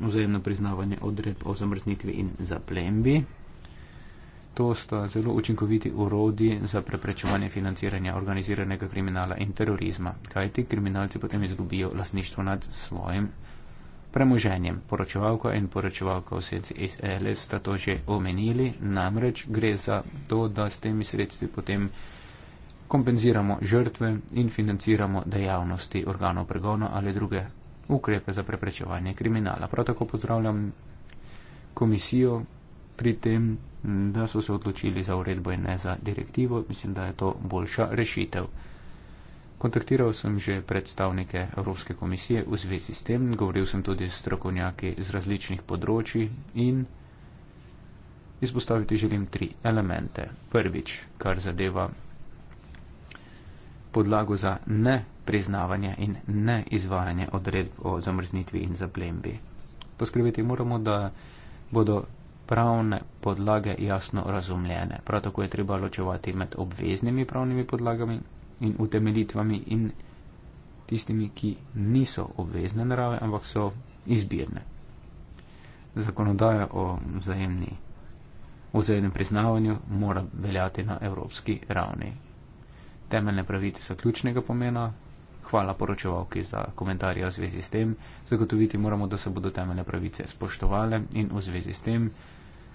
vzajemno priznavanje odredb o zamrznitvi in zaplembi. To sta zelo učinkoviti urodi za preprečevanje financiranja organiziranega kriminala in terorizma, kajti kriminalci potem izgubijo lasništvo nad svojim premoženjem. Poročevalka in poročevalka v e senci SLS sta to že omenili, namreč gre za to, da s temi sredstvi potem kompenziramo žrtve in financiramo dejavnosti organov pregona ali druge ukrepe za preprečevanje kriminala. Prav tako pozdravljam komisijo pri tem, da so se odločili za uredbo in ne za direktivo. Mislim, da je to boljša rešitev. Kontaktiral sem že predstavnike Evropske komisije v zvezi s tem, govoril sem tudi s strokovnjaki z različnih področji in izpostaviti želim tri elemente. Prvič, kar zadeva podlago za ne priznavanje in ne izvajanje odredb o zamrznitvi in zaplembi. Poskrbeti moramo, da bodo pravne podlage jasno razumljene. Prav tako je treba ločevati med obveznimi pravnimi podlagami in utemelitvami in tistimi, ki niso obvezne narave, ampak so izbirne. Zakonodaja o vzajemni, vzajemnem priznavanju mora veljati na evropski ravni. Temeljne pravice so ključnega pomena. Hvala poročevalki za komentarje v zvezi s tem. Zagotoviti moramo, da se bodo temeljne pravice spoštovale in v zvezi s tem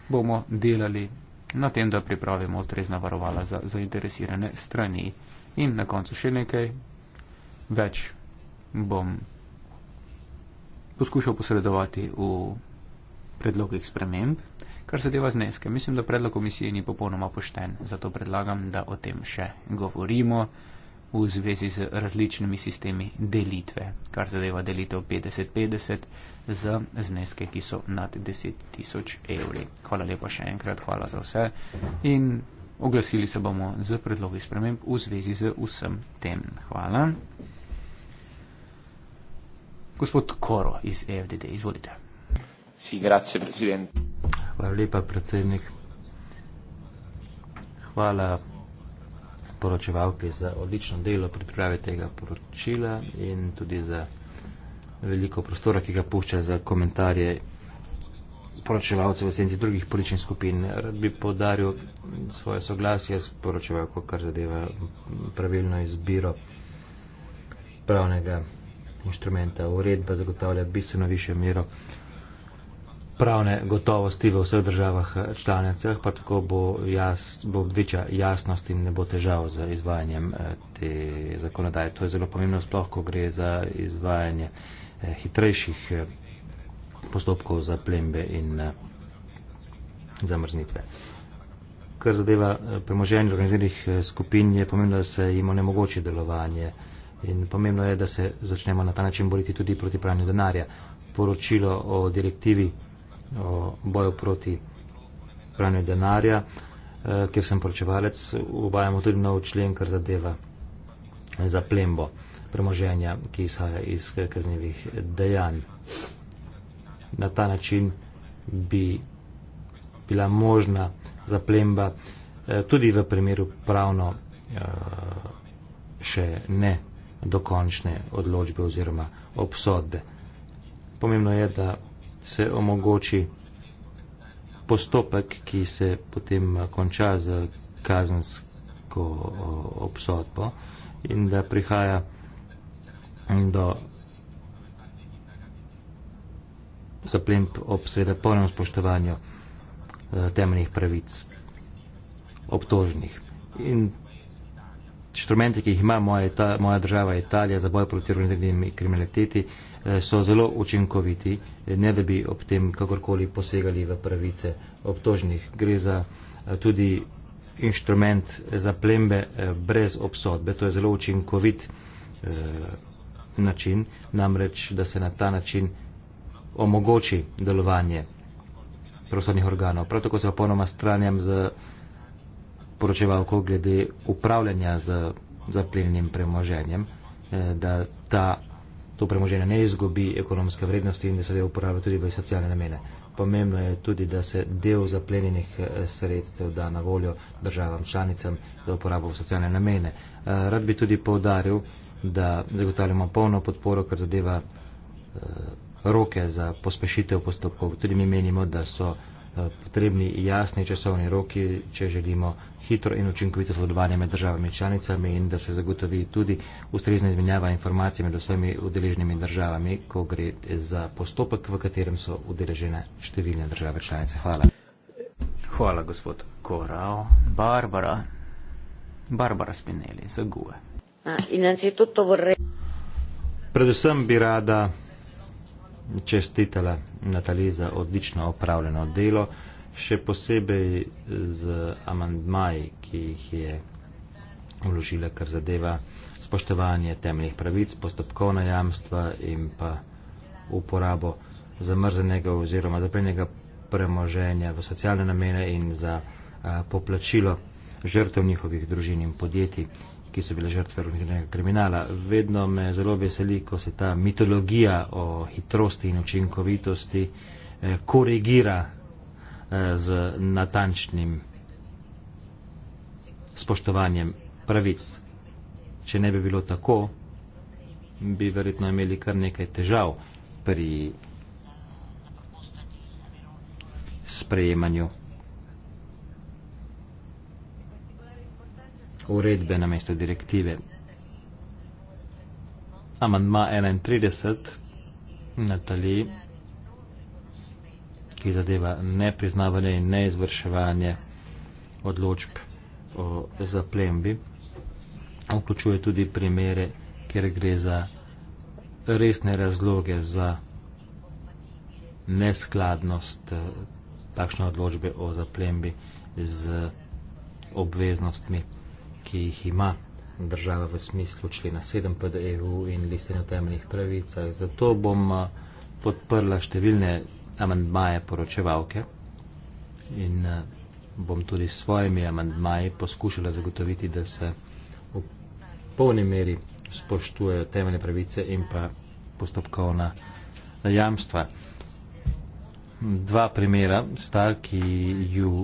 bomo delali na tem, da pripravimo ustrezna varovala za zainteresirane strani. In na koncu še nekaj več bom poskušal posredovati v predlogih sprememb, kar zadeva zneske. Mislim, da predlog komisije ni popolnoma pošten, zato predlagam, da o tem še govorimo v zvezi z različnimi sistemi delitve, kar zadeva delitev 50-50 za zneske, ki so nad 10 tisoč evri. Hvala lepa še enkrat, hvala za vse in oglasili se bomo z predlogi sprememb v zvezi z vsem tem. Hvala. Gospod Koro iz EFDD, izvolite. Si, grazie, predsednik. Hvala lepa, predsednik. Hvala poročevalke za odlično delo pri pripravi tega poročila in tudi za veliko prostora, ki ga pušča za komentarje poročevalcev v senci drugih političnih skupin. Rad bi podaril svoje soglasje s poročevalko, kar zadeva pravilno izbiro pravnega inštrumenta. Uredba zagotavlja bistveno više mero pravne gotovosti v vseh državah eh, članicah, pa tako bo, jas, bo večja jasnost in ne bo težav z izvajanjem eh, te zakonodaje. To je zelo pomembno, sploh ko gre za izvajanje eh, hitrejših postopkov za plembe in zamrznitve. Kar zadeva premoženje organiziranih skupin, je pomembno, da se jim onemogoče delovanje in pomembno je, da se začnemo na ta način boriti tudi proti pranju denarja. Poročilo o direktivi o boju proti pranju denarja, eh, kjer sem poročevalec, uvajamo tudi nov člen, kar zadeva eh, za plembo premoženja, ki izhaja iz eh, kaznjivih dejanj. Na ta način bi bila možna zaplemba tudi v primeru pravno še ne dokončne odločbe oziroma obsodbe. Pomembno je, da se omogoči postopek, ki se potem eh, konča z kazensko obsodbo in da prihaja do zaplemb ob sveda polnem spoštovanju eh, temeljnih pravic obtožnih. In inštrumenti, ki jih ima moja, ta, moja država Italija za boj proti organizirani kriminaliteti, eh, so zelo učinkoviti ne da bi ob tem kakorkoli posegali v pravice obtožnih. Gre za eh, tudi inštrument eh, za plembe eh, brez obsodbe. To je zelo učinkovit način, namreč, da se na ta način omogoči delovanje prostornih organov. Prav tako se oponoma stranjam z poročevalko glede upravljanja z zaplenjenim premoženjem, da ta to premoženje ne izgubi ekonomske vrednosti in da se del uporablja tudi v socialne namene. Pomembno je tudi, da se del zaplenjenih eh, sredstev da na voljo državam članicam za uporabo v socialne namene. Eh, rad bi tudi povdaril, da zagotavljamo polno podporo, kar zadeva eh, roke za pospešitev postopkov. Tudi mi menimo, da so Eh, potrebni jasni časovni roki, če želimo hitro in učinkovito sodelovanje med državami članicami in da se zagotovi tudi ustrezna izmenjava informacij med vsemi udeleženimi državami, ko gre za postopek, v katerem so udeležene številne države članice. Hvala. Hvala, gospod Korao. Barbara. Barbara Spinelli, za GUE. Ah, Predvsem bi rada čestitala Natali za odlično opravljeno delo, še posebej z amandmaji, ki jih je vložila, kar zadeva spoštovanje temeljih pravic, postopkovna jamstva in pa uporabo zamrznenega oziroma zapeljenega premoženja v socialne namene in za poplačilo žrtev njihovih družin in podjetij ki so bile žrtve organiziranega kriminala. Vedno me zelo veseli, ko se ta mitologija o hitrosti in učinkovitosti eh, korigira eh, z natančnim spoštovanjem pravic. Če ne bi bilo tako, bi verjetno imeli kar nekaj težav pri sprejemanju uredbe na mesto direktive. Amandma 31 Natali, ki zadeva nepriznavanje in neizvrševanje odločb o zaplembi, vključuje tudi primere, kjer gre za resne razloge za neskladnost eh, takšne odločbe o zaplembi z obveznostmi ki jih ima država v smislu člena 7 PDEU in listenja temeljnih pravic. Zato bom eh, podprla številne amandmaje poročevalke in eh, bom tudi s svojimi amandmaji poskušala zagotoviti, da se v polni meri spoštujejo temeljne pravice in pa postopkovna jamstva. Dva primera sta, ki ju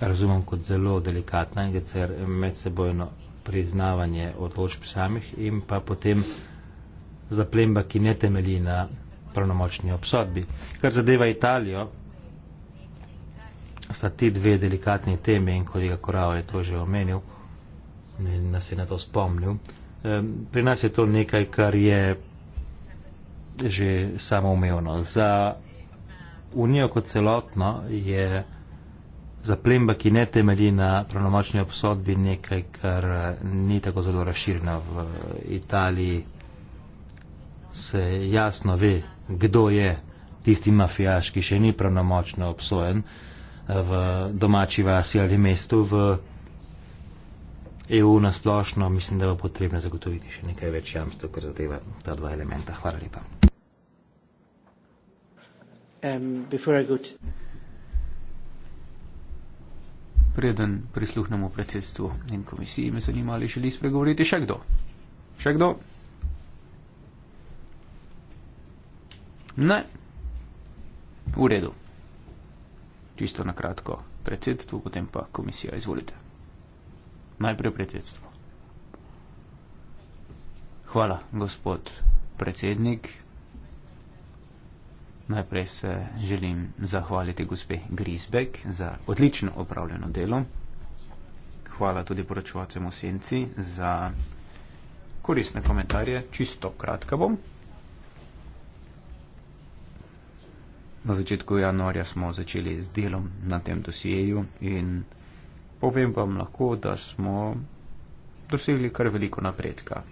razumem kot zelo delikatna in gecer medsebojno priznavanje odločb samih in pa potem zaplemba, ki ne temelji na pravnomočni obsodbi. Kar zadeva Italijo, sta ti dve delikatni teme in kolega Korao je to že omenil in nas je na to spomnil. Pri nas je to nekaj, kar je že samoumevno. Za Unijo kot celotno je zaplemba, ki ne temelji na pravnomočni obsodbi, nekaj, kar eh, ni tako zelo raširjeno v eh, Italiji. Se jasno ve, kdo je tisti mafijaš, ki še ni pravnomočno obsojen eh, v domači vasi ali mestu v EU nasplošno. Mislim, da bo potrebno zagotoviti še nekaj več jamstev, kar zadeva ta dva elementa. Hvala lepa. Um, before I go to preden prisluhnemo predsedstvu in komisiji, me zanima, ali želi spregovoriti še kdo. Še kdo? Ne. V redu. Čisto na kratko predsedstvu, potem pa komisija. Izvolite. Najprej predsedstvo. Hvala, gospod predsednik. Najprej se želim zahvaliti gospe Grisbek za odlično opravljeno delo. Hvala tudi poročevalcem v senci za koristne komentarje. Čisto kratka bom. Na začetku januarja smo začeli z delom na tem dosjeju in povem vam lahko, da smo dosegli kar veliko napredka.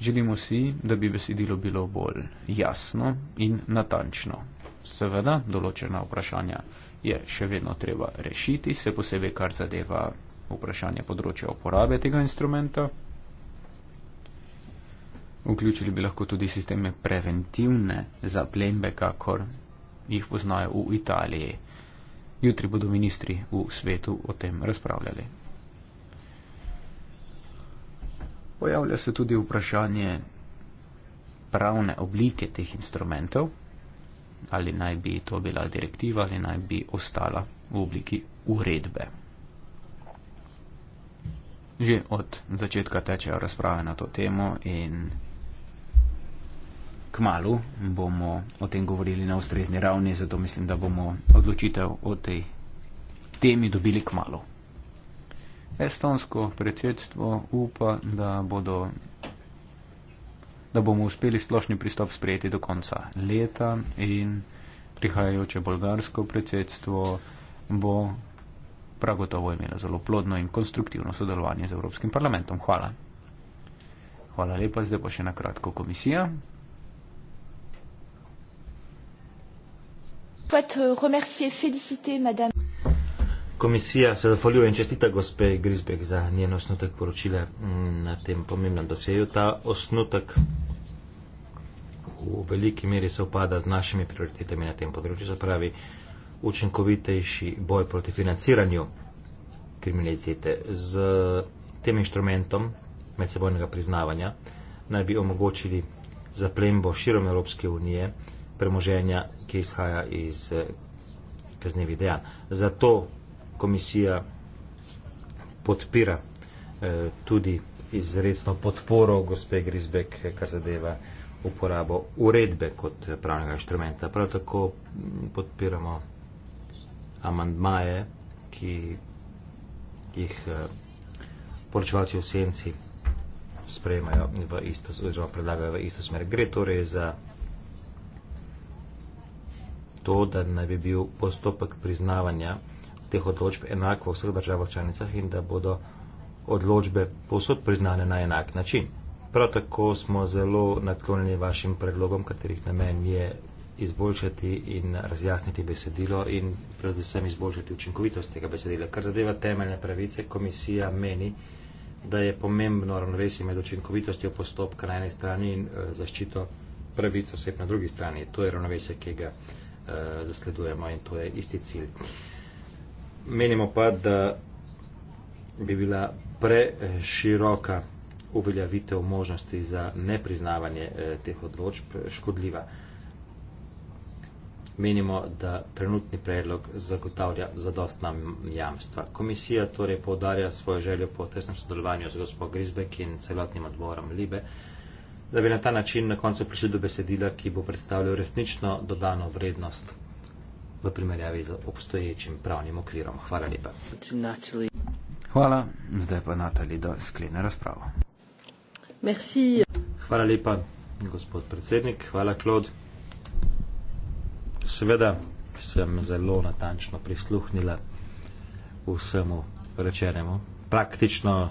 Želimo si, da bi besedilo bilo bolj jasno in natančno. Seveda, določena vprašanja je še vedno treba rešiti, se posebej kar zadeva vprašanje področja uporabe tega instrumenta. Vključili bi lahko tudi sisteme preventivne za plembe, kakor jih poznajo v Italiji. Jutri bodo ministri v svetu o tem razpravljali. Pojavlja se tudi vprašanje pravne oblike teh instrumentov, ali naj bi to bila direktiva ali naj bi ostala v obliki uredbe. Že od začetka tečejo razprave na to temo in kmalu bomo o tem govorili na ustrezni ravni, zato mislim, da bomo odločitev o tej temi dobili kmalu. Estonsko predsedstvo upa, da, bodo, da bomo uspeli splošni pristop sprejeti do konca leta in prihajajoče bolgarsko predsedstvo bo prav gotovo imelo zelo plodno in konstruktivno sodelovanje z Evropskim parlamentom. Hvala. Hvala lepa, zdaj pa še na kratko komisija. Pour être remercié, félicité, madame. Komisija se zahvaljuje in čestita gospe Grisbek za njen osnutek poročila mm, na tem pomembnem doseju. Ta osnutek v veliki meri se upada z našimi prioritetami na tem področju, se pravi učinkovitejši boj proti financiranju kriminalitete. Z tem inštrumentom medsebojnega priznavanja naj bi omogočili zaplembo širom Evropske unije premoženja, ki izhaja iz kaznevih dejanj. Zato komisija podpira eh, tudi izredno podporo gospe Grisbek, eh, kar zadeva uporabo uredbe kot eh, pravnega inštrumenta. Prav tako mm, podpiramo amandmaje, ki jih poročevalci v senci sprejemajo v isto, oziroma predlagajo v isto smer. Gre torej za to, da naj bi bil postopek priznavanja teh odločb enako v vseh državah članicah in da bodo odločbe posod priznane na enak način. Prav tako smo zelo naklonjeni vašim predlogom, katerih namen je izboljšati in razjasniti besedilo in predvsem izboljšati učinkovitost tega besedila. Kar zadeva temeljne pravice, komisija meni, da je pomembno ravnovesje med učinkovitostjo postopka na eni strani in eh, zaščito pravic oseb na drugi strani. To je ravnovesje, ki ga uh, zasledujemo in to je isti cilj. Uh, menimo pa, da bi bila preširoka uveljavitev možnosti za nepriznavanje eh, teh odločb eh, škodljiva. Menimo, da trenutni predlog zagotavlja zadostna jamstva. Komisija torej poudarja svojo željo po tesnem sodelovanju z gospod Grizbek in celotnim odborom Libe, da bi na ta način na koncu prišli do besedila, ki bo predstavljal resnično dodano vrednost v primerjavi z obstoječim pravnim okvirom. Hvala lepa. Hvala, zdaj pa Natali, da sklene razpravo. Merci. Hvala lepa, gospod predsednik. Hvala, Klod. Seveda sem zelo natančno prisluhnila vsemu rečenemu. Praktično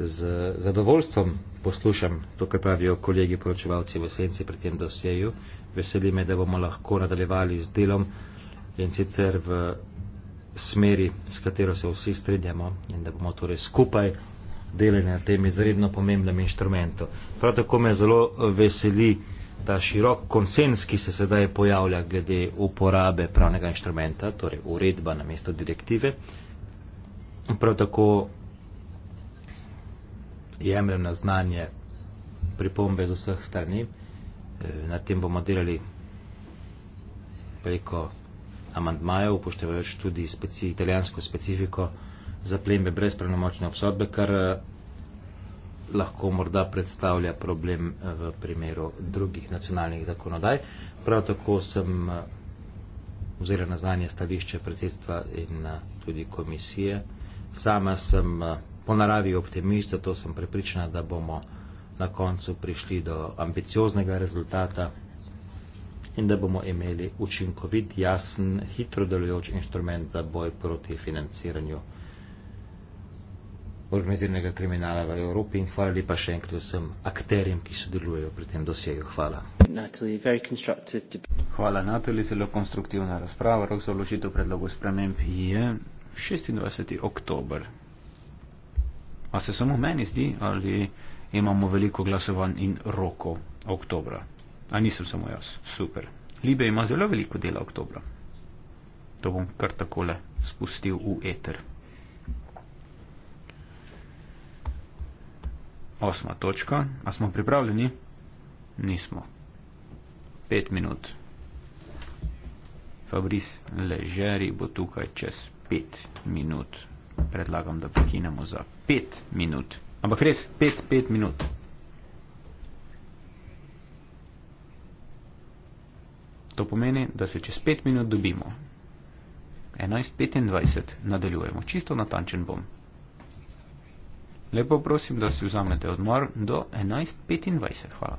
z zadovoljstvom poslušam to, kar pravijo kolegi poročevalci v senci pri tem dosjeju. Veseli me, da bomo lahko nadaljevali z delom in sicer v smeri, s katero se vsi strinjamo in da bomo torej skupaj delali na tem izredno pomembnem inštrumentu. Prav tako me zelo eh, veseli ta širok konsens, ki se sedaj pojavlja glede uporabe pravnega inštrumenta, torej uredba na mesto direktive. Prav tako jemljem na znanje pripombe z vseh strani. Eh, na tem bomo delali preko amantmajev, upoštevajoč tudi speci, italijansko specifiko za plembe brez pravnomočne obsodbe, kar eh, lahko morda predstavlja problem eh, v primeru drugih nacionalnih zakonodaj. Prav tako sem eh, vzela na znanje stališče predsedstva in tudi komisije. Sama sem po naravi optimist, zato sem prepričana, da bomo na koncu prišli do ambicioznega rezultata in da bomo imeli učinkovit, jasen, hitro delujoč inštrument za boj proti financiranju organiziranega kriminala v Evropi in hvala lepa še enkrat vsem akterjem, ki sodelujejo pri tem dosjeju. Hvala. Natalie, very constructive. Hvala, Natalie, zelo konstruktivna razprava. Rok za vložitev predlogov sprememb je 26. oktober. A se samo meni zdi, ali imamo veliko glasovanj in rokov oktobra? a nisem samo jaz, super. Libija ima zelo veliko dela oktobra. To bom kar takole spustil v eter. Osma točka. A smo pripravljeni? Nismo. Pet minut. Fabris Ležeri bo tukaj čez pet minut. Predlagam, da prekinemo za pet minut. Ampak res, pet, pet minut. To pomeni, da se čez 5 minut dobimo. 11.25 nadaljujemo. Čisto natančen bom. Lepo prosim, da si vzamete odmor do 11.25. Hvala.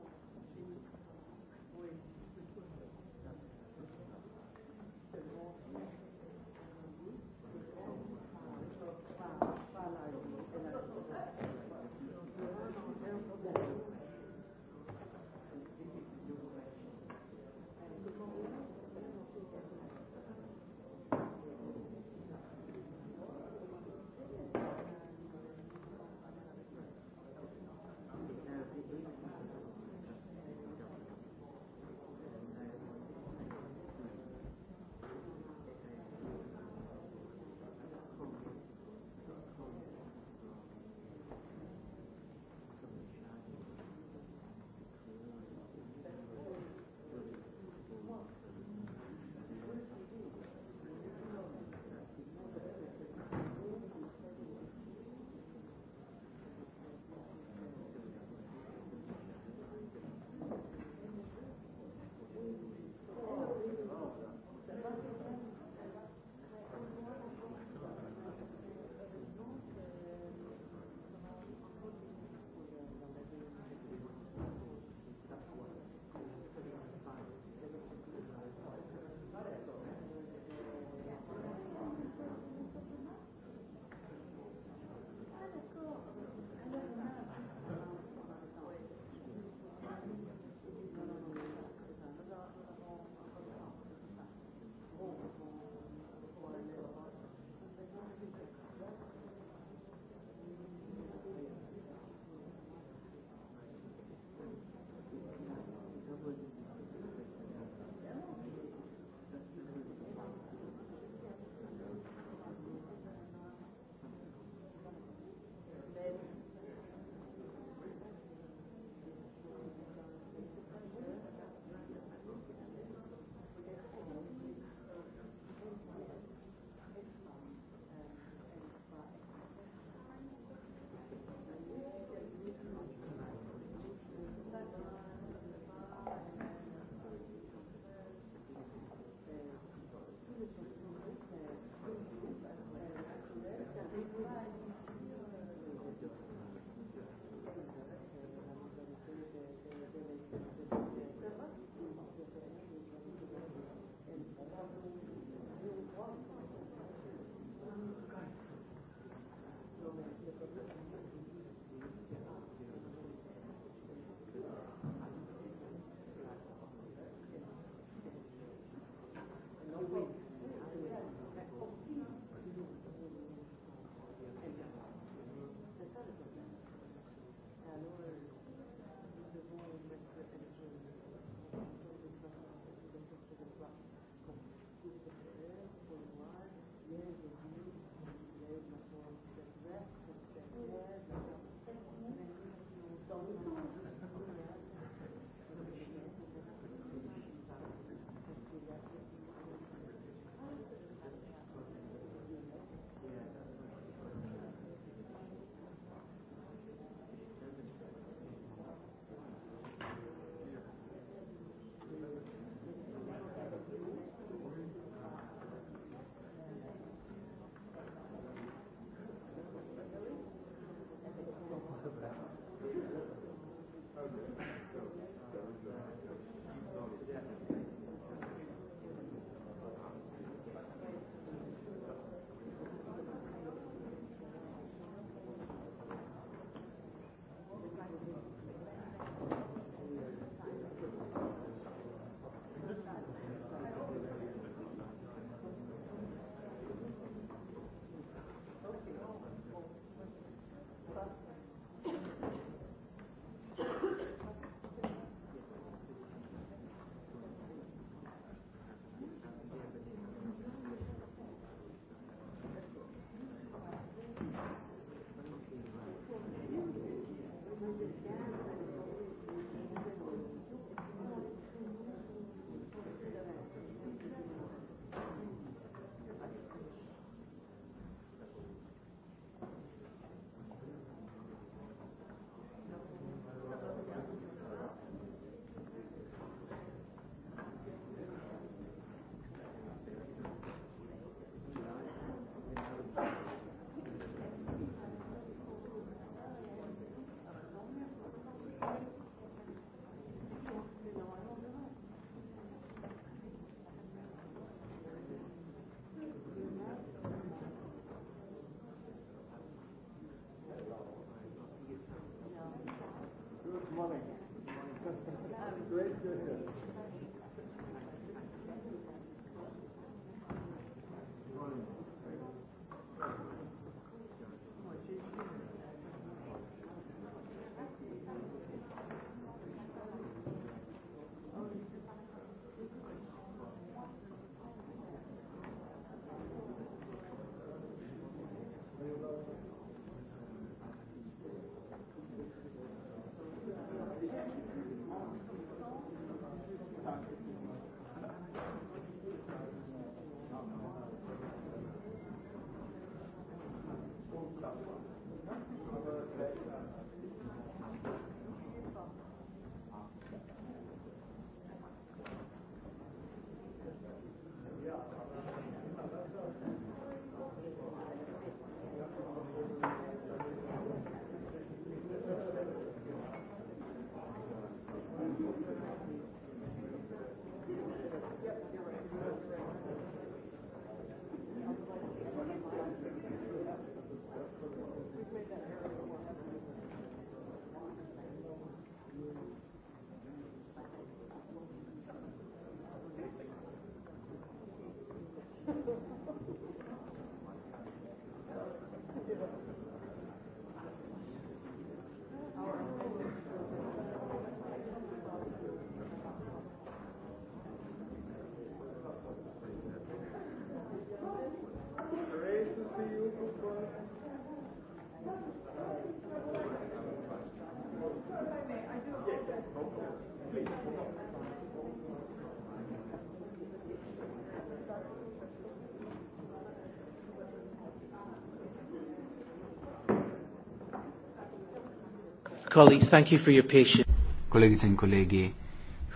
Colleagues, thank you for your patience. Kolegice in kolegi,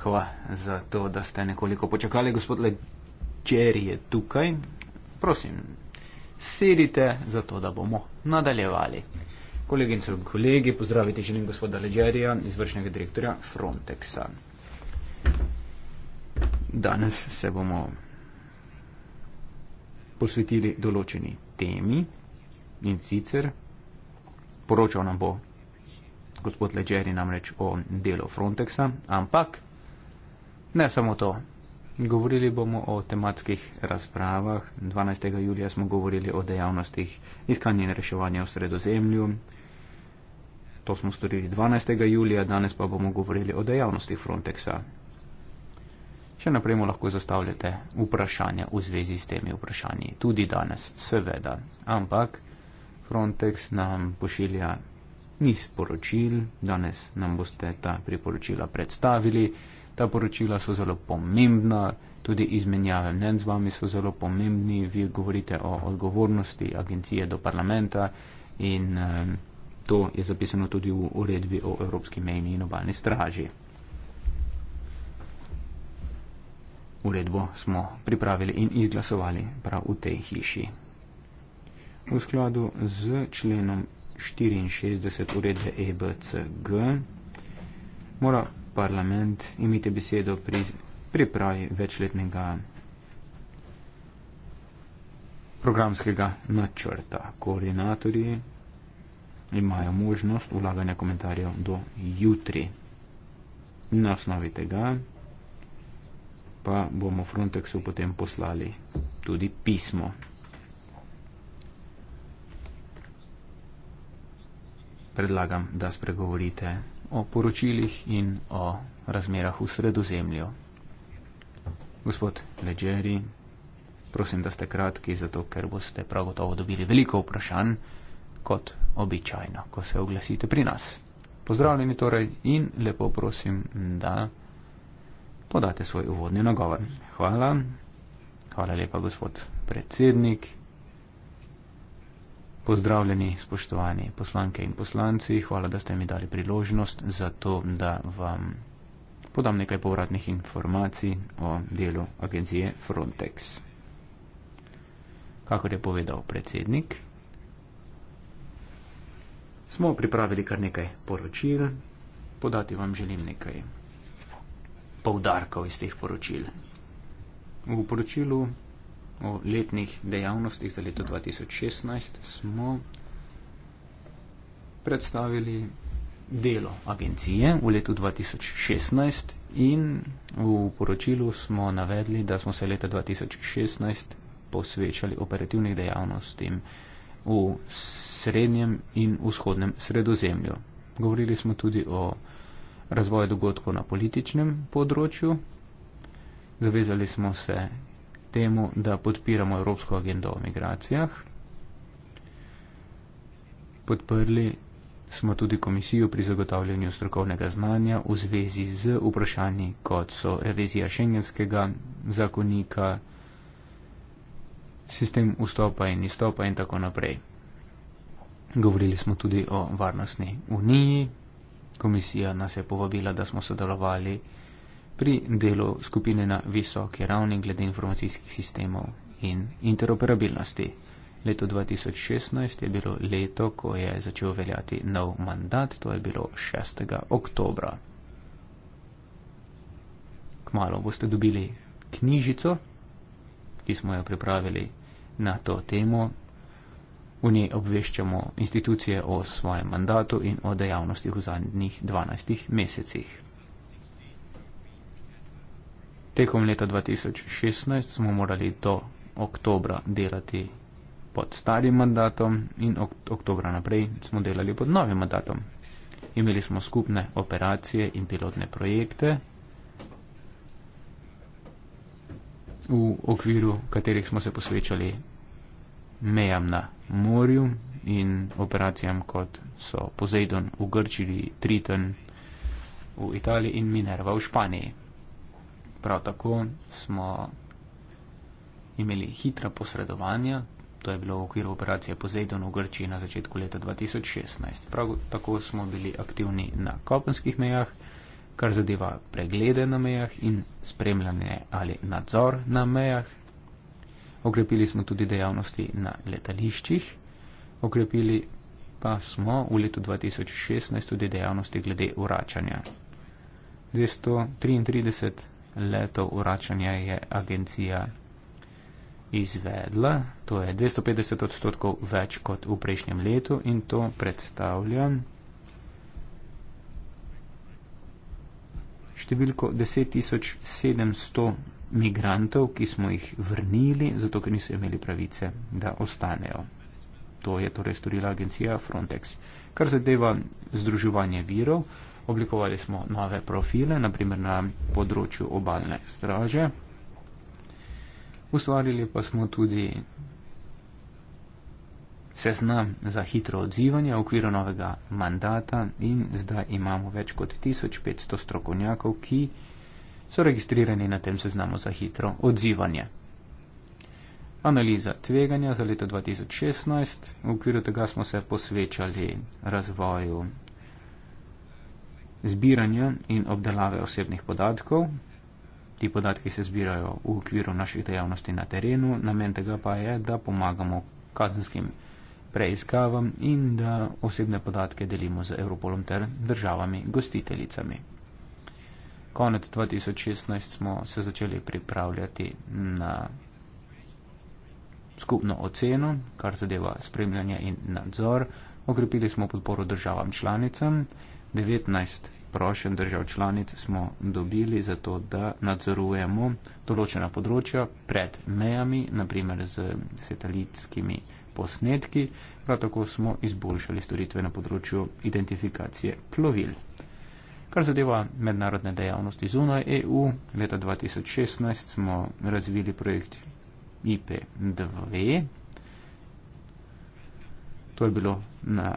hvala za to, da ste nekoliko počakali. Gospod Leđeri je tukaj. Prosim, sedite za to, da bomo nadaljevali. Kolegice in kolegi, pozdraviti želim gospoda Leđerija, izvršnega direktorja Frontexa. Danes se bomo posvetili določeni temi in sicer poročal nam bo gospod Leđeri namreč o delu Frontexa, ampak ne samo to. Govorili bomo o tematskih razpravah. 12. julija smo govorili o dejavnostih iskanja in reševanja v sredozemlju. To smo storili 12. julija, danes pa bomo govorili o dejavnostih Frontexa. Še naprej mu lahko zastavljate vprašanja v zvezi s temi vprašanji. Tudi danes, seveda. Ampak Frontex nam pošilja ni sporočil, danes nam boste ta priporočila predstavili. Ta poročila so zelo pomembna, tudi izmenjave mnen z vami so zelo pomembni. Vi govorite o odgovornosti agencije do parlamenta in to je zapisano tudi v uredbi o Evropski mejni in obalni straži. Uredbo smo pripravili in izglasovali prav v tej hiši. V skladu z členom 64 uredbe EBCG. Mora parlament imeti besedo pri pripravi večletnega programskega načrta. Koordinatorji imajo možnost vlaganja komentarjev do jutri. Na osnovi tega pa bomo Frontexu potem poslali tudi pismo. predlagam, da spregovorite o poročilih in o razmerah v sredozemlju. Gospod Leđeri, prosim, da ste kratki, zato ker boste prav gotovo dobili veliko vprašanj, kot običajno, ko se oglasite pri nas. Pozdravljeni torej in lepo prosim, da podate svoj uvodni nagovor. Hvala. Hvala lepa, gospod predsednik. Pozdravljeni, spoštovani poslanke in poslanci, hvala, da ste mi dali priložnost za to, da vam podam nekaj povratnih informacij o delu agencije Frontex. Kakor je povedal predsednik, smo pripravili kar nekaj poročil, podati vam želim nekaj povdarkov iz teh poročil. V poročilu o letnih dejavnostih za leto 2016 smo predstavili delo agencije v letu 2016 in v poročilu smo navedli, da smo se leta 2016 posvečali operativnih dejavnostim v srednjem in vzhodnem sredozemlju. Govorili smo tudi o razvoju dogodkov na političnem področju. Zavezali smo se temu, da podpiramo Evropsko agendo o migracijah. Podprli smo tudi komisijo pri zagotavljanju strokovnega znanja v zvezi z vprašanji, kot so revizija šengenskega zakonika, sistem vstopa in izstopa in tako naprej. Govorili smo tudi o varnostni uniji. Komisija nas je povabila, da smo sodelovali pri delu skupine na visoki ravni glede informacijskih sistemov in interoperabilnosti. Leto 2016 je bilo leto, ko je začel veljati nov mandat, to je bilo 6. oktobra. Kmalo boste dobili knjižico, ki smo jo pripravili na to temo. V njej obveščamo institucije o svojem mandatu in o dejavnostih v zadnjih 12 mesecih. Tekom leta 2016 smo morali do oktobra delati pod starim mandatom in ok oktobra naprej smo delali pod novim mandatom. Imeli smo skupne operacije in pilotne projekte, v okviru katerih smo se posvečali mejam na morju in operacijam, kot so Poseidon v Grčiji, Triton v Italiji in Minerva v Španiji. Prav tako smo imeli hitra posredovanja, to je bilo v okviru operacije Pozejdon v Grčiji na začetku leta 2016. Prav tako smo bili aktivni na kopenskih mejah, kar zadeva preglede na mejah in spremljanje ali nadzor na mejah. Okrepili smo tudi dejavnosti na letališčih, okrepili pa smo v letu 2016 tudi dejavnosti glede uračanja. 233 letov vračanja je agencija izvedla. To je 250 odstotkov več kot v prejšnjem letu in to predstavlja številko 10.700 migrantov, ki smo jih vrnili, zato ker niso imeli pravice, da ostanejo. To je torej storila agencija Frontex. Kar zadeva združevanje virov, Oblikovali smo nove profile, naprimer na področju obalne straže. Ustvarili pa smo tudi seznam za hitro odzivanje v okviru novega mandata in zdaj imamo več kot 1500 strokovnjakov, ki so registrirani na tem seznamu za hitro odzivanje. Analiza tveganja za leto 2016. V okviru tega smo se posvečali razvoju zbiranja in obdelave osebnih podatkov. Ti podatki se zbirajo v okviru naših dejavnosti na terenu, namen tega pa je, da pomagamo kazenskim preiskavam in da osebne podatke delimo z Europolom ter državami gostiteljicami. Konec 2016 smo se začeli pripravljati na skupno oceno, kar zadeva spremljanje in nadzor. Okrepili smo podporo državam članicam. 19 prošen držav članic smo dobili za to, da nadzorujemo določena področja pred mejami, naprimer z satelitskimi posnetki, prav tako smo izboljšali storitve na področju identifikacije plovil. Kar zadeva mednarodne dejavnosti zunaj EU, leta 2016 smo razvili projekt IP2. To je bilo na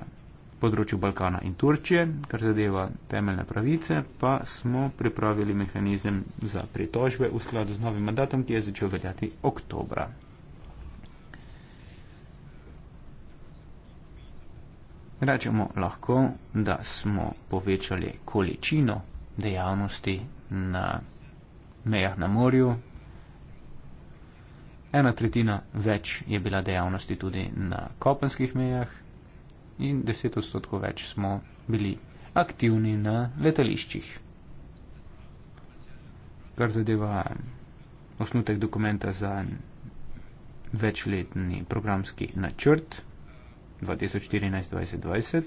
področju Balkana in Turčije, kar zadeva temeljne pravice, pa smo pripravili mehanizem za pritožbe v skladu z novim mandatom, ki je začel veljati oktobra. Rečemo lahko, da smo povečali količino dejavnosti na mejah na morju. Ena tretjina več je bila dejavnosti tudi na kopenskih mejah in 10 odstotkov več smo bili aktivni na letališčih. Kar zadeva osnutek dokumenta za večletni programski načrt 2014-2020,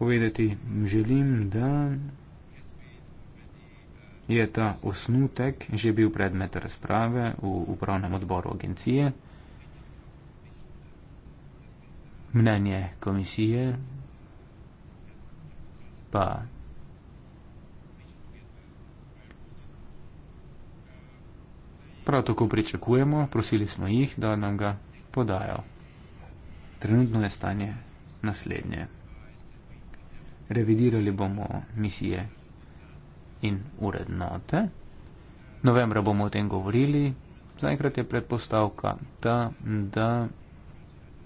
povedati želim, da je ta osnutek že bil predmet razprave v upravnem odboru agencije mnenje komisije, pa prav tako pričakujemo, prosili smo jih, da nam ga podajo. Trenutno je stanje naslednje. Revidirali bomo misije in urednote. Novembra bomo o tem govorili. Zaenkrat je predpostavka ta, da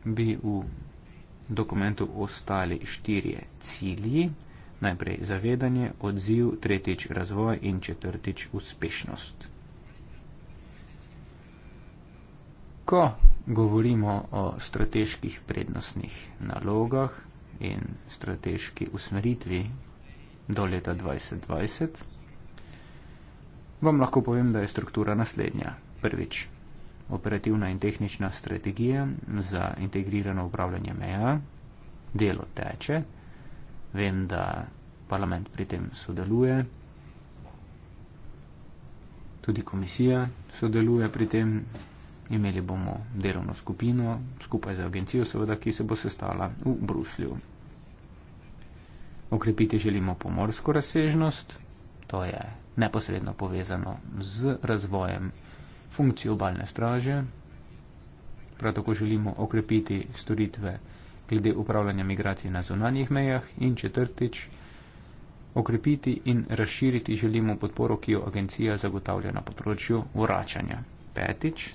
bi v dokumentu ostali štirje cilji. Najprej zavedanje, odziv, tretjič razvoj in četrtič uspešnost. Ko govorimo o strateških prednostnih nalogah in strateški usmeritvi do leta 2020, vam lahko povem, da je struktura naslednja. Prvič, operativna in tehnična strategija za integrirano upravljanje meja. Delo teče, vem, da parlament pri tem sodeluje, tudi komisija sodeluje pri tem. Imeli bomo delovno skupino, skupaj z agencijo, seveda, ki se bo sestala v Bruslju. Okrepiti želimo pomorsko razsežnost, to je neposredno povezano z razvojem funkcijo obalne straže, prav tako želimo okrepiti storitve glede upravljanja migracij na zunanjih mejah in četrtič, okrepiti in razširiti želimo podporo, ki jo agencija zagotavlja na področju vračanja. Petič,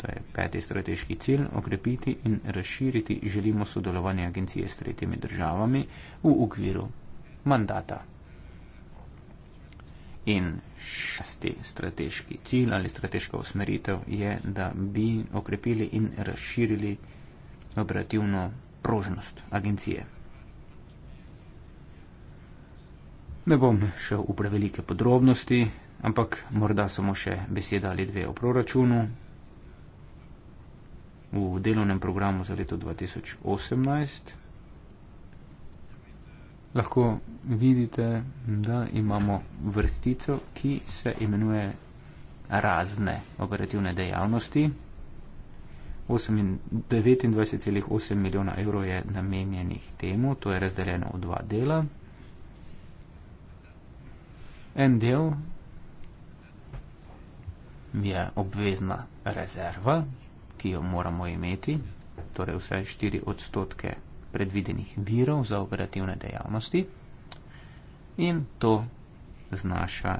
to je peti strateški cilj, okrepiti in razširiti želimo sodelovanje agencije s tretjimi državami v okviru mandata. In šesti strateški cilj ali strateška usmeritev je, da bi okrepili in razširili operativno prožnost agencije. Ne bom šel v prevelike podrobnosti, ampak morda samo še beseda ali dve o proračunu. V delovnem programu za leto 2018 lahko vidite, da imamo vrstico, ki se imenuje razne operativne dejavnosti. 29,8 milijona evrov je namenjenih temu, to je razdeljeno v dva dela. En del je obvezna rezerva, ki jo moramo imeti, torej vse 4 odstotke predvidenih virov za operativne dejavnosti in to znaša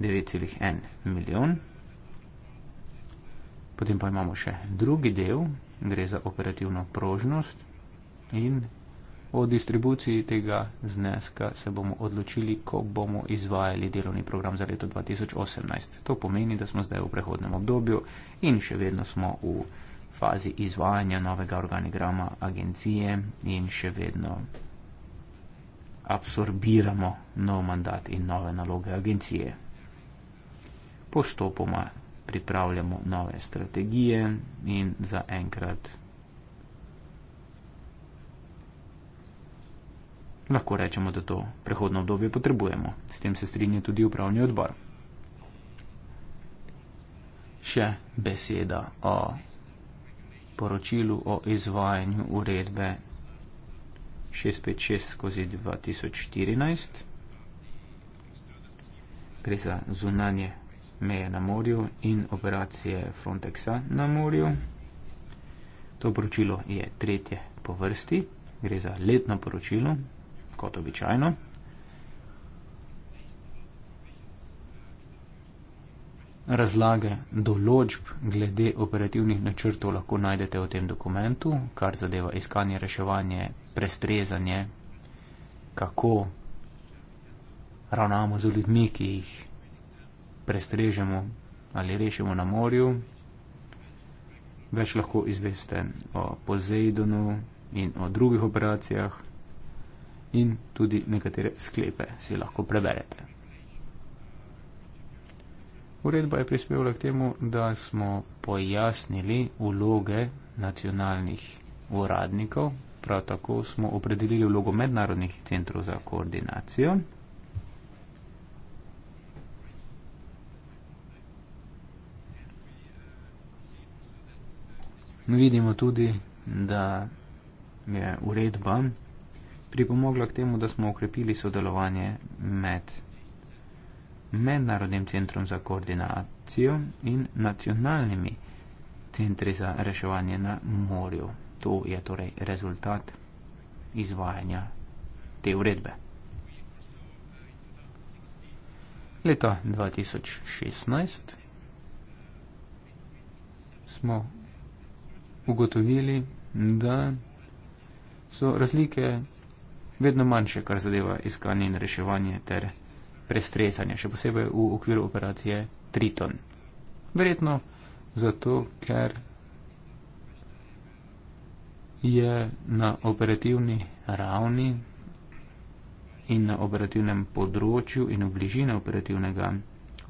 9,1 milijon. Potem pa imamo še drugi del, gre za operativno prožnost in o distribuciji tega zneska se bomo odločili, ko bomo izvajali delovni program za leto 2018. To pomeni, da smo zdaj v prehodnem obdobju in še vedno smo v fazi izvajanja novega organigrama agencije in še vedno absorbiramo nov mandat in nove naloge agencije. Postopoma pripravljamo nove strategije in zaenkrat lahko rečemo, da to prehodno obdobje potrebujemo. S tem se strinja tudi upravni odbor. Še beseda o priporočilu o izvajanju uredbe 656-2014, gre za zunanje meje na morju in operacije Frontexa na morju. To poročilo je tretje po vrsti, gre za letno poročilo, kot običajno. Razlage določb glede operativnih načrtov lahko najdete v tem dokumentu, kar zadeva iskanje, reševanje, prestrezanje, kako ravnamo z ljudmi, ki jih prestrežemo ali rešimo na morju. Več lahko izveste o Pozejdonu in o drugih operacijah in tudi nekatere sklepe si lahko preberete. Uredba je prispevala k temu, da smo pojasnili vloge nacionalnih uradnikov, prav tako smo opredelili vlogo mednarodnih centrov za koordinacijo. Vidimo tudi, da je uredba pripomogla k temu, da smo okrepili sodelovanje med Mednarodnim centrom za koordinacijo in nacionalnimi centri za reševanje na morju. To je torej rezultat izvajanja te uredbe. Leta 2016 smo ugotovili, da so razlike vedno manjše, kar zadeva iskanje in reševanje ter prestresanja, še posebej v okviru operacije Triton. Verjetno zato, ker je na operativni ravni in na operativnem področju in v bližini operativnega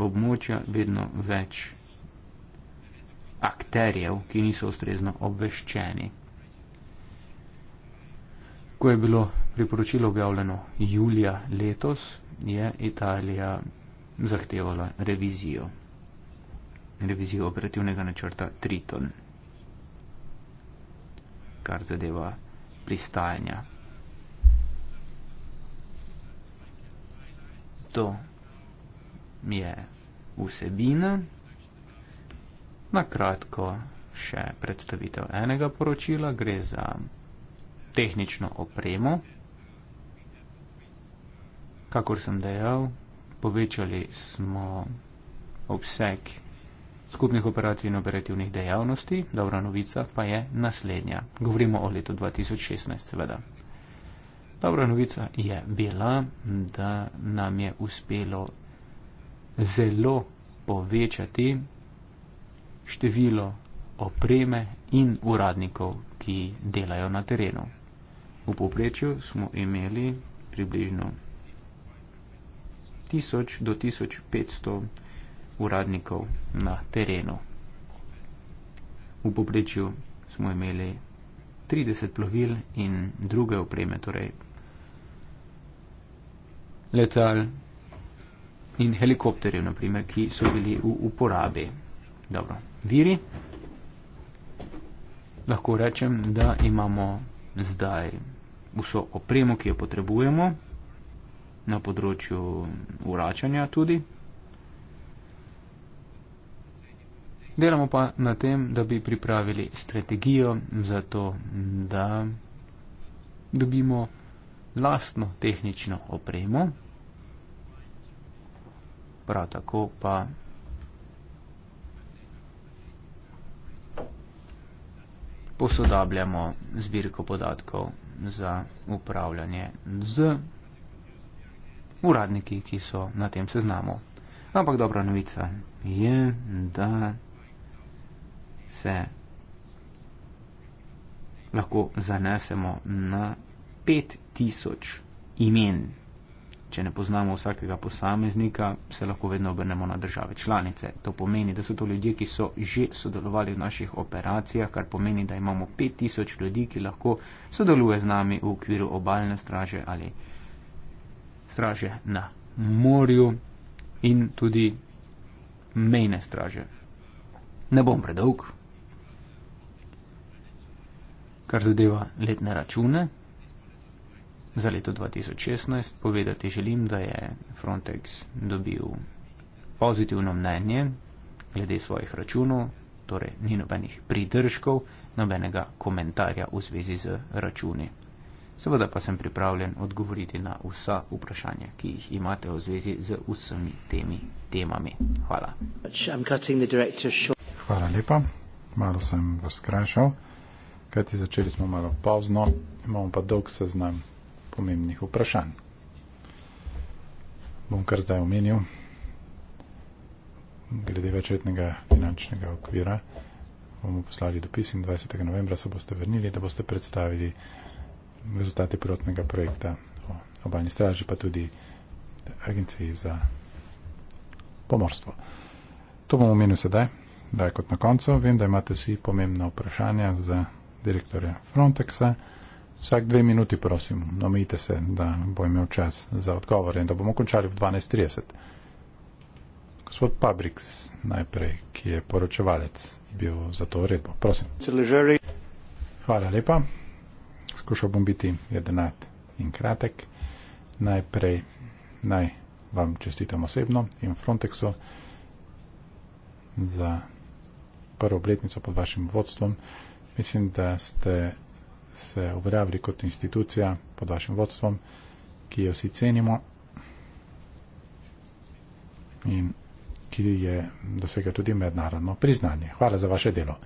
območja vedno več akterjev, ki niso ustrezno obveščeni. Ko je bilo priporočilo objavljeno julija letos, je Italija zahtevala revizijo, revizijo operativnega načrta Triton, kar zadeva pristajanja. To je vsebina, na kratko še predstavitev enega poročila, gre za tehnično opremo kakor sem dejal, povečali smo obseg skupnih operacij in operativnih dejavnosti. Dobra novica pa je naslednja. Govorimo o letu 2016, seveda. Dobra novica je bila, da nam je uspelo zelo povečati število opreme in uradnikov, ki delajo na terenu. V povprečju smo imeli približno 1000 do 1500 uradnikov na terenu. V poprečju smo imeli 30 plovil in druge opreme, torej letal in helikopterje, naprimer, ki so bili v uporabi. Dobro. Viri. Lahko rečem, da imamo zdaj vso opremo, ki jo potrebujemo, na področju vračanja tudi. Delamo pa na tem, da bi pripravili strategijo za to, da dobimo lastno tehnično opremo, prav tako pa posodabljamo zbirko podatkov za upravljanje z uradniki, ki so na tem seznamu. Ampak dobra novica je, da se lahko zanesemo na 5000 imen. Če ne poznamo vsakega posameznika, se lahko vedno obrnemo na države članice. To pomeni, da so to ljudje, ki so že sodelovali v naših operacijah, kar pomeni, da imamo 5000 ljudi, ki lahko sodeluje z nami v okviru obaljne straže ali straže na morju in tudi mejne straže. Ne bom predolg, kar zadeva letne račune. Za leto 2016 povedati želim, da je Frontex dobil pozitivno mnenje glede svojih računov, torej ni nobenih pridržkov, nobenega komentarja v zvezi z računi. Seveda pa sem pripravljen odgovoriti na vsa vprašanja, ki jih imate v zvezi z vsemi temi temami. Hvala. Hvala lepa. Malo sem vas skrajšal, kajti začeli smo malo pozno, imamo pa dolg seznam pomembnih vprašanj. Bom kar zdaj omenil, glede večletnega finančnega okvira, bomo poslali dopis in 20. novembra se boste vrnili, da boste predstavili rezultati pilotnega projekta o obalni straži, pa tudi agenciji za pomorstvo. To bom omenil sedaj, da je kot na koncu. Vem, da imate vsi pomembna vprašanja za direktorja Frontexa. Vsak dve minuti, prosim, omejite se, da bo imel čas za odgovore in da bomo končali v 12.30. Gospod Pabrix najprej, ki je poročevalec, bil za to redbo. Prosim. Hvala lepa. Skušal bom biti jedenat in kratek. Najprej naj vam čestitam osebno in Frontexu za prvo obletnico pod vašim vodstvom. Mislim, da ste se uveljavili kot institucija pod vašim vodstvom, ki jo vsi cenimo in ki je dosega tudi mednarodno priznanje. Hvala za vaše delo.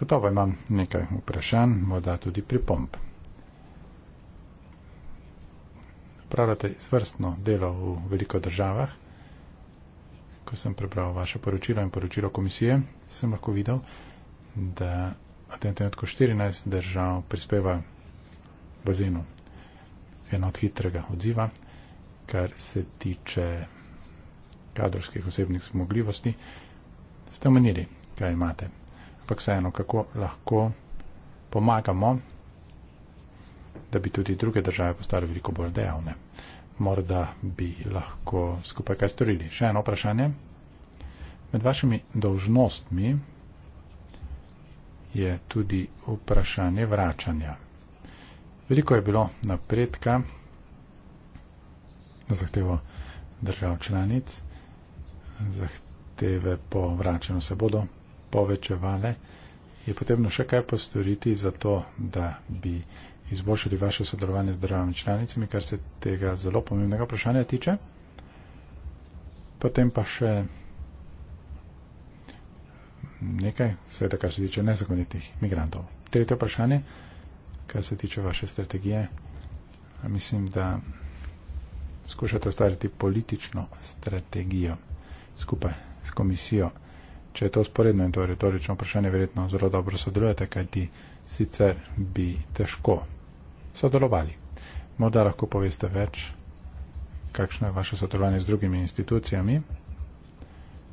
Gotovo imam nekaj vprašanj, morda tudi pripomb. Pravljate izvrstno delo v veliko državah. Ko sem prebral vaše poročilo in poročilo komisije, sem lahko videl, da v tem trenutku 14 držav prispeva bazenu eno od hitrega odziva, kar se tiče kadrovskih osebnih zmogljivosti. Ste omenili, kaj imate ampak vseeno, kako lahko pomagamo, da bi tudi druge države postale veliko bolj dejavne. Morda bi lahko skupaj kaj storili. Še eno vprašanje. Med vašimi dolžnostmi je tudi vprašanje vračanja. Veliko je bilo napredka na zahtevo držav članic. Zahteve po vračanju se bodo povečevale, je potrebno še kaj postoriti za to, da bi izboljšali vaše sodelovanje z državami članicami, kar se tega zelo pomembnega vprašanja tiče. Potem pa še nekaj, seveda, kar se tiče nezakonitih migrantov. Tretje vprašanje, kar se tiče vaše strategije, mislim, da skušate ustvariti politično strategijo skupaj s komisijo. Če je to sporedno in to retorično vprašanje, verjetno zelo dobro sodelujete, kajti sicer bi težko sodelovali. Morda lahko poveste več, kakšno je vaše sodelovanje z drugimi institucijami.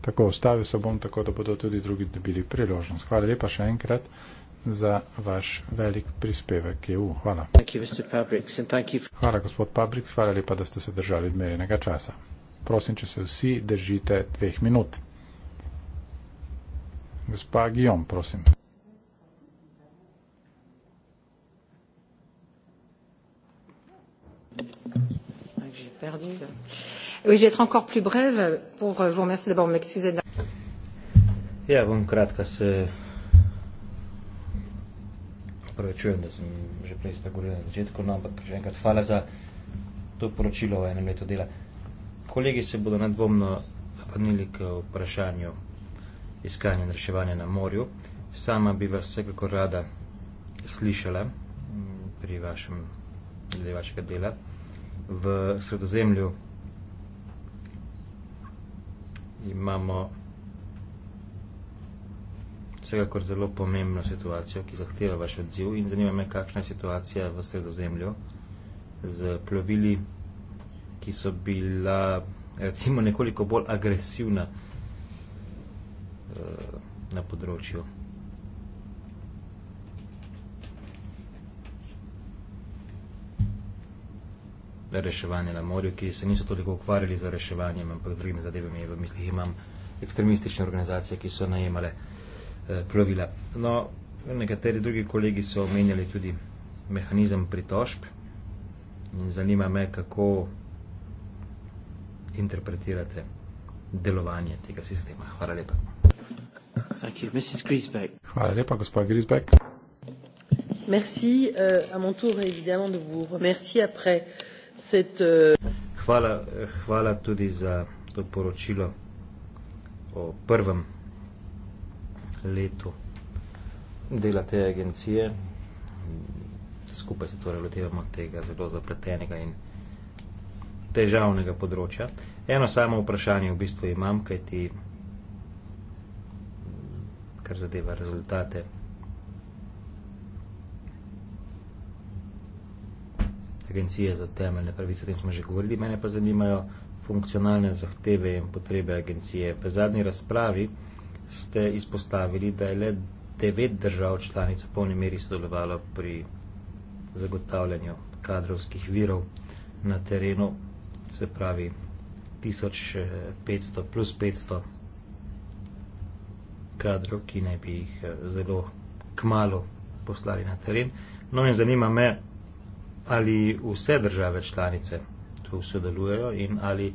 Tako ostavil se bom, tako da bodo tudi drugi dobili priložnost. Hvala lepa še enkrat za vaš velik prispevek EU. Hvala. Hvala, gospod Pabriks. Hvala lepa, da ste se držali odmerjenega časa. Prosim, če se vsi držite dveh minut. Gospa Gijom, prosim. Ja, bom kratka se opravičujem, da sem že prej spregovoril na začetku, no, ampak že enkrat hvala za to poročilo o enem letu dela. Kolegi se bodo nedvomno vrnili k vprašanju iskanja in reševanja na morju. Sama bi vas vsekako rada slišala mm, pri vašem, glede vašega dela, v sredozemlju imamo vsekakor zelo pomembno situacijo, ki zahteva vaš odziv in zanima me, kakšna je situacija v sredozemlju z plovili, ki so bila recimo nekoliko bolj agresivna Eh, na področju. Reševanje na morju, ki se niso toliko ukvarjali z reševanjem, ampak z drugimi zadevami. V mislih imam ekstremistične organizacije, ki so najemale eh, plovila. No, nekateri drugi kolegi so omenjali tudi mehanizem pritožb in zanima me, kako interpretirate delovanje tega sistema. Hvala lepa. Thank you. Mrs. Griesbeck. Hvala lepa, gospod Griesbeck. Merci euh, à mon tour évidemment de vous remercier après cette. Euh... Hvala, eh, hvala tudi za to poročilo o prvem letu dela te agencije. Skupaj se torej lotevamo tega zelo zapletenega in težavnega področja. Eno samo vprašanje v bistvu imam, kaj ti kar zadeva rezultate. Agencije za temeljne pravice, o tem smo že govorili, mene pa zanimajo funkcionalne zahteve in potrebe agencije. V zadnji razpravi ste izpostavili, da je le devet držav članic v polni meri sodelovalo pri zagotavljanju kadrovskih virov na terenu, se pravi 1500 eh, plus 500 kadrov, ki naj bi jih eh, zelo kmalo poslali na teren. No in zanima me, ali vse države članice tu sodelujejo in ali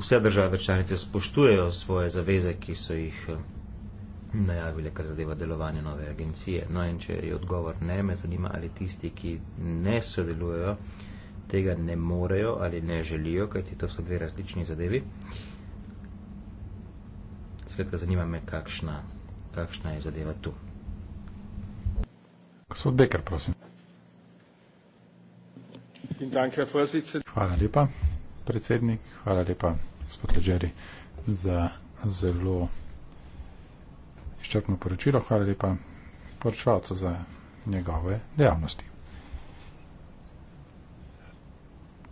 vse države članice spoštujejo svoje zaveze, ki so jih eh, najavile, kar zadeva delovanje nove agencije. No in če je odgovor ne, me zanima, ali tisti, ki ne sodelujejo, tega ne morejo ali ne želijo, kajti to so dve različni zadevi. Uh, Svetka, zanima me, kakšna, kakšna je zadeva tu. Gospod Becker, prosim. Hvala lepa, predsednik. Hvala lepa, gospod Ležeri, za zelo izčrpno poročilo. Hvala lepa poročevalcu za njegove dejavnosti.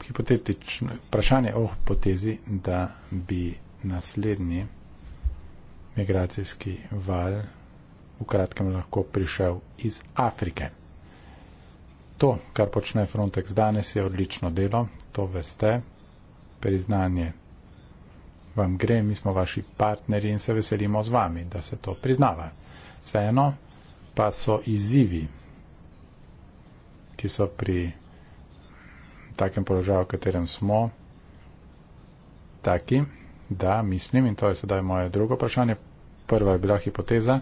Hipotetično vprašanje o hipotezi, da bi naslednji migracijski val v kratkem lahko prišel iz Afrike. To, kar počne Frontex danes, je odlično delo, to veste, priznanje vam gre, mi smo vaši partneri in se veselimo z vami, da se to priznava. Vseeno pa so izzivi, ki so pri takem položaju, v katerem smo, taki, da mislim in to je sedaj moje drugo vprašanje. Prva je bila hipoteza,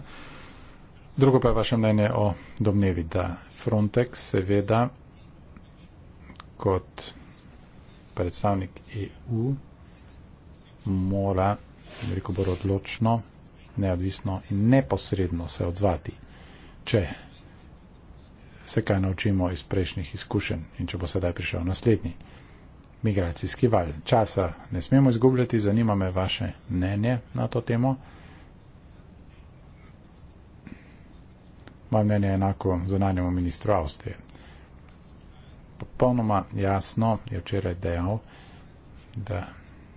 drugo pa je vaše mnenje o domnevi, da Frontex seveda kot predstavnik EU mora, veliko bolj odločno, neodvisno in neposredno se odzvati, če se kaj naučimo iz prejšnjih izkušenj in če bo sedaj prišel naslednji migracijski val. Časa ne smemo izgubljati, zanima me vaše mnenje na to temo. Moje mnenje je enako zunanjemu ministru Avstrije. Popolnoma jasno je včeraj dejal, da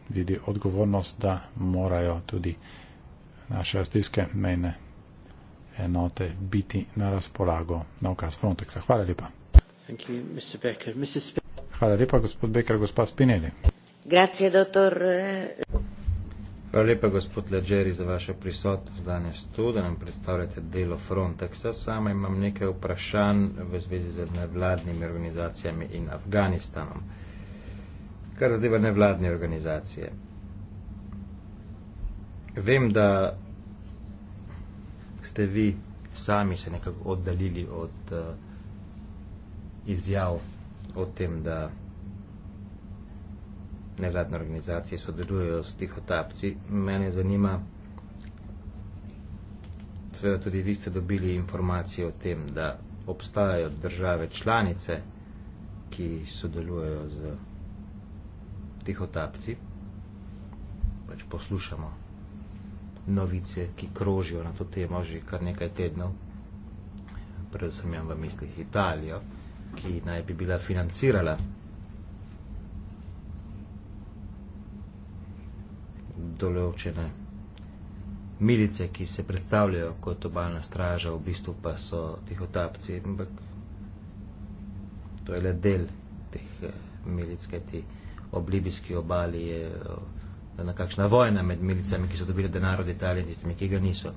vidi odgovornost, da morajo tudi naše avstrijske mejne enote biti na razpolago na ukaz Frontexa. Hvala lepa. Thank you, Mr. Hvala lepa, gospod Bekar, gospa Spinelli. Grazie, dottor. Hvala lepa, gospod Leđeri, za vašo prisotnost danes tu, da nam predstavljate delo Frontexa. Sama imam nekaj vprašanj v zvezi z nevladnimi organizacijami in Afganistanom. Kar zadeva nevladne organizacije. Vem, da ste vi sami se nekako oddaljili od uh, izjav o tem, da nevladne organizacije sodelujejo s tihotapci. Mene zanima, seveda tudi vi ste dobili informacije o tem, da obstajajo države članice, ki sodelujejo z tihotapci. Pač poslušamo novice, ki krožijo na to temo že kar nekaj tednov. Predvsem imam v mislih Italijo ki naj bi bila financirala. Določene milice, ki se predstavljajo kot obaljna straža, v bistvu pa so tihotapci, ampak to je le del teh eh, milic, kaj ti ob libijski obali je eh, ena kakšna vojna med milicami, ki so dobili denar od Italije in tistimi, ki ga niso.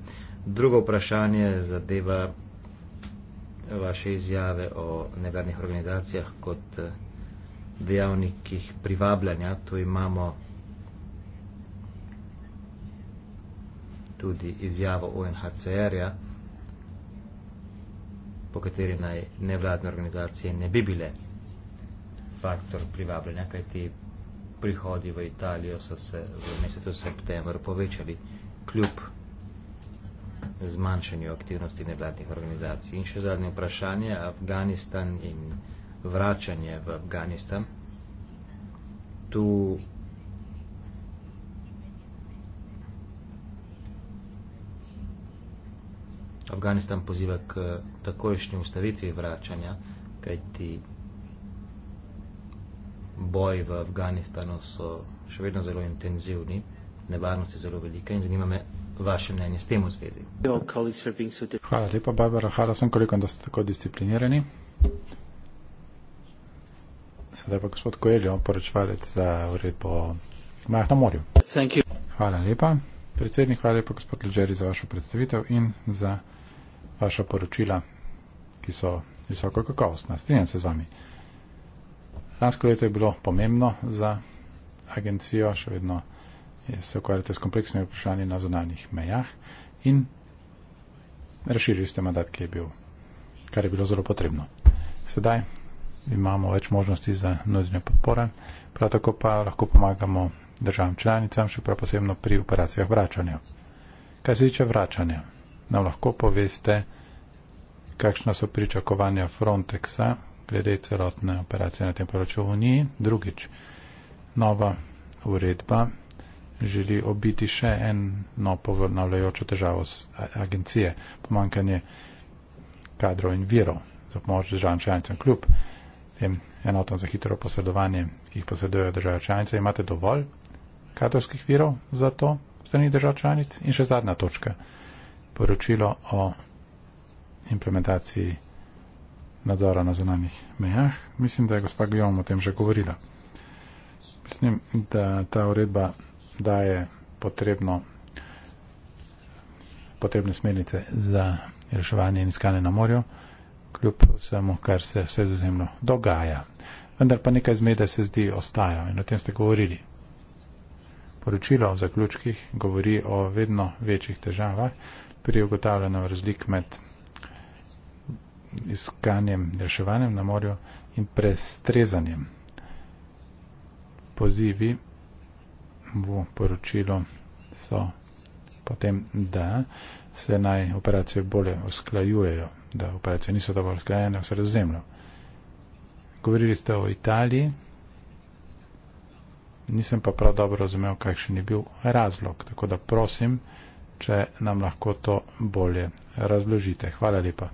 Drugo vprašanje zadeva vaše izjave o nevladnih organizacijah kot eh, dejavnikih privabljanja. Tu imamo tudi izjavo UNHCR-ja, po kateri naj nevladne organizacije ne bi bile faktor privabljanja, kajti prihodi v Italijo so se v mesecu september povečali kljub zmanjšanju aktivnosti nevladnih organizacij. In še zadnje vprašanje, Afganistan in vračanje v Afganistan. Tu Afganistan poziva k takojšnji ustavitvi vračanja, kajti boj v Afganistanu so še vedno zelo intenzivni, nevarnosti zelo velike in zanima me, vaše mnenje s tem v zvezi. Hvala lepa, Barbara. Hvala sem, koliko da ste tako disciplinirani. Sedaj pa gospod Koeljo, poročvalec za uredbo Majah na morju. Hvala lepa. Predsednik, hvala lepa gospod Ležeri za vašo predstavitev in za vaša poročila, ki so visoko kakovostna. Strinjam se z vami. Lansko leto je bilo pomembno za agencijo, še vedno se ukvarjate s kompleksnimi vprašanji na zonalnih mejah in razširili ste mandat, ki je bil, kar je bilo zelo potrebno. Sedaj imamo več možnosti za nudenje podpore, prav tako pa lahko pomagamo državam članicam, še prav posebno pri operacijah vračanja. Kaj se tiče vračanja, nam lahko poveste, kakšna so pričakovanja Frontexa glede celotne operacije na tem področju v Uniji. Drugič, nova uredba želi obiti še eno povrnavljajočo težavo z agencije, pomankanje kadrov in virov za pomoč državam članicam. Kljub tem enotam za hitro posredovanje, ki jih posredujejo države članice, imate dovolj kadrovskih virov za to strani držav članic. In še zadnja točka. Poročilo o implementaciji nadzora na zunanjih mejah. Mislim, da je gospa Gijom o tem že govorila. Mislim, da ta uredba da je potrebno, potrebne smernice za reševanje in iskanje na morju, kljub vsemu, kar se sredozemno dogaja. Vendar pa nekaj zmede se zdi ostaja in o tem ste govorili. Poročilo o zaključkih govori o vedno večjih težavah pri ugotavljanju razlik med iskanjem, reševanjem na morju in prestrezanjem. Pozivi v poročilu so potem, da se naj operacije bolje usklajujejo, da operacije niso dovolj usklajene v sredozemlju. Govorili ste o Italiji, nisem pa prav dobro razumel, kakšen je bil razlog, tako da prosim, če nam lahko to bolje razložite. Hvala lepa.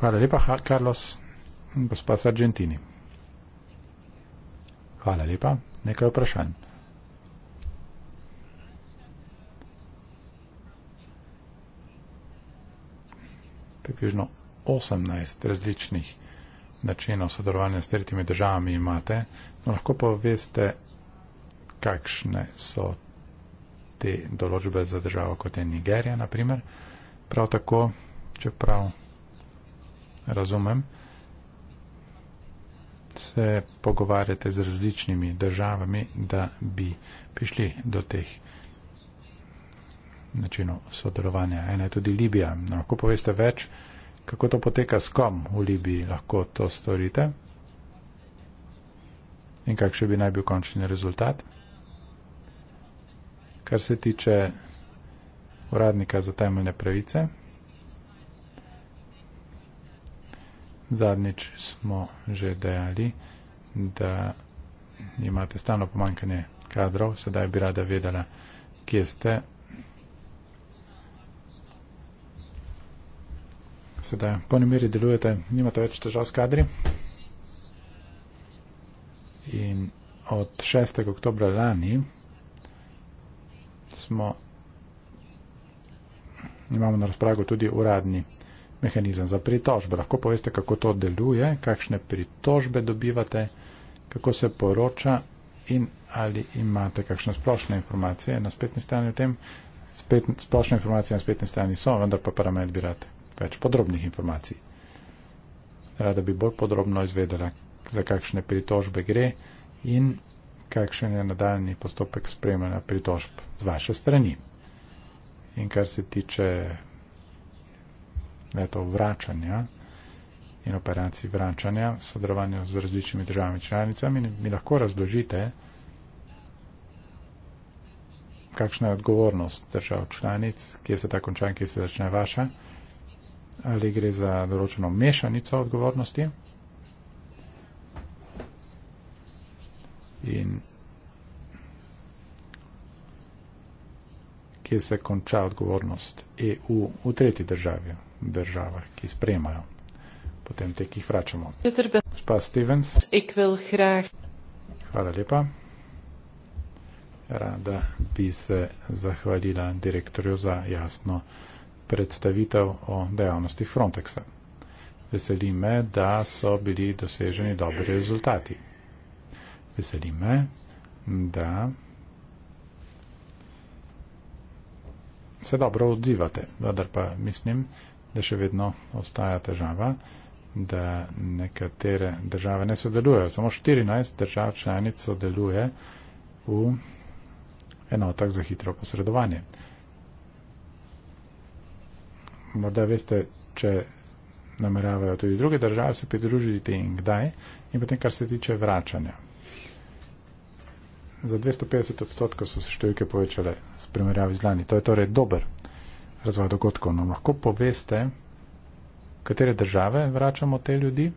Hvala lepa, Carlos. Gospa z Argentini. Hvala lepa. Nekaj vprašanj. Približno 18 različnih načinov sodelovanja s tretjimi državami imate, no lahko pa veste, kakšne so te določbe za državo, kot je Nigerija, naprimer. Prav tako, čeprav razumem, se pogovarjate z različnimi državami, da bi prišli do teh načinov sodelovanja. Ena je tudi Libija. No, lahko poveste več, kako to poteka, s kom v Libiji lahko to storite in kakšen bi naj bil končni rezultat. Kar se tiče uradnika za temeljne pravice. Zadnjič smo že dejali, da imate stalno pomankanje kadrov, sedaj bi rada vedela, kje ste. Sedaj po nemeri delujete, nimate več težav s kadri. In od 6. oktobra lani smo, imamo na razpolago tudi uradni mehanizem za pritožbe. Lahko poveste, kako to deluje, kakšne pritožbe dobivate, kako se poroča in ali imate kakšne splošne informacije na spletni strani o tem. Spet, splošne informacije na spletni strani so, vendar pa paramet bi rad več podrobnih informacij. Rada bi bolj podrobno izvedela, za kakšne pritožbe gre in kakšen je nadaljni postopek spremljanja pritožb z vaše strani. In kar se tiče da je to vračanje in operacij vračanja v sodelovanju z različnimi državami članicami. Mi lahko razložite, kakšna je odgovornost držav članic, kje se ta konča in kje se začne vaša, ali gre za določeno mešanico odgovornosti. In kje se konča odgovornost EU v tretji državi, državah, ki sprejemajo. Potem te, ki jih vračamo. Gospa Stevens. Ik wil graag. Hvala lepa. Rada bi se zahvalila direktorju za jasno predstavitev o dejavnosti Frontexa. Veseli me, da so bili doseženi dobri rezultati. Veseli me, da se dobro odzivate, vendar pa mislim, da da še vedno ostaja težava, da nekatere države ne sodelujejo. Samo 14 držav članic sodeluje v enotah za hitro posredovanje. Morda veste, če nameravajo tudi druge države se pridružiti in kdaj, in potem kar se tiče vračanja. Za 250 odstotkov so se številke povečale s primerjavi z lani. To je torej dober razvoj dogodkov. Nam lahko poveste, katere države vračamo te ljudi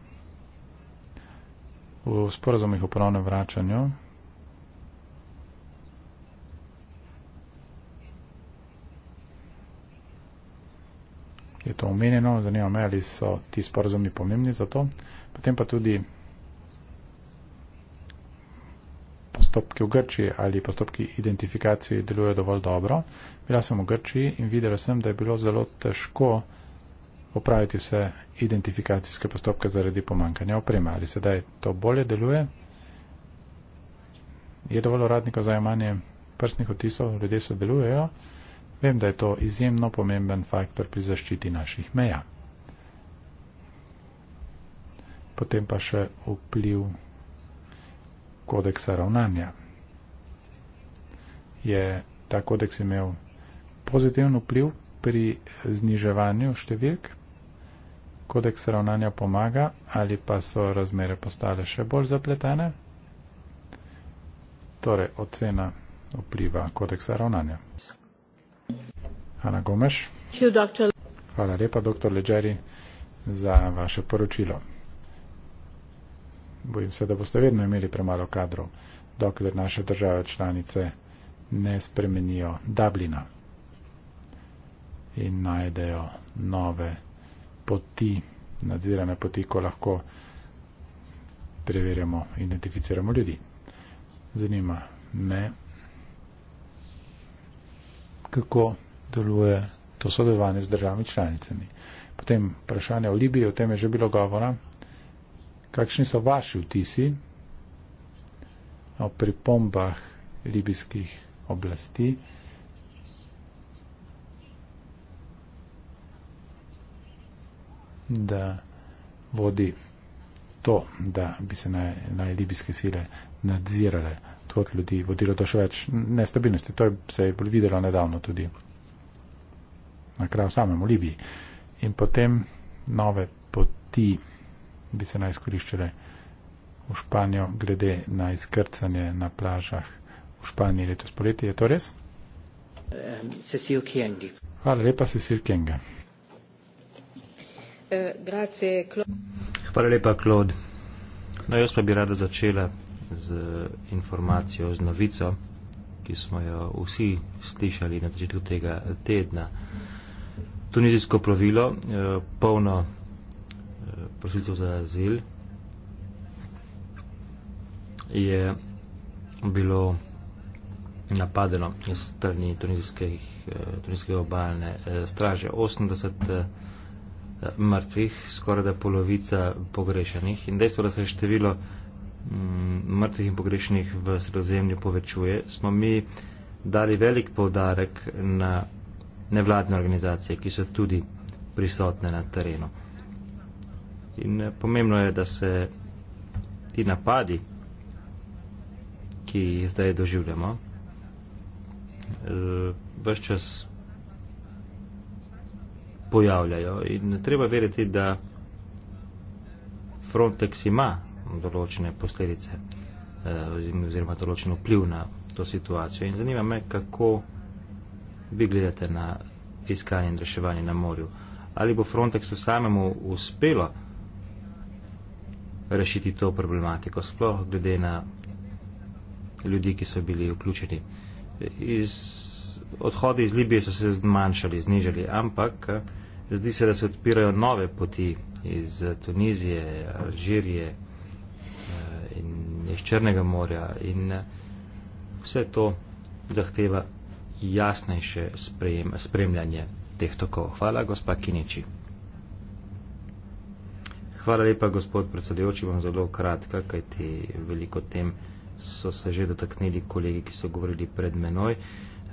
v sporazumih o ponovnem vračanju. Je to omenjeno, zanima me, ali so ti sporazumi pomembni za to. Potem pa tudi postopki v Grčiji ali postopki identifikacije delujejo dovolj dobro. Bila sem v Grčiji in videla sem, da je bilo zelo težko opraviti vse identifikacijske postopke zaradi pomankanja opreme. Ali sedaj to bolje deluje? Je dovolj uradnikov za jemanje prstnih otisov, ljudje so delujejo. Vem, da je to izjemno pomemben faktor pri zaščiti naših meja. Potem pa še vpliv kodeksa ravnanja. Je ta kodeks imel pozitiven vpliv pri zniževanju številk, kodeks ravnanja pomaga ali pa so razmere postale še bolj zapletene. Torej, ocena vpliva kodeksa ravnanja. Ana Gomeš. Hvala lepa, dr. Leđeri, za vaše poročilo. Bojim se, da boste vedno imeli premalo kadrov, dokler naše države članice ne spremenijo Dublina in najdejo nove poti, nadzirane poti, ko lahko preverjamo, identificiramo ljudi. Zanima me, kako deluje to sodelovanje z državami članicami. Potem vprašanje o Libiji, o tem je že bilo govora. Kakšni so vaši vtisi o pripombah libijskih oblasti? da vodi to, da bi se naj, naj libijske sile nadzirale tvot ljudi, vodilo to še več nestabilnosti. To je, se je videlo nedavno tudi na kraju samem v Libiji. In potem nove poti bi se naj izkoriščale v Španijo, glede na izkrcanje na plažah v Španiji letos poleti. Je to res? Cecil Kienge. Hvala lepa, Cecil Kienge. Hvala lepa, Klod. No, jaz pa bi rada začela z informacijo, z novico, ki smo jo vsi slišali na začetku tega tedna. Tunizijsko plovilo, eh, polno eh, prosilcev za azil, je bilo napadeno strani tunizijske, eh, tunizijske obalne straže. 80 mrtvih, skoraj da polovica pogrešenih. In dejstvo, da se število mm, mrtvih in pogrešenih v sredozemlju povečuje, smo mi dali velik povdarek na nevladne organizacije, ki so tudi prisotne na terenu. In eh, pomembno je, da se ti napadi, ki jih zdaj doživljamo, eh, vse čas pojavljajo. In treba verjeti, da Frontex ima določene posledice eh, oziroma določen vpliv na to situacijo. In zanima me, kako vi gledate na iskanje in reševanje na morju. Ali bo Frontexu samemu uspelo rešiti to problematiko, sploh glede na ljudi, ki so bili vključeni. Iz, odhodi iz Libije so se zmanjšali, znižali, ampak eh, zdi se, da se odpirajo nove poti iz Tunizije, Alžirije eh, in iz Črnega morja in eh, vse to zahteva jasnejše sprejem, spremljanje teh tokov. Hvala, gospa Kiniči. Hvala lepa, gospod predsedujoči, bom zelo kratka, kajti veliko tem so se že dotaknili kolegi, ki so govorili pred menoj.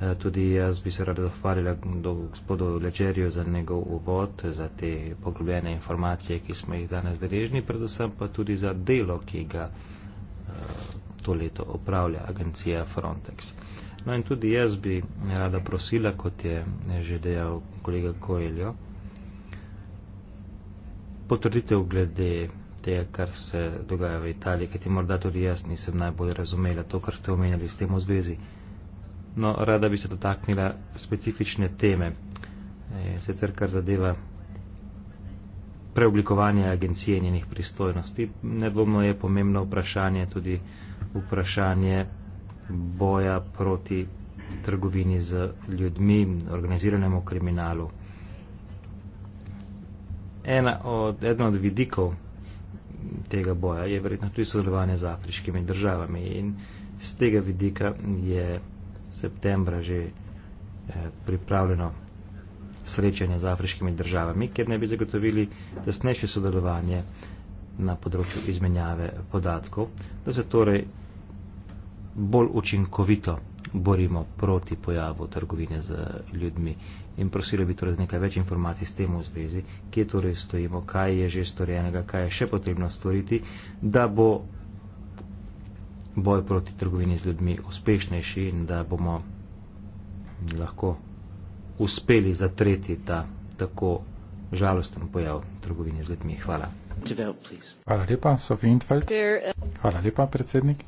Eh, tudi jaz bi se rada zahvalila gospodu Lečerju za njegov uvod, za te poglobljene informacije, ki smo jih danes deležni, predvsem pa tudi za delo, ki ga eh, to leto opravlja agencija Frontex. No in tudi jaz bi rada prosila, kot je že dejal kolega Koeljo, potrditev glede tega, kar se dogaja v Italiji, kajti morda tudi jaz nisem najbolj razumela to, kar ste omenjali s tem v zvezi. No, rada bi se dotaknila specifične teme, eh, sicer kar zadeva preoblikovanje agencije in njenih pristojnosti. Nedvomno je pomembno vprašanje tudi vprašanje boja proti trgovini z ljudmi, organiziranemu kriminalu. Ena od, eden od vidikov tega boja je verjetno tudi sodelovanje z afriškimi državami in z tega vidika je septembra že eh, pripravljeno srečanje z afriškimi državami, kjer ne bi zagotovili tesnejše sodelovanje na področju izmenjave podatkov, da se torej bolj učinkovito borimo proti pojavu trgovine z ljudmi. In prosili bi torej nekaj več informacij s tem v zvezi, kje torej stojimo, kaj je že storjenega, kaj je še potrebno storiti, da bo boj proti trgovini z ljudmi uspešnejši in da bomo lahko uspeli zatreti ta tako žalosten pojav trgovine z ljudmi. Hvala. Hvala lepa, Sofie Intfeld. Hvala lepa, predsednik.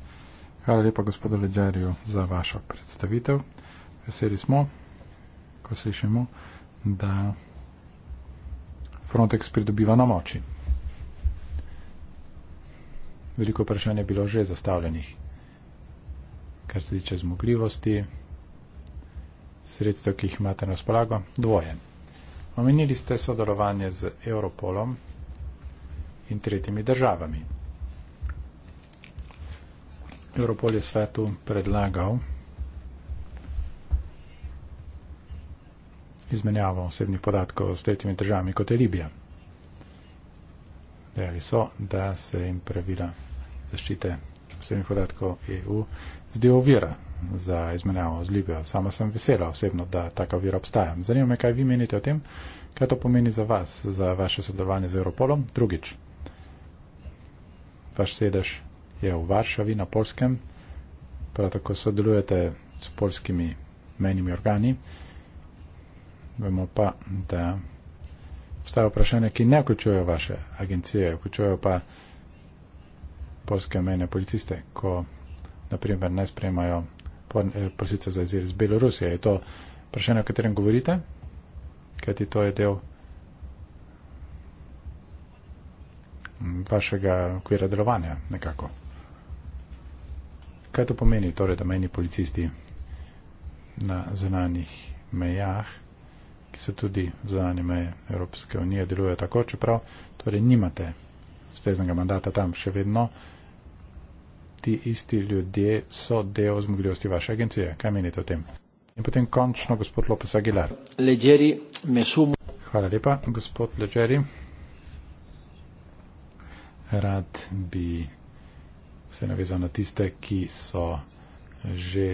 Hvala lepa, gospodu Leđarju, za vašo predstavitev. Veseli smo, ko slišimo, da Frontex pridobiva na moči veliko vprašanj je bilo že zastavljenih. Kar se tiče zmogljivosti, sredstev, ki jih imate na spolago, dvoje. Omenili ste sodelovanje z Europolom in tretjimi državami. Europol je svetu predlagal izmenjavo osebnih podatkov s tretjimi državami, kot je Libija dejali so, da se jim pravila zaščite osebnih podatkov EU zdi ovira za izmenjavo z Libijo. Sama sem vesela osebno, da taka ovira obstaja. Zanima me, kaj vi menite o tem, kaj to pomeni za vas, za vaše sodelovanje z Europolom. Drugič, vaš sedež je v Varšavi na Polskem, prav tako sodelujete s polskimi menimi organi. Vemo pa, da obstajajo vprašanja, ki ne vključujejo vaše agencije, vključujejo pa polske mejne policiste, ko naprimer ne sprejemajo eh, prosice za izir iz Belorusije. Je to vprašanje, o katerem govorite? Kaj ti to je del vašega okvira delovanja nekako? Kaj to pomeni, torej, da mejni policisti na zunanjih mejah ki se tudi zunanje meje Evropske unije deluje tako, čeprav torej nimate steznega mandata tam še vedno. Ti isti ljudje so del zmogljivosti vaše agencije. Kaj menite o tem? In potem končno gospod Lopes Aguilar. Leđeri, Hvala lepa, gospod Leđeri. Rad bi se navezal na tiste, ki so že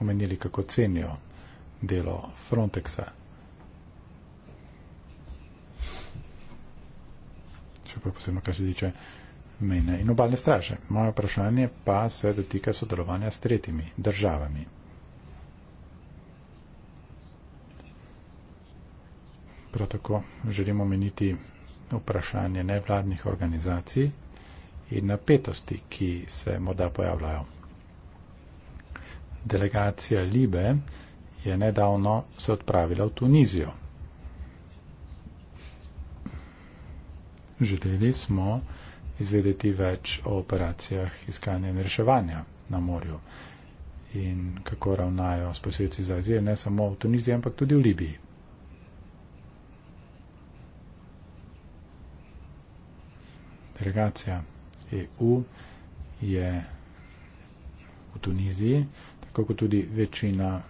omenili, kako cenijo delo Frontexa. Še pa posebno, kar se tiče mejne in obalne straže. Moje vprašanje pa se dotika sodelovanja s tretjimi državami. Prav tako želimo meniti vprašanje nevladnih organizacij in napetosti, ki se morda pojavljajo. Delegacija Libe je nedavno se odpravila v Tunizijo. Želeli smo izvedeti več o operacijah iskanja in reševanja na morju in kako ravnajo spasilci za Azijo, ne samo v Tuniziji, ampak tudi v Libiji. Delegacija EU je v Tuniziji, tako kot tudi večina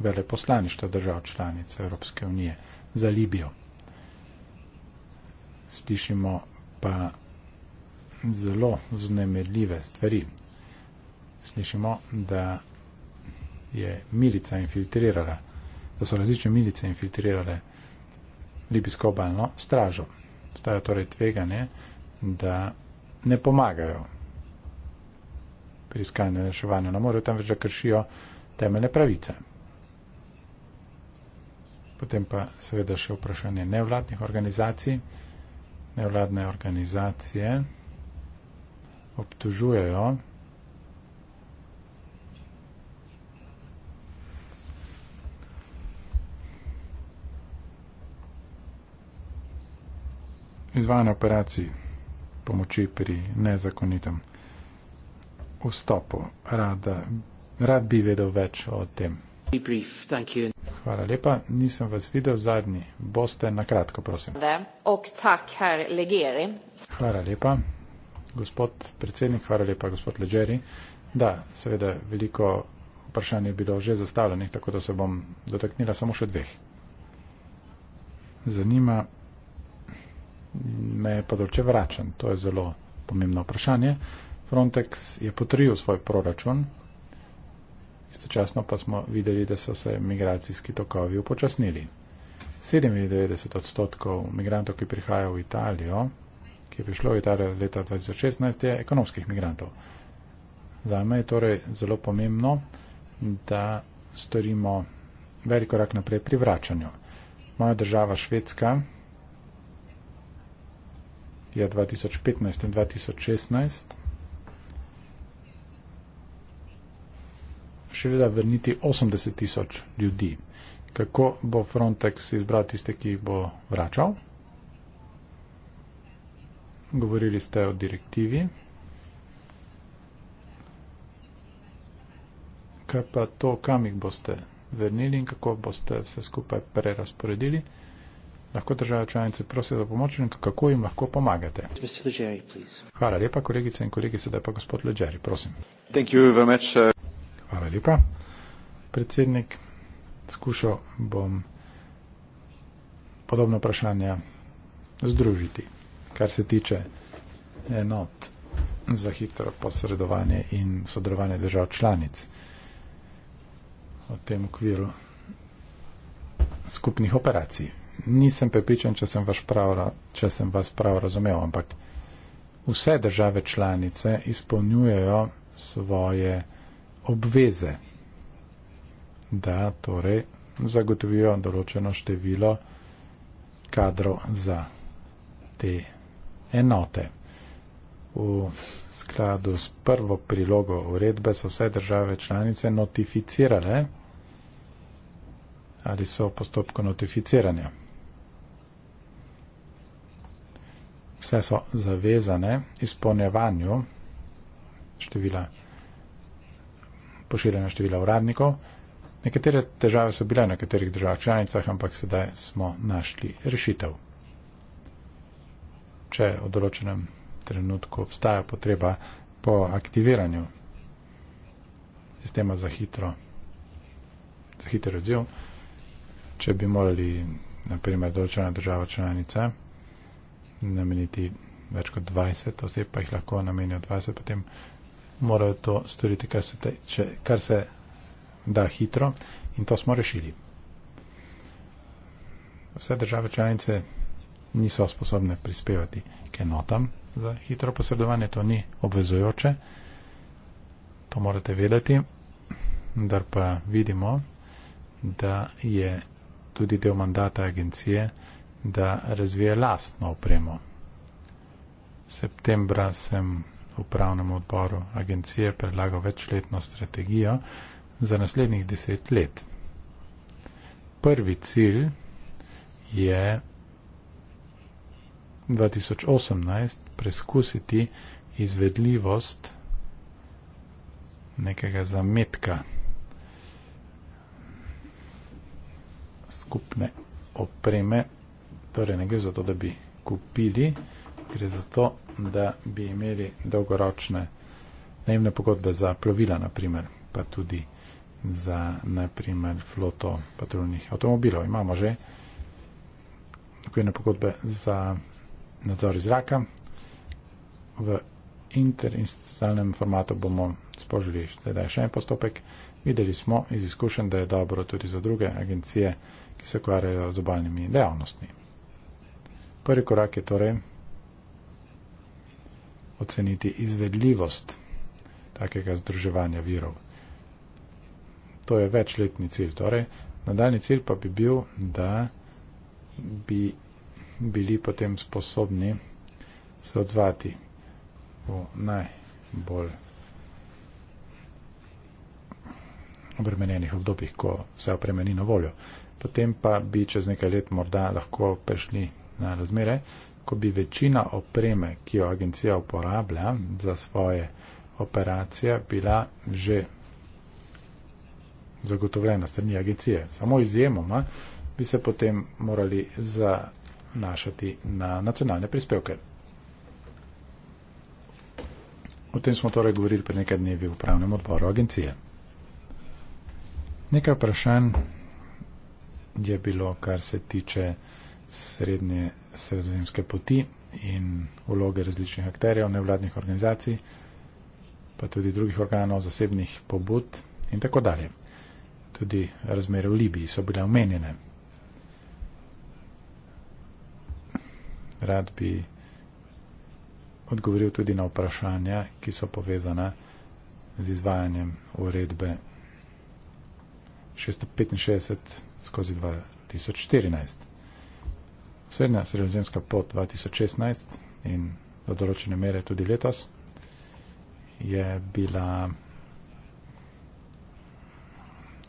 veleposlaništva držav članice Evropske unije za Libijo. Slišimo pa zelo znemedljive stvari. Slišimo, da je milica infiltrirala, da so različne milice infiltrirale libijsko obalno stražo. Stajo torej tveganje, da ne pomagajo pri iskanju reševanja na morju, temveč da kršijo temeljne pravice. Potem pa seveda še vprašanje nevladnih organizacij. Nevladne organizacije obtožujejo, izvajanje operacij pomoči pri nezakonitem vstopu. Rad, rad bi vedel več o tem. Hvala lepa, nisem vas videl zadnji. Boste na kratko, prosim. Hvala lepa, gospod predsednik, hvala lepa, gospod Leđeri. Da, seveda, veliko vprašanj je bilo že zastavljenih, tako da se bom dotaknila samo še dveh. Zanima me področje vračanj, to je zelo pomembno vprašanje. Frontex je potrjil svoj proračun, Istočasno pa smo videli, da so se migracijski tokovi upočasnili. 97 odstotkov migrantov, ki prihajajo v Italijo, ki je prišlo v Italijo leta 2016, je ekonomskih migrantov. Zame je torej zelo pomembno, da storimo velik korak naprej pri vračanju. Moja država Švedska je 2015 in 2016 še vedno vrniti 80 tisoč ljudi. Kako bo Frontex izbral tiste, ki jih bo vračal? Govorili ste o direktivi. Kaj pa to, kam jih boste vrnili in kako boste vse skupaj prerasporedili? Lahko države članice prosijo za pomoč in kako jim lahko pomagate? Hvala lepa, kolegice in kolegi, sedaj pa gospod Leđeri, prosim. Hvala lepa, predsednik. Skušal bom podobno vprašanje združiti, kar se tiče enot za hitro posredovanje in sodelovanje držav članic v tem okviru skupnih operacij. Nisem prepričan, če sem vas prav, če sem vas prav razumel, ampak vse države članice izpolnjujejo svoje obveze, da torej zagotovijo določeno število kadrov za te enote. V skladu s prvo prilogo uredbe so vse države članice notificirale ali so v postopku notificiranja. Vse so zavezane izpolnjevanju števila poširjena števila uradnikov. Nekatere težave so bile na katerih držav članicah, ampak sedaj smo našli rešitev. Če v določenem trenutku obstaja potreba po aktiviranju sistema za hitro, za hitro odziv, če bi morali, naprimer, določena država članica nameniti več kot 20 oseb, pa jih lahko namenijo 20, potem morajo to storiti, kar se, te, če, kar se da hitro in to smo rešili. Vse države članice niso sposobne prispevati k enotam za hitro posredovanje, to ni obvezujoče, to morate vedeti, da pa vidimo, da je tudi del mandata agencije, da razvije lastno opremo. Septembra sem upravnem odboru agencije predlagal večletno strategijo za naslednjih deset let. Prvi cilj je 2018 preskusiti izvedljivost nekega zametka skupne opreme, torej ne gre za to, da bi kupili, gre za to, da bi imeli dolgoročne najemne pogodbe za plovila, naprimer, pa tudi za naprimer floto patrolnih avtomobilov. Imamo že okvirne pogodbe za nadzor zraka. V interinstitucionalnem formatu bomo spožili, da je še en postopek. Videli smo iz izkušenj, da je dobro tudi za druge agencije, ki se ukvarjajo z obaljnimi dejavnostmi. Prvi korak je torej oceniti izvedljivost takega združevanja virov. To je večletni cilj. Torej, nadaljni cilj pa bi bil, da bi bili potem sposobni se odzvati v najbolj obremenjenih obdobjih, ko vse opremeni na voljo. Potem pa bi čez nekaj let morda lahko prišli na razmere, ko bi večina opreme, ki jo agencija uporablja za svoje operacije, bila že zagotovljena strani agencije. Samo izjemoma bi se potem morali zanašati na nacionalne prispevke. O tem smo torej govorili pred nekaj dnevi v upravnem odboru agencije. Nekaj vprašanj je bilo, kar se tiče srednje sredozemske poti in vloge različnih akterjev, nevladnih organizacij, pa tudi drugih organov, zasebnih pobud in tako dalje. Tudi razmere v Libiji so bile omenjene. Rad bi odgovoril tudi na vprašanja, ki so povezana z izvajanjem uredbe 665 skozi 2014. Srednja sredozemska pot 2016 in do določene mere tudi letos je bila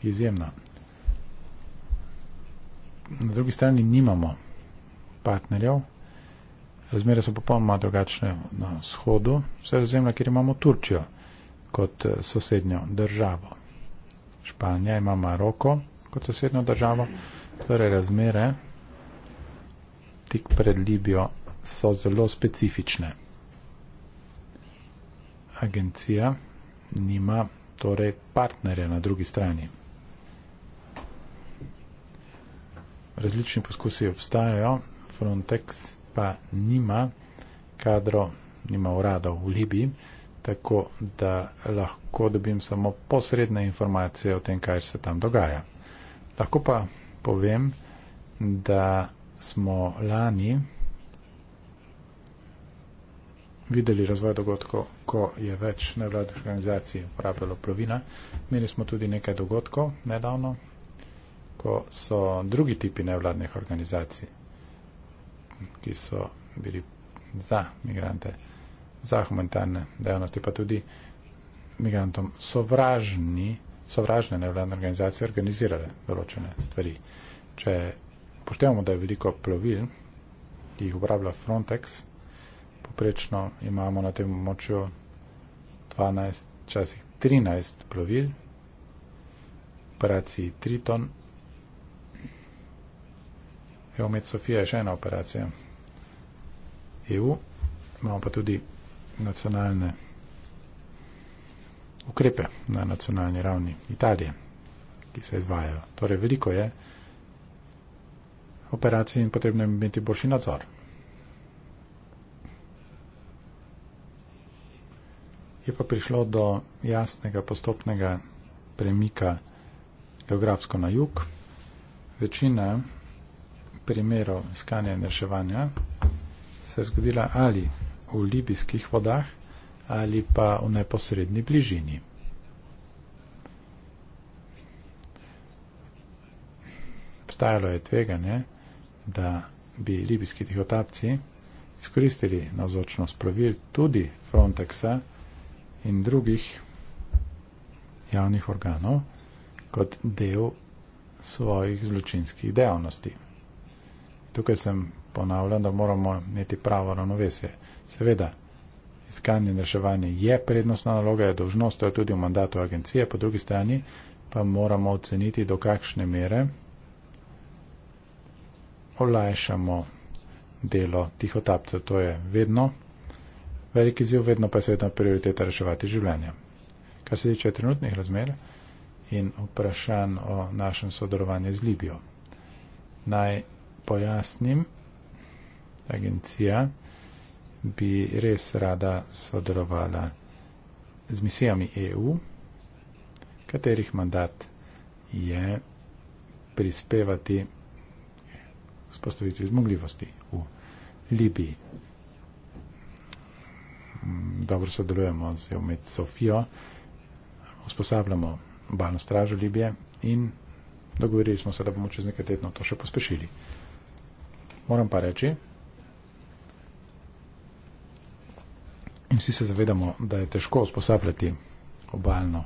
izjemna. Na drugi strani nimamo partnerjev, razmere so popolnoma drugačne na vzhodu sredozemlja, kjer imamo Turčijo kot eh, sosednjo državo. Španija ima Maroko kot sosednjo državo, torej razmere tik pred Libijo, so zelo specifične. Agencija nima torej partnerja na drugi strani. Različni poskusi obstajajo, Frontex pa nima kadro, nima urada v Libiji, tako da lahko dobim samo posredne informacije o tem, kaj se tam dogaja. Lahko pa povem, da smo lani videli razvoj dogodkov, ko je več nevladnih organizacij uporabljalo plovila. Imeli smo tudi nekaj dogodkov nedavno, ko so drugi tipi nevladnih organizacij, ki so bili za migrante, za humanitarne dejavnosti, pa tudi migrantom sovražni, sovražne nevladne organizacije organizirale določene stvari. Če upoštevamo, da je veliko plovil, ki jih uporablja Frontex, poprečno imamo na tem območju 12, časih 13 plovil, operaciji Triton. Evo med Sofija je še ena operacija EU, imamo pa tudi nacionalne ukrepe na nacionalni ravni Italije, ki se izvajajo. Torej veliko je, operaciji in potrebno je imeti boljši nadzor. Je pa prišlo do jasnega postopnega premika geografsko na jug. Večina primerov iskanja in reševanja se je zgodila ali v libijskih vodah ali pa v neposrednji bližini. Obstajalo je tveganje, da bi libijski tihotapci izkoristili navzočnost pravil tudi Frontexa in drugih javnih organov kot del svojih zločinskih dejavnosti. Tukaj sem ponavljal, da moramo imeti pravo ravnovesje. Seveda, iskanje in reševanje je prednostna naloga, je dožnost, to je tudi v mandatu agencije, po drugi strani pa moramo oceniti, do kakšne mere olajšamo delo tihotapcev. To je vedno velik izziv, vedno pa je seveda prioriteta reševati življenje. Kar se tiče trenutnih razmer in vprašanj o našem sodelovanju z Libijo. Naj pojasnim, agencija bi res rada sodelovala z misijami EU, katerih mandat je prispevati spostavitvi zmogljivosti v Libiji. Dobro sodelujemo z med Sofijo, usposabljamo obalno stražo Libije in dogovorili smo se, da bomo čez nekaj tedno to še pospešili. Moram pa reči, in vsi se zavedamo, da je težko usposabljati obalno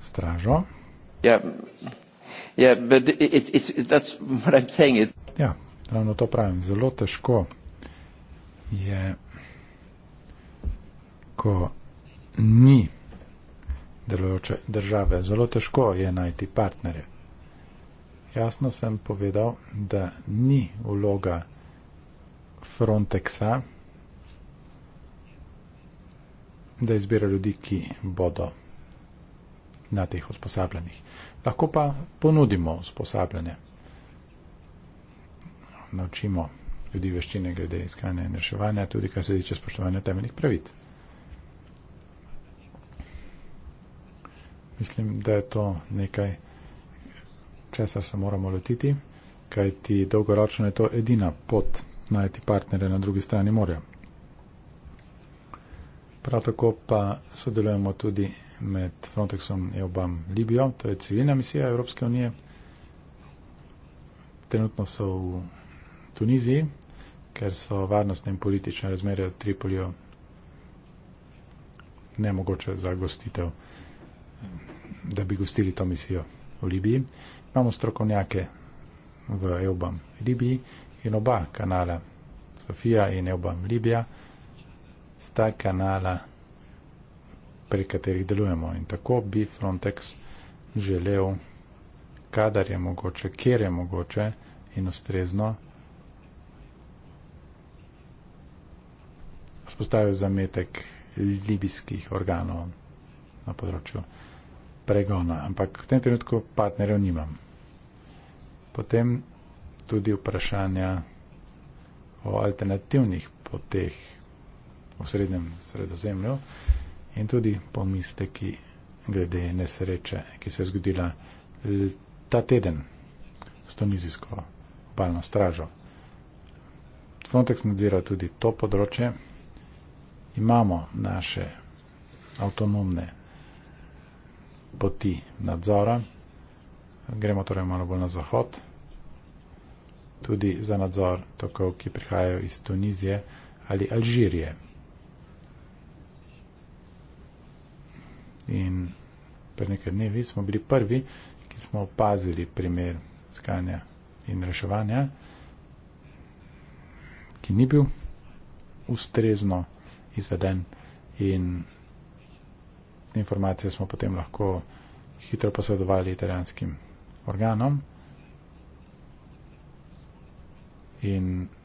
stražo. Yeah. Ja, yeah, ja, it, it, it, ja, Ravno to pravim, zelo težko je, ko ni delujoče države, zelo težko je najti partnerje. Jasno sem povedal, da ni vloga Frontexa, da izbira ljudi, ki bodo na teh usposabljenih. Lahko pa ponudimo usposabljanje naučimo ljudi veščine glede iskanja in reševanja, tudi kar se tiče spoštovanja temeljnih pravic. Mislim, da je to nekaj, česar se moramo lotiti, kajti dolgoročno je to edina pot najti partnere na drugi strani morja. Prav tako pa sodelujemo tudi med Frontexom in e obam Libijo, to je civilna misija Evropske unije. Trenutno so v Tuniziji, ker so varnostne in politične razmere v Tripoliju nemogoče za gostitev, da bi gostili to misijo v Libiji. Imamo strokovnjake v Eubam Libiji in oba kanala, Sofija in Eubam Libija, sta kanala, pri katerih delujemo. In tako bi Frontex želel, kadar je mogoče, kjer je mogoče in ustrezno, spostavil zametek libijskih organov na področju pregona. Ampak v tem trenutku partnerjev nimam. Potem tudi vprašanja o alternativnih poteh v srednjem sredozemlju in tudi pomisleki glede nesreče, ki se je zgodila ta teden s tunizijsko obalno stražo. Frontex nadzira tudi to področje imamo naše avtonomne poti nadzora. Gremo torej malo bolj na zahod, tudi za nadzor tokov, ki prihajajo iz Tunizije ali Alžirije. In pred nekaj dnevi smo bili prvi, ki smo opazili primer skanja in reševanja, ki ni bil ustrezno izveden in informacije smo potem lahko hitro posredovali italijanskim organom in